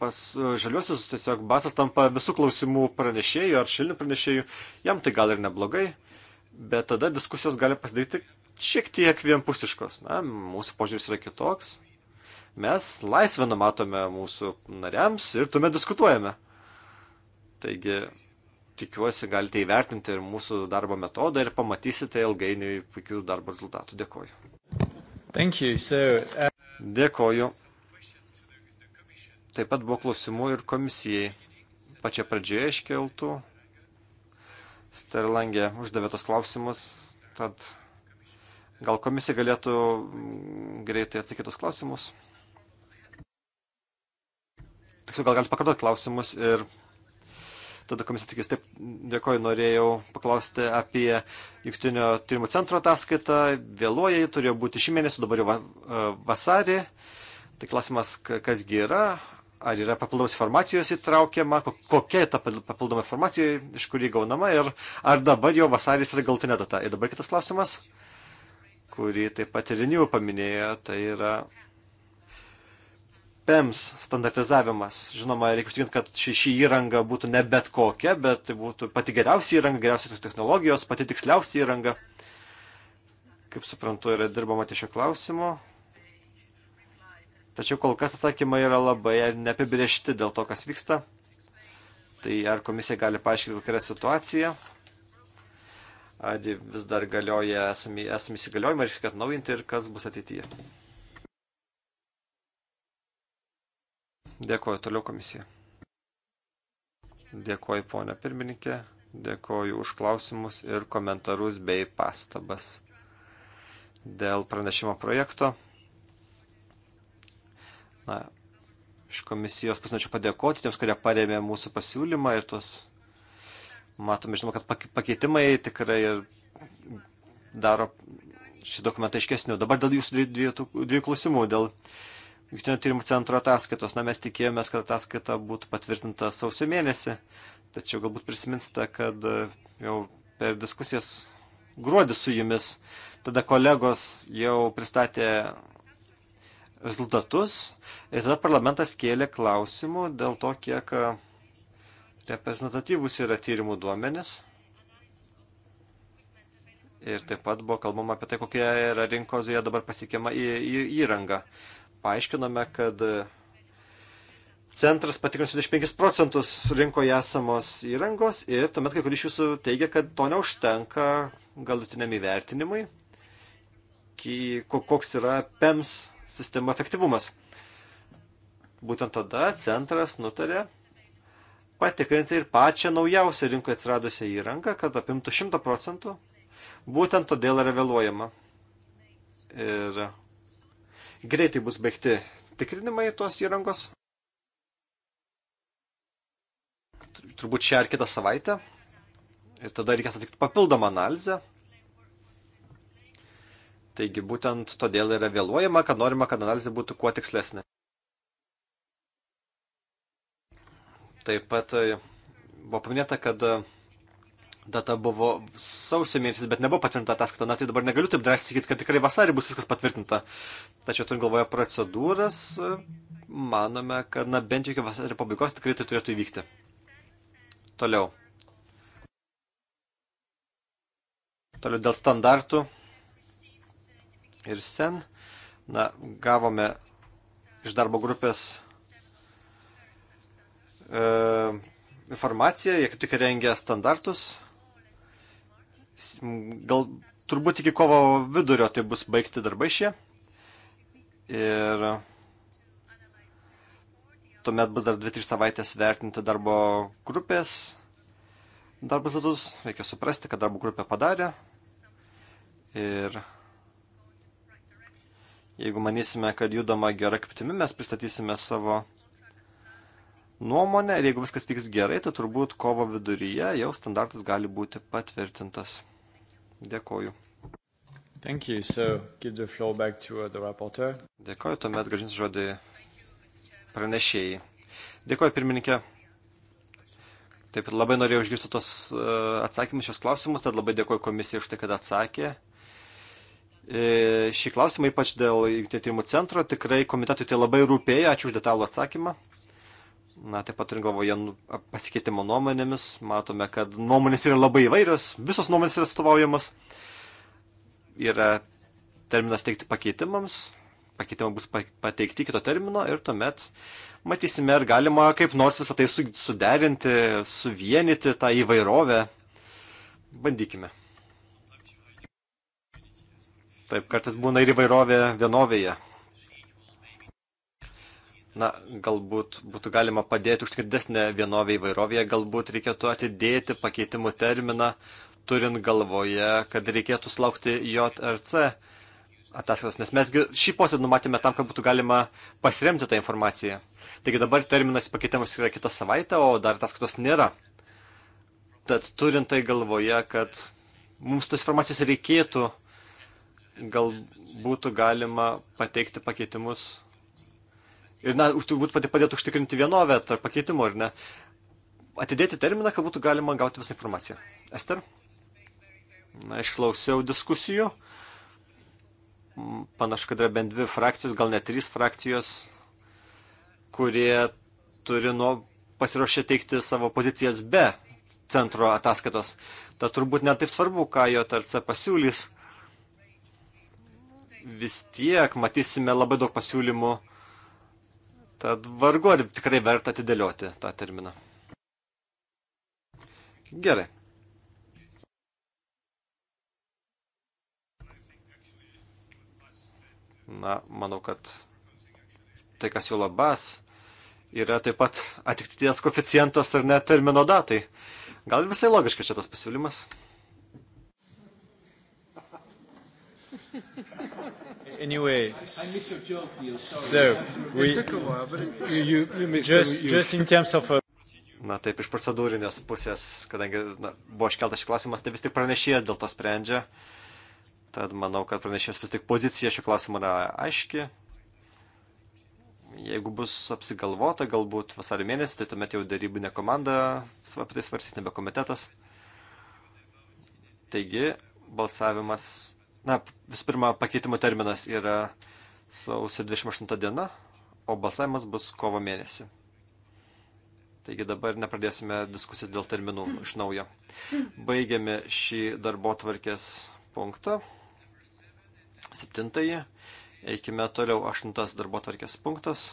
Pas e, žaliuosius tiesiog basas tampa visų klausimų pranešėjų ar šilinių pranešėjų, jam tai gal ir neblogai, bet tada diskusijos gali pasidaryti šiek tiek vienpusiškos. Na, mūsų požiūris yra kitoks. Mes laisvę numatome mūsų nariams ir tuomet diskutuojame. Taigi tikiuosi galite įvertinti ir mūsų darbo metodą ir pamatysite ilgainiui puikių darbo rezultatų. Dėkoju. So, uh... Dėkoju. Taip pat buvo klausimų ir komisijai. Pačia pradžioje iškeltų. Sterlangė uždavė tos klausimus, tad gal komisija galėtų mm, greitai atsakyti tos klausimus. Tiksliau, gal galite pakartoti klausimus ir Tada komisija atsakys, taip, dėkoju, norėjau paklausti apie Jungtinio tyrimų centro ataskaitą. Vėluoja, turėjo būti šį mėnesį, dabar jau va, e, vasarį. Tai klausimas, kasgi yra, ar yra papildomos informacijos įtraukiama, kokia ta papildoma informacija, iš kur jį gaunama ir ar dabar jau vasaris yra galtinė data. Ir dabar kitas klausimas, kurį taip pat ir Renew paminėjo, tai yra PEMS standartizavimas. Žinoma, reikia užtikrinti, kad ši, ši įranga būtų ne bet kokia, bet tai būtų pati geriausia įranga, geriausios technologijos, pati tiksliausia įranga. Kaip suprantu, yra dirbama ties šio klausimu. Tačiau kol kas atsakymai yra labai neapibriežti dėl to, kas vyksta. Tai ar komisija gali paaiškinti, kokia yra situacija? Ar vis dar galioja esami, esami įsigaliojimai, reiškia atnaujinti ir kas bus ateityje? Dėkoju toliau komisija. Dėkoju ponia pirmininkė, dėkoju už klausimus ir komentarus bei pastabas. Dėl pranešimo projekto. Na, iš komisijos pasinačiau padėkoti tiems, kurie paremė mūsų pasiūlymą ir tuos matome, žinoma, kad pakeitimai tikrai ir daro šį dokumentą aiškesniu. Dabar dėl jūsų dviejų klausimų, dėl Junktinio tyrimų centro ataskaitos. Na, mes tikėjomės, kad ataskaita būtų patvirtinta sausio mėnesį, tačiau galbūt prisiminsite, kad e, jau per diskusijas gruodį su jumis, tada kolegos jau pristatė rezultatus ir tada parlamentas kėlė klausimų dėl to, kiek e, reprezentatyvus yra tyrimų duomenis. Ir taip pat buvo kalbama apie tai, kokia yra rinkos, jie dabar pasiekima į, į, įranga paaiškinome, kad centras patikrins 25 procentus rinkoje esamos įrangos ir tuomet kai kurie iš jūsų teigia, kad to neužtenka galutiniam įvertinimui, koks yra PEMS sistema efektyvumas. Būtent tada centras nutarė patikrinti ir pačią naujausią rinkoje atsiradusią įrangą, kad apimtų 100 procentų. Būtent todėl yra vėluojama. Ir Greitai bus baigti tikrinimai tos įrangos. Turbūt šią ar kitą savaitę. Ir tada reikės atlikti papildomą analizę. Taigi būtent todėl yra vėluojama, kad norima, kad analizė būtų kuo tikslesnė. Taip pat e, buvo paminėta, kad e, data buvo sausio mėnesis, bet nebuvo patvirtinta ataskaita, na tai dabar negaliu taip drąsiai sakyti, kad tikrai vasarį bus viskas patvirtinta. Tačiau turint galvoje procedūras, manome, kad na, bent jau iki vasario pabaigos tikrai tai turėtų įvykti. Toliau. Toliau dėl standartų ir sen. Na, gavome iš darbo grupės e, informaciją, jie kaip tik rengia standartus gal turbūt iki kovo vidurio tai bus baigti darbai šie. Ir tuomet bus dar 2-3 savaitės vertinti darbo grupės darbo rezultatus. Reikia suprasti, kad darbo grupė padarė. Ir jeigu manysime, kad judama gera kryptimi, mes pristatysime savo nuomonę. Ir jeigu viskas tiks gerai, tai turbūt kovo viduryje jau standartas gali būti patvirtintas. Dėkoju. Thank you. So give the floor back to uh, the rapporteur. Dėkoju, tuomet gražins žodį pranešėjai. Dėkoju, pirmininkė. Taip, labai norėjau išgirsti tos uh, atsakymus šios klausimus, tad labai dėkoju komisijai už tai, kad atsakė. E, šį klausimą, ypač dėl jungtinių tyrimų centro, tikrai komitetui tai labai rūpėjo. Ačiū už detalų atsakymą. Na, taip pat turint galvoje nu, pasikeitimo nuomonėmis, matome, kad nuomonės yra labai įvairios, visos nuomonės yra atstovaujamas. Yra terminas teikti pakeitimams, pakeitimai bus pateikti kito termino ir tuomet matysime, ar galima kaip nors visą tai suderinti, suvienyti tą įvairovę. Bandykime. Taip, kartais būna ir įvairovė vienovėje na, galbūt būtų galima padėti užtikrintesnę vienovę įvairovėje, galbūt reikėtų atidėti pakeitimų terminą, turint galvoje, kad reikėtų sulaukti JRC ataskaitos, nes mesgi šį posėdį numatėme tam, kad būtų galima pasiremti tą informaciją. Taigi dabar terminas pakeitimas yra kitą savaitę, o dar ataskaitos nėra. Tad turint tai galvoje, kad mums tos informacijos reikėtų, gal būtų galima pateikti pakeitimus Ir, na, turbūt pati padėtų užtikrinti vienovę tarp pakeitimo, ar ne? Atidėti terminą, kad būtų galima gauti visą informaciją. Ester? Na, išklausiau diskusijų. Panašu, kad yra bent dvi frakcijos, gal net trys frakcijos, kurie turi nuo pasiruošę teikti savo pozicijas be centro ataskaitos. Ta turbūt netaip svarbu, ką jo tarce pasiūlys. Vis tiek matysime labai daug pasiūlymų Tad vargu ar tikrai verta atidėlioti tą terminą. Gerai. Na, manau, kad tai, kas jau labas, yra taip pat atitikties koficijantas ar net termino datai. Gal visai logiška šitas pasiūlymas. anyway. I, I missed your joke, Neil. Sorry. So, we, it took a while, but it's not... you, you missed just, you. just in terms of a... Uh, na taip, iš procedūrinės pusės, kadangi na, buvo iškeltas šis klausimas, tai vis tik pranešėjas dėl to sprendžia. Tad manau, kad pranešėjas vis tik pozicija šio klausimo yra aiški. Jeigu bus apsigalvota, galbūt vasario mėnesį, tai tuomet jau darybinė komanda, tai svarsys nebe komitetas. Taigi, balsavimas Na, visų pirma, pakeitimų terminas yra sausio 28 diena, o balsavimas bus kovo mėnesį. Taigi dabar nepradėsime diskusijas dėl terminų mm. iš naujo. Baigiame šį darbo tvarkės punktą. Septintąjį. Eikime toliau. Aštuntas darbo tvarkės punktas.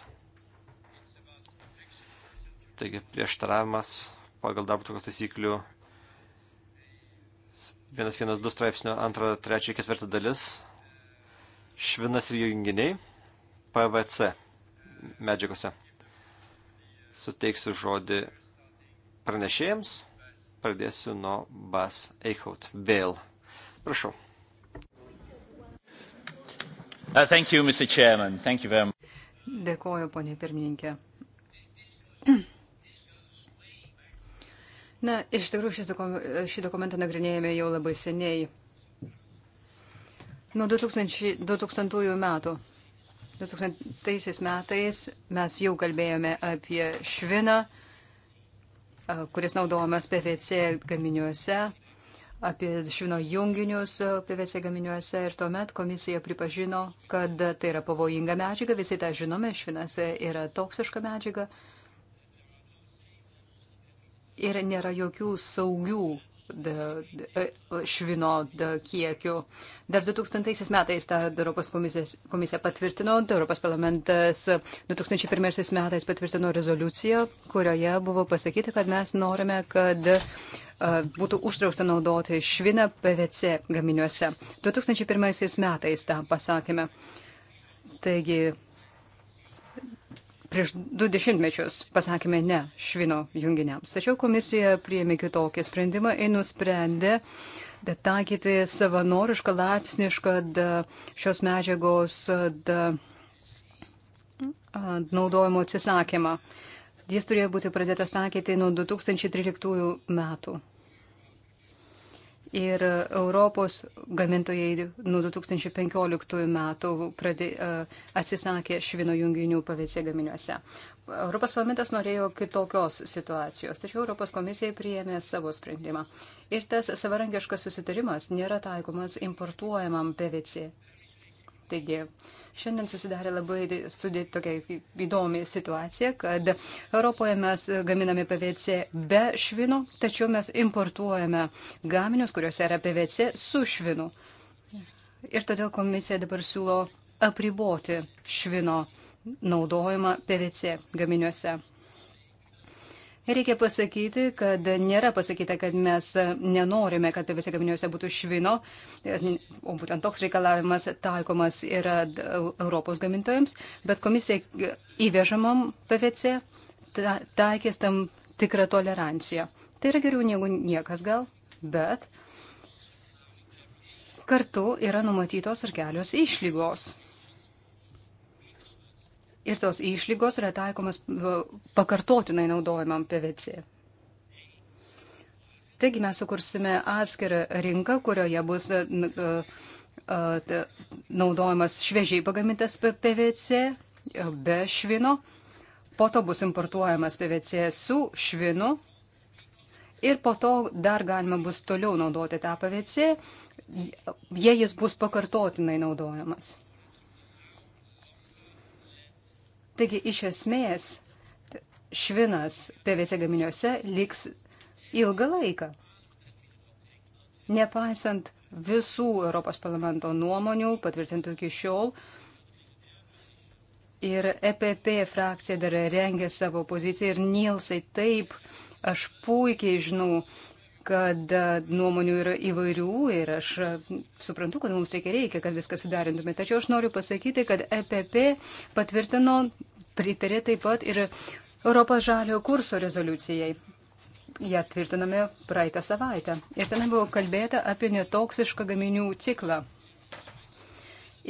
Taigi prieštaravimas pagal darbo tvarkos taisyklių 112 straipsnio 2, 3, 4 dalis. Švinas ir jų junginiai PVC medžiagose. Suteiksiu žodį pranešėjams. Pradėsiu nuo Bas Eichhout. Vėl. Prašau. Uh, thank you, Mr. Chairman. Thank you very much. Dėkoju, ponė pirmininkė. Na, iš tikrųjų šį dokumentą nagrinėjame jau labai seniai. Nuo 2000, 2000 metų. 2000 metais mes jau kalbėjome apie šviną, kuris naudojamas PVC gaminiuose, apie švino junginius PVC gaminiuose ir tuomet komisija pripažino, kad tai yra pavojinga medžiaga, visi tą žinome, švinas yra toksiška medžiaga ir nėra jokių saugių e, e, švino kiekių. Dar 2000 metais tą Europos komisija patvirtino, Europos parlamentas 2001 metais patvirtino rezoliuciją, kurioje buvo pasakyti, kad mes norime, kad e, būtų uždrausta naudoti šviną PVC gaminiuose. 2001 metais tą pasakėme. Taigi Prieš du dešimtmečius pasakėme ne švino junginiams, tačiau komisija priėmė kitokį sprendimą ir nusprendė taikyti savanorišką, laipsnišką šios medžiagos naudojimo atsisakymą. Jis turėjo būti pradėtas taikyti nuo 2013 metų. Ir e, Europos gamintojai nuo 2015 metų pradė, e, atsisakė švino junginių PVC gaminiuose. Europos parlamentas norėjo kitokios situacijos, tačiau Europos komisija priėmė savo sprendimą. Ir tas savarankiškas susitarimas nėra taikomas importuojamam PVC Taigi, šiandien susidarė labai sudėt tokia įdomi situacija, kad Europoje mes gaminame PVC be švino, tačiau mes importuojame gaminius, kuriuose yra PVC su švinu. Ir todėl komisija dabar siūlo apriboti švino naudojimą PVC gaminiuose. Reikia pasakyti, kad nėra pasakyta, kad mes nenorime, kad PVC gaminiuose būtų švino, o būtent toks reikalavimas taikomas yra Europos gamintojams, bet komisija įvežamam PVC taikės tam tikrą toleranciją. Tai yra geriau negu niekas gal, bet kartu yra numatytos ir kelios išlygos ir tos išlygos yra taikomas pakartotinai naudojamam PVC. Taigi mes sukursime atskirą rinką, kurioje bus e, e, e, naudojamas šviežiai pagamintas PVC be švino, po to bus importuojamas PVC su švinu ir po to dar galima bus toliau naudoti tą PVC, jei jis bus pakartotinai naudojamas. Taigi iš esmės švinas PVC gaminiuose liks ilgą laiką. Nepaisant visų Europos parlamento nuomonių patvirtintų iki šiol, ir EPP frakcija dar rengia savo poziciją ir Nilsai taip, aš puikiai žinau, kad e, nuomonių yra įvairių ir aš e, suprantu, kad mums reikia reikia, kad viską sudarintume. Tačiau aš noriu pasakyti, kad EPP patvirtino pritarė taip pat ir Europos žaliojo kurso rezoliucijai. Ja tvirtiname praeitą savaitę. Ir ten buvo kalbėta apie netoksišką gaminių ciklą.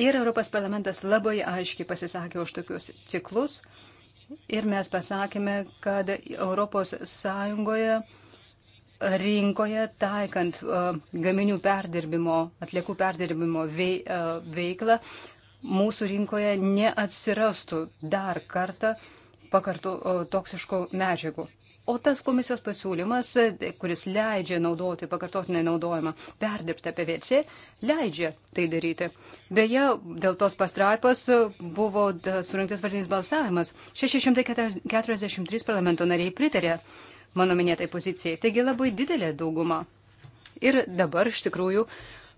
Ir Europos parlamentas labai aiškiai pasisakė už tokius ciklus. Ir mes pasakėme, kad Europos Sąjungoje rinkoje taikant uh, gaminių perdirbimo, atliekų perdirbimo vei, uh, veiklą, uh, mūsų rinkoje neatsirastų dar kartą pakartų toksiškų medžiagų. O tas komisijos pasiūlymas, kuris leidžia naudoti pakartotinai naudojimą perdirbtą PVC, leidžia tai daryti. Beje, dėl tos pastraipos buvo surinktas vardinis balsavimas. 643 parlamento nariai pritarė mano minėtai pozicijai. Taigi labai didelė dauguma. Ir dabar iš tikrųjų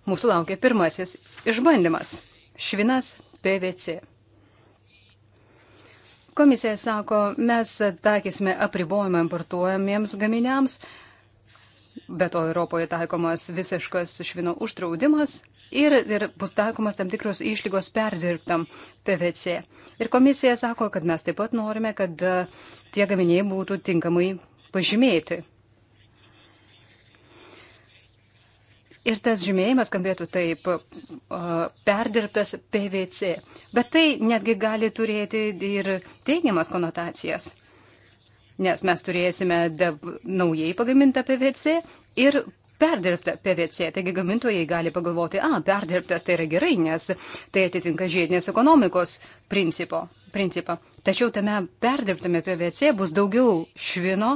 mūsų laukia pirmasis išbandymas švinas PVC. Komisija sako, mes taikysime apribojimą importuojamiems gaminiams, bet o Europoje taikomas visiškas švino uždraudimas ir, ir bus taikomas tam tikros išlygos perdirbtam PVC. Ir komisija sako, kad mes taip pat norime, kad tie gaminiai būtų tinkamai pažymėti. Ir tas žymėjimas skambėtų taip perdirbtas PVC. Bet tai netgi gali turėti ir teigiamas konotacijas. Nes mes turėsime naujai pagamintą PVC ir perdirbtą PVC. Taigi gamintojai gali pagalvoti, a, perdirbtas tai yra gerai, nes tai atitinka žiedinės ekonomikos principo, principą. Tačiau tame perdirbtame PVC bus daugiau švino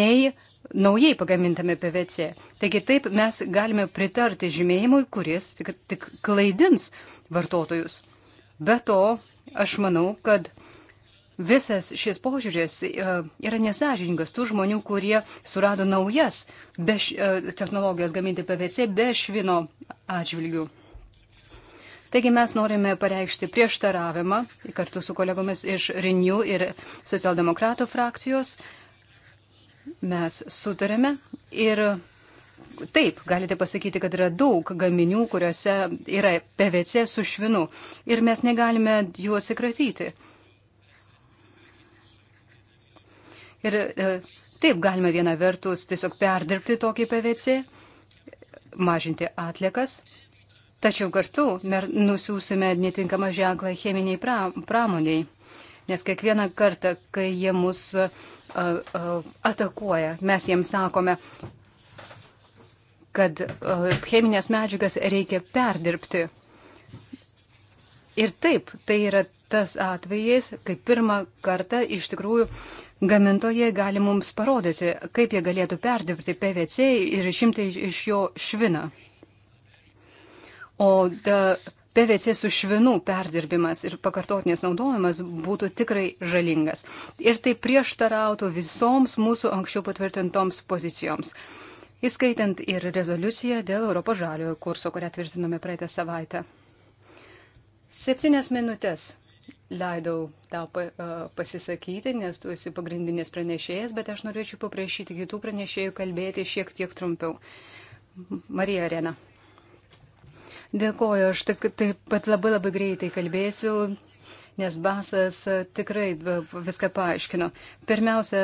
nei naujai pagamintame PVC. Taigi taip mes galime pritarti žymėjimui, kuris tik, tik klaidins vartotojus. Be to, aš manau, kad visas šis požiūris e, yra nesažininkas tų žmonių, kurie surado naujas beš, e, technologijas gaminti PVC be švino atžvilgių. Taigi mes norime pareikšti prieštaravimą kartu su kolegomis iš Renew ir socialdemokratų frakcijos mes sutarėme ir taip, galite pasakyti, kad yra daug gaminių, kuriuose yra PVC su švinu ir mes negalime jų atsikratyti. Ir e, taip galime viena vertus tiesiog perdirbti tokį PVC, mažinti atliekas, tačiau kartu mes nusiūsime netinkamą ženklą cheminiai pramoniai. Nes kiekvieną kartą, kai jie mus atakuoja, mes jiems sakome, kad cheminės medžiagas reikia perdirbti. Ir taip, tai yra tas atvejais, kai pirmą kartą iš tikrųjų gamintojai gali mums parodyti, kaip jie galėtų perdirbti PVC ir išimti iš jo šviną. O da, PVC su švinu perdirbimas ir pakartotinės naudojimas būtų tikrai žalingas. Ir tai prieštarautų visoms mūsų anksčiau patvirtintoms pozicijoms. Įskaitant ir rezoliuciją dėl Europos žaliojo kurso, kurią tvirtinome praeitą savaitę. Septynias minutės leidau tau pasisakyti, nes tu esi pagrindinės pranešėjas, bet aš norėčiau paprašyti kitų pranešėjų kalbėti šiek tiek trumpiau. Marija Arena. Dėkoju, aš tik, taip pat labai labai greitai kalbėsiu, nes Basas tikrai viską paaiškino. Pirmiausia,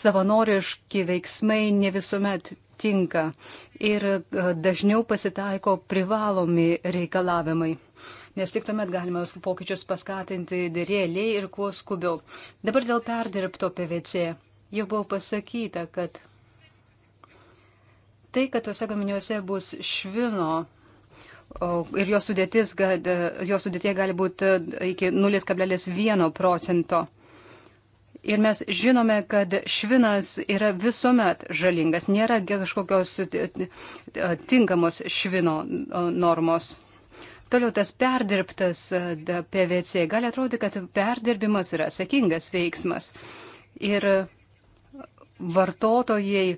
savanoriški veiksmai ne visuomet tinka ir dažniau pasitaiko privalomi reikalavimai. Nes tik tuomet galima pokyčius paskatinti realiai ir kuo skubiau. Dabar dėl perdirbto PVC. Jau buvo pasakyta, kad Tai, kad tuose gaminiuose bus švino ir jo, sudėtis, jo sudėtie gali būti e, iki 0,1 procento. Ir mes žinome, kad švinas yra visuomet žalingas, nėra kažkokios e, e, tinkamos švino normos. Toliau tas perdirbtas PVC gali atrodyti, kad perdirbimas yra sėkingas veiksmas. Ir vartotojai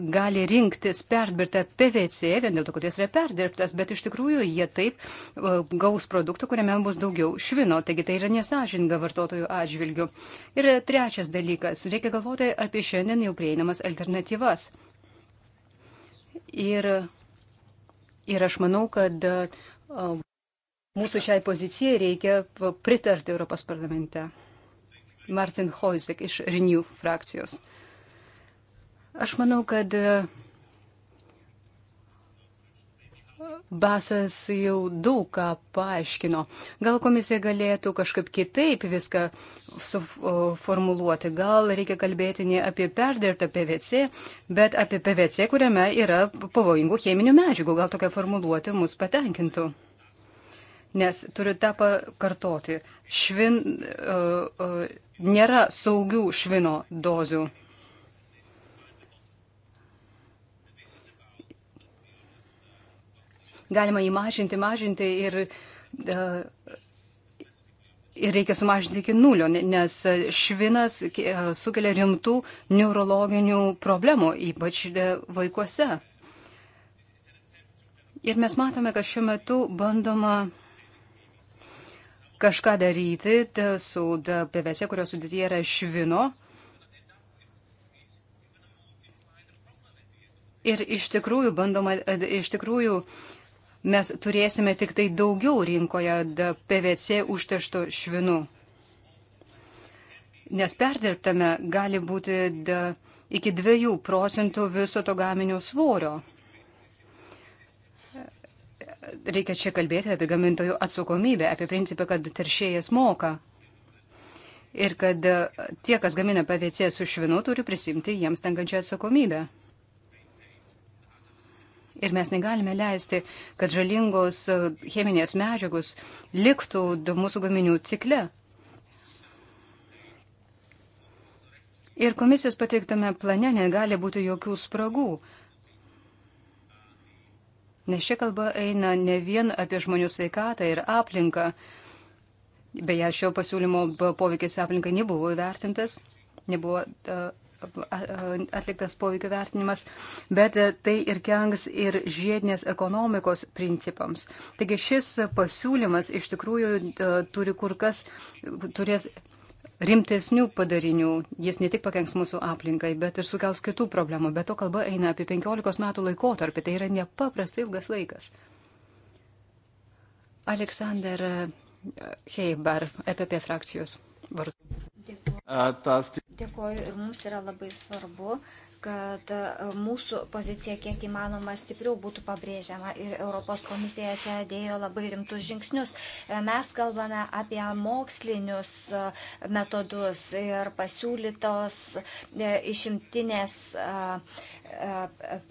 gali rinktis perdirbtą PVC, vien dėl to, kad jis yra perdirbtas, bet iš tikrųjų jie taip e, gaus produktą, kuriame bus daugiau švino, taigi tai yra nesažinga vartotojų atžvilgių. Ir trečias dalykas, reikia galvoti apie šiandien jau prieinamas alternatyvas. Ir, ir aš manau, kad e, mūsų šiai pozicijai reikia pritarti Europos parlamente. Martin Hoisek iš Renew frakcijos. Aš manau, kad e, Basas jau daug ką paaiškino. Gal komisija galėtų kažkaip kitaip viską suformuluoti. Gal reikia kalbėti ne apie perdirbtą PVC, bet apie PVC, kuriame yra pavojingų cheminių medžiagų. Gal tokia formuluoti mus patenkintų. Nes turiu tą pakartoti. Švin, uh, uh, nėra saugių švino dozių. galima jį mažinti, mažinti ir, e, ir reikia sumažinti iki nulio, nes švinas e, sukelia rimtų neurologinių problemų, ypač e, vaikuose. Ir mes matome, kad šiuo metu bandoma kažką daryti ta, su ta, PVC, kurios sudėtyje yra švino. Ir iš tikrųjų bandoma, iš tikrųjų mes turėsime tik tai daugiau rinkoje PVC užteršto švinu. Nes perdirbtame gali būti iki 2 procentų viso to gaminio svorio. Reikia čia kalbėti apie gamintojų atsakomybę, apie principą, kad teršėjas moka. Ir kad tie, kas gamina PVC su švinu, turi prisimti jiems tenkančią atsakomybę. Ir mes negalime leisti, kad žalingos e, cheminės medžiagos liktų mūsų gaminių cikle. Ir komisijos pateiktame plane negali būti jokių spragų, nes čia kalba eina ne vien apie žmonių sveikatą ir aplinką. Beje, šio pasiūlymo poveikis aplinkai nebuvo įvertintas, nebuvo uh, atliktas poveikio vertinimas, bet e, tai ir kenks ir žiedinės ekonomikos principams. Taigi šis pasiūlymas iš tikrųjų e, turi kur kas, turės rimtesnių padarinių. Jis ne tik pakenks mūsų aplinkai, bet ir sukels kitų problemų. Bet to kalba eina apie 15 metų laikotarpį. Tai yra nepaprastai ilgas laikas. Aleksandr Heibar, EPP frakcijos vardu tas. Dėkuoju ir mums yra labai svarbu, kad e, mūsų pozicija kiek įmanoma stipriau būtų pabrėžiama ir Europos komisija čia dėjo labai rimtus žingsnius. E, mes kalbame apie mokslinius e, metodus ir pasiūlytos išimtinės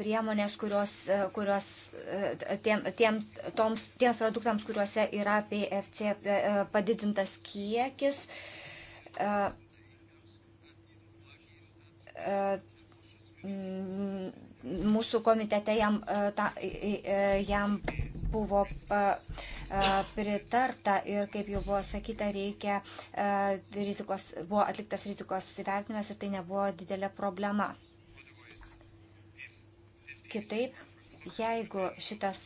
priemonės, kurios, kurios tiem, tiem, toms, tiems produktams, kuriuose yra PFC padidintas kiekis. Uh, mūsų komitete jam, e, ta, e, jam buvo e, pritarta ir, kaip jau buvo sakyta, reikia, rizikos, buvo atliktas rizikos įvertinimas ir tai nebuvo didelė problema. Kitaip, jeigu šitas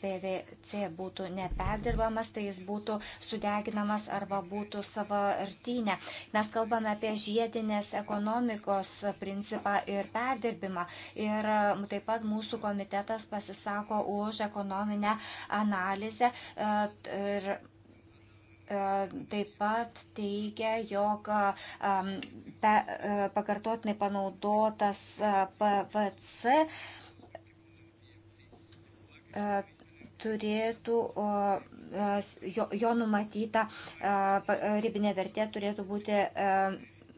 PVC būtų neperdirbamas, tai jis būtų sudeginamas arba būtų savartinė. Mes kalbame apie žiedinės ekonomikos principą ir perdirbimą. Ir taip pat mūsų komitetas pasisako už ekonominę analizę. Ir taip pat teigia, jog pakartotinai panaudotas PVC E, turėtų, e, jo, jo numatyta e, ribinė vertė turėtų būti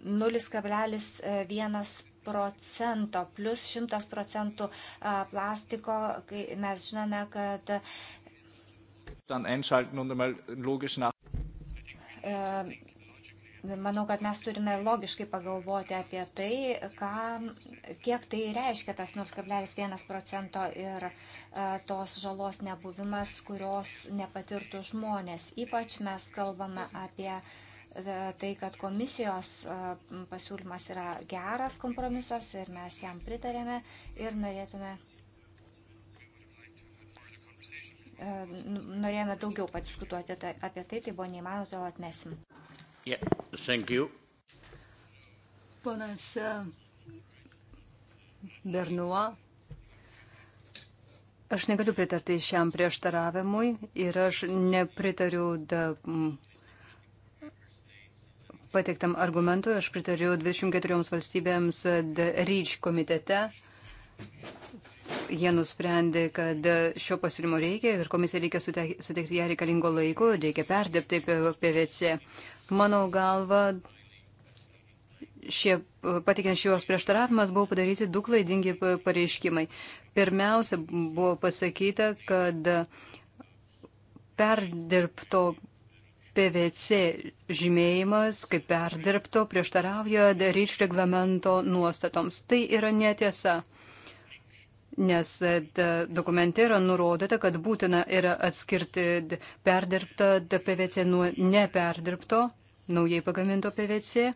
0,1 procento plus 100 procentų plastiko, kai mes žinome, kad dann einschalten und einmal logisch nach. Manau, kad mes turime logiškai pagalvoti apie tai, ką, kiek tai reiškia tas 0,1 procento ir e, tos žalos nebuvimas, kurios nepatirtų žmonės. Ypač mes kalbame apie e, tai, kad komisijos e, pasiūlymas yra geras kompromisas ir mes jam pritarėme ir norėtume, e, norėjome daugiau padiskutuoti apie tai, tai buvo neįmanoma, todėl atmesim. Yeah, thank you. Ponas uh, Bernuo, aš negaliu pritarti šiam prieštaravimui ir aš nepritariu da, m, pateiktam argumentui, aš pritariu 24 valstybėms REACH komitete. Jie nusprendė, kad šio pasiūlymo reikia ir komisija reikia suteikti ją reikalingo laiko, reikia perdėpti PVC. Pe Mano galva, šie, patikint šios prieštaravimas, buvo padaryti du klaidingi pareiškimai. Pirmiausia, buvo pasakyta, kad perdirbto PVC žymėjimas kaip perdirbto prieštarauja ryč reglamento nuostatoms. Tai yra netiesa, nes dokumente yra nurodyta, kad būtina yra atskirti perdirbtą PVC nuo neperdirbto naujai pagaminto PVC.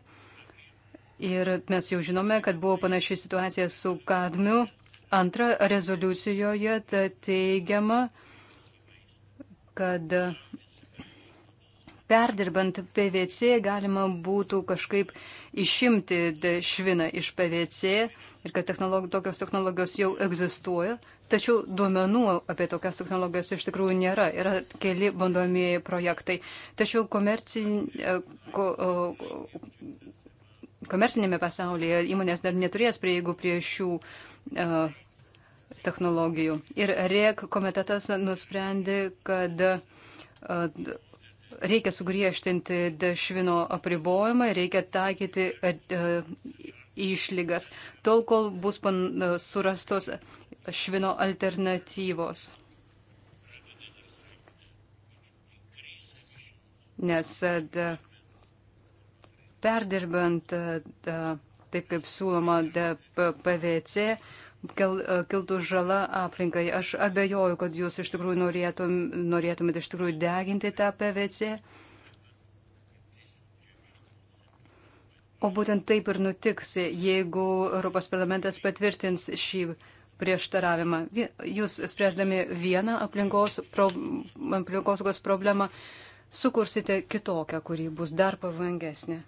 Ir mes jau žinome, kad buvo panaši situacija su kadmiu. Antra, rezoliucijoje teigiama, kad perdirbant PVC galima būtų kažkaip išimti šviną iš PVC ir kad technolog tokios technologijos jau egzistuoja. Tačiau duomenų apie tokias technologijas iš tikrųjų nėra. Yra keli bandomieji projektai. Tačiau komercinė, e, ko, komercinėme pasaulyje įmonės dar neturės prieigų prie šių e, technologijų. Ir REK komitetas nusprendė, kad e, reikia sugriežtinti dešvino apribojimą, reikia taikyti išlygas, tol kol bus pan, surastos švino alternatyvos. Nes e, da, perdirbant e, da, taip kaip siūloma PVC, kil, e, kiltų žala aplinkai. Aš abejoju, kad jūs iš tikrųjų norėtum, norėtumėte iš tikrųjų deginti tą PVC. O būtent taip ir nutiks, jeigu Europos parlamentas patvirtins šį prieštaravimą. Jūs spręsdami vieną aplinkos pro, aplinkosaugos problemą sukursite kitokią, kuri bus dar pavangesnė.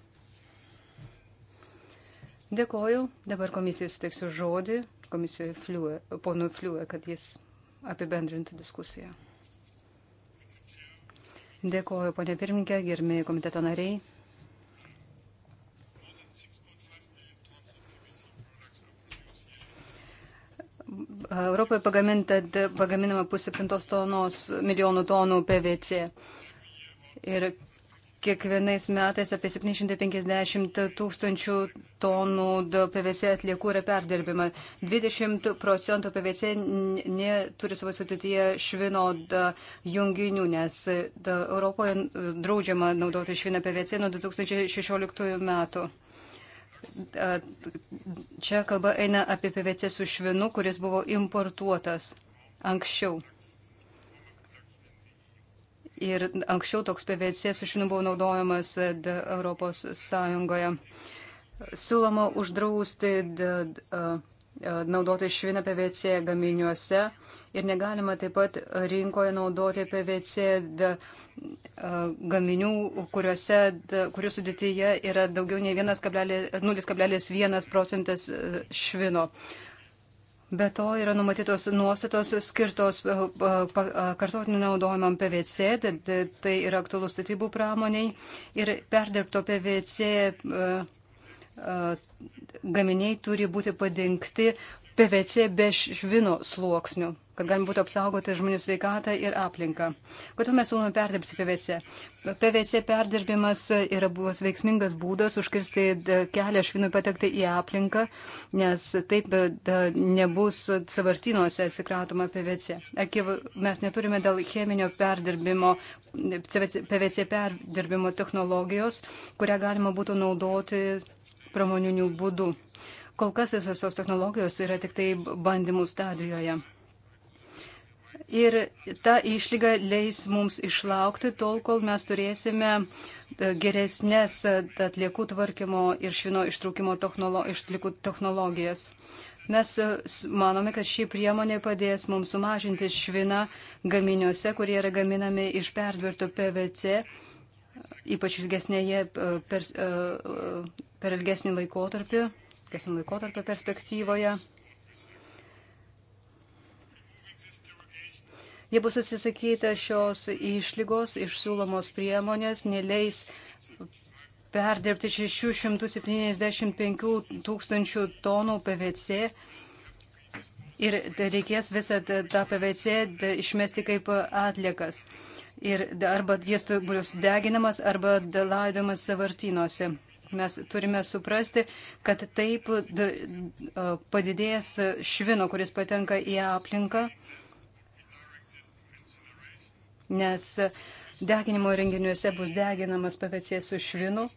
Dėkoju. Dabar komisijai suteiksiu žodį komisijoje Fliue, ponui Fliue, kad jis apibendrintų diskusiją. Dėkoju, ponė pirmininkė, gerbėjai komiteto nariai. Europoje pagaminta, pagaminama pusseptintos tonos, milijonų tonų PVC. Ir kiekvienais metais apie 750 tūkstančių tonų PVC atliekų yra perdirbima. 20 procentų PVC neturi savo sutityje švino junginių, nes Europoje draudžiama naudoti šviną PVC nuo 2016 metų čia kalba eina apie PVC su švinu, kuris buvo importuotas anksčiau. Ir anksčiau toks PVC su švinu buvo naudojamas Europos Sąjungoje. Siūloma uždrausti E, naudoti šviną PVC gaminiuose ir negalima taip pat rinkoje naudoti PVC e, gaminių, kuriuose, kurių sudėtyje yra daugiau nei 0,1 procentas e, švino. Be to yra numatytos nuostatos skirtos kartotiniu naudojimam PVC, tai yra aktualus statybų pramoniai ir perdirbto PVC gaminiai turi būti padengti PVC be švino sluoksnių, kad galima būtų apsaugoti žmonių sveikatą ir aplinką. Kodėl mes siūlome perdirbti PVC? PVC perdirbimas yra buvęs veiksmingas būdas užkirsti kelią švinui patekti į aplinką, nes taip e, nebus savartinuose atsikratoma PVC. Akiv, mes neturime dėl cheminio perdirbimo, PVC perdirbimo technologijos, kurią galima būtų naudoti pramoninių būdų. Kol kas visos tos technologijos yra tik tai bandymų stadijoje. Ir ta išlyga leis mums išlaukti tol, kol mes turėsime e, geresnės e, atliekų tvarkymo ir švino ištraukimo technolo, išlikų technologijas. Mes e, manome, kad ši priemonė padės mums sumažinti šviną gaminiuose, kurie yra gaminami iš perdvirto PVC, ypač ilgesnėje pers, per ilgesnį laikotarpį, ilgesnį laikotarpį perspektyvoje. Jei bus atsisakyta šios išlygos iš siūlomos priemonės, neleis perdirbti 675 tūkstančių tonų PVC ir reikės visą tą PVC išmesti kaip atliekas. Ir arba jis bus deginamas, arba laidojamas savartynuose. Mes turime suprasti, kad taip padidės švino, kuris patenka į aplinką, nes deginimo renginiuose bus deginamas PVC su švinu.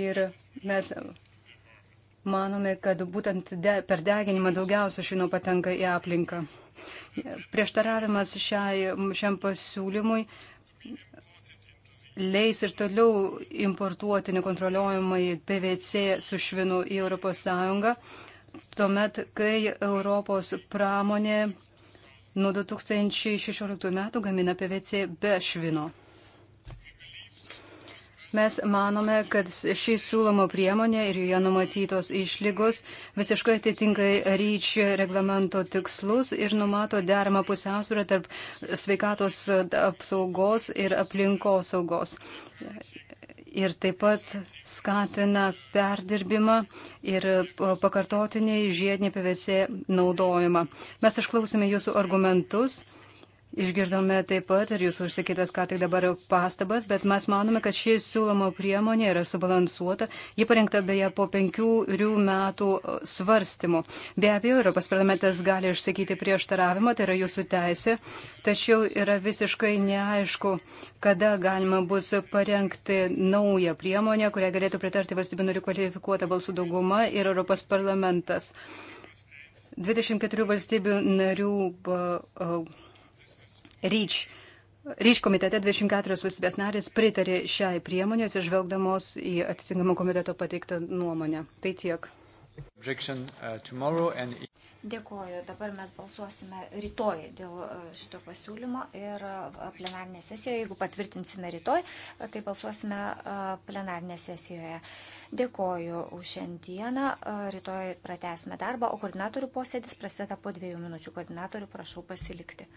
Ir mes manome, kad būtent de, per deginimą daugiausia švino patenka į aplinką. Prieštaravimas šiai, šiam pasiūlymui leis ir toliau importuoti nekontroliuojamai PVC su švinu į ES, tuomet, kai Europos pramonė nuo 2016 metų gamina PVC be švino. Mes manome, kad šį siūlomo priemonė ir joje numatytos išlygos visiškai atitinka ryčio reglamento tikslus ir numato deramą pusiausvyrą tarp sveikatos apsaugos ir aplinkos saugos. Ir taip pat skatina perdirbimą ir pakartotinį žiedinį PVC naudojimą. Mes išklausime jūsų argumentus Išgirdome taip pat ir jūsų užsakytas, ką tai dabar pastabas, bet mes manome, kad ši siūloma priemonė yra subalansuota. Ji parengta beje po penkių metų e, svarstymų. Be abejo, Europos parlamentas gali išsakyti prieštaravimą, tai yra jūsų teisė, tačiau yra visiškai neaišku, kada galima bus parengti naują priemonę, kurią galėtų pritarti valstybė narių kvalifikuota balsų dauguma ir Europos parlamentas. 24 valstybių narių. Uh, uh, REACH. Ryš komitete 24 valstybės narės pritarė šiai priemonės ir žvelgdamos į atitinkamą komiteto pateiktą nuomonę. Tai tiek. Uh, e- Dėkuoju. Dabar mes balsuosime rytoj dėl uh, šito pasiūlymo ir uh, plenarinė sesijoje, jeigu patvirtinsime rytoj, tai balsuosime plenarinė sesijoje. Dėkuoju už šiandieną. Rytoj pratęsime darbą, o koordinatorių posėdis prasideda po dviejų minučių. Koordinatorių prašau pasilikti.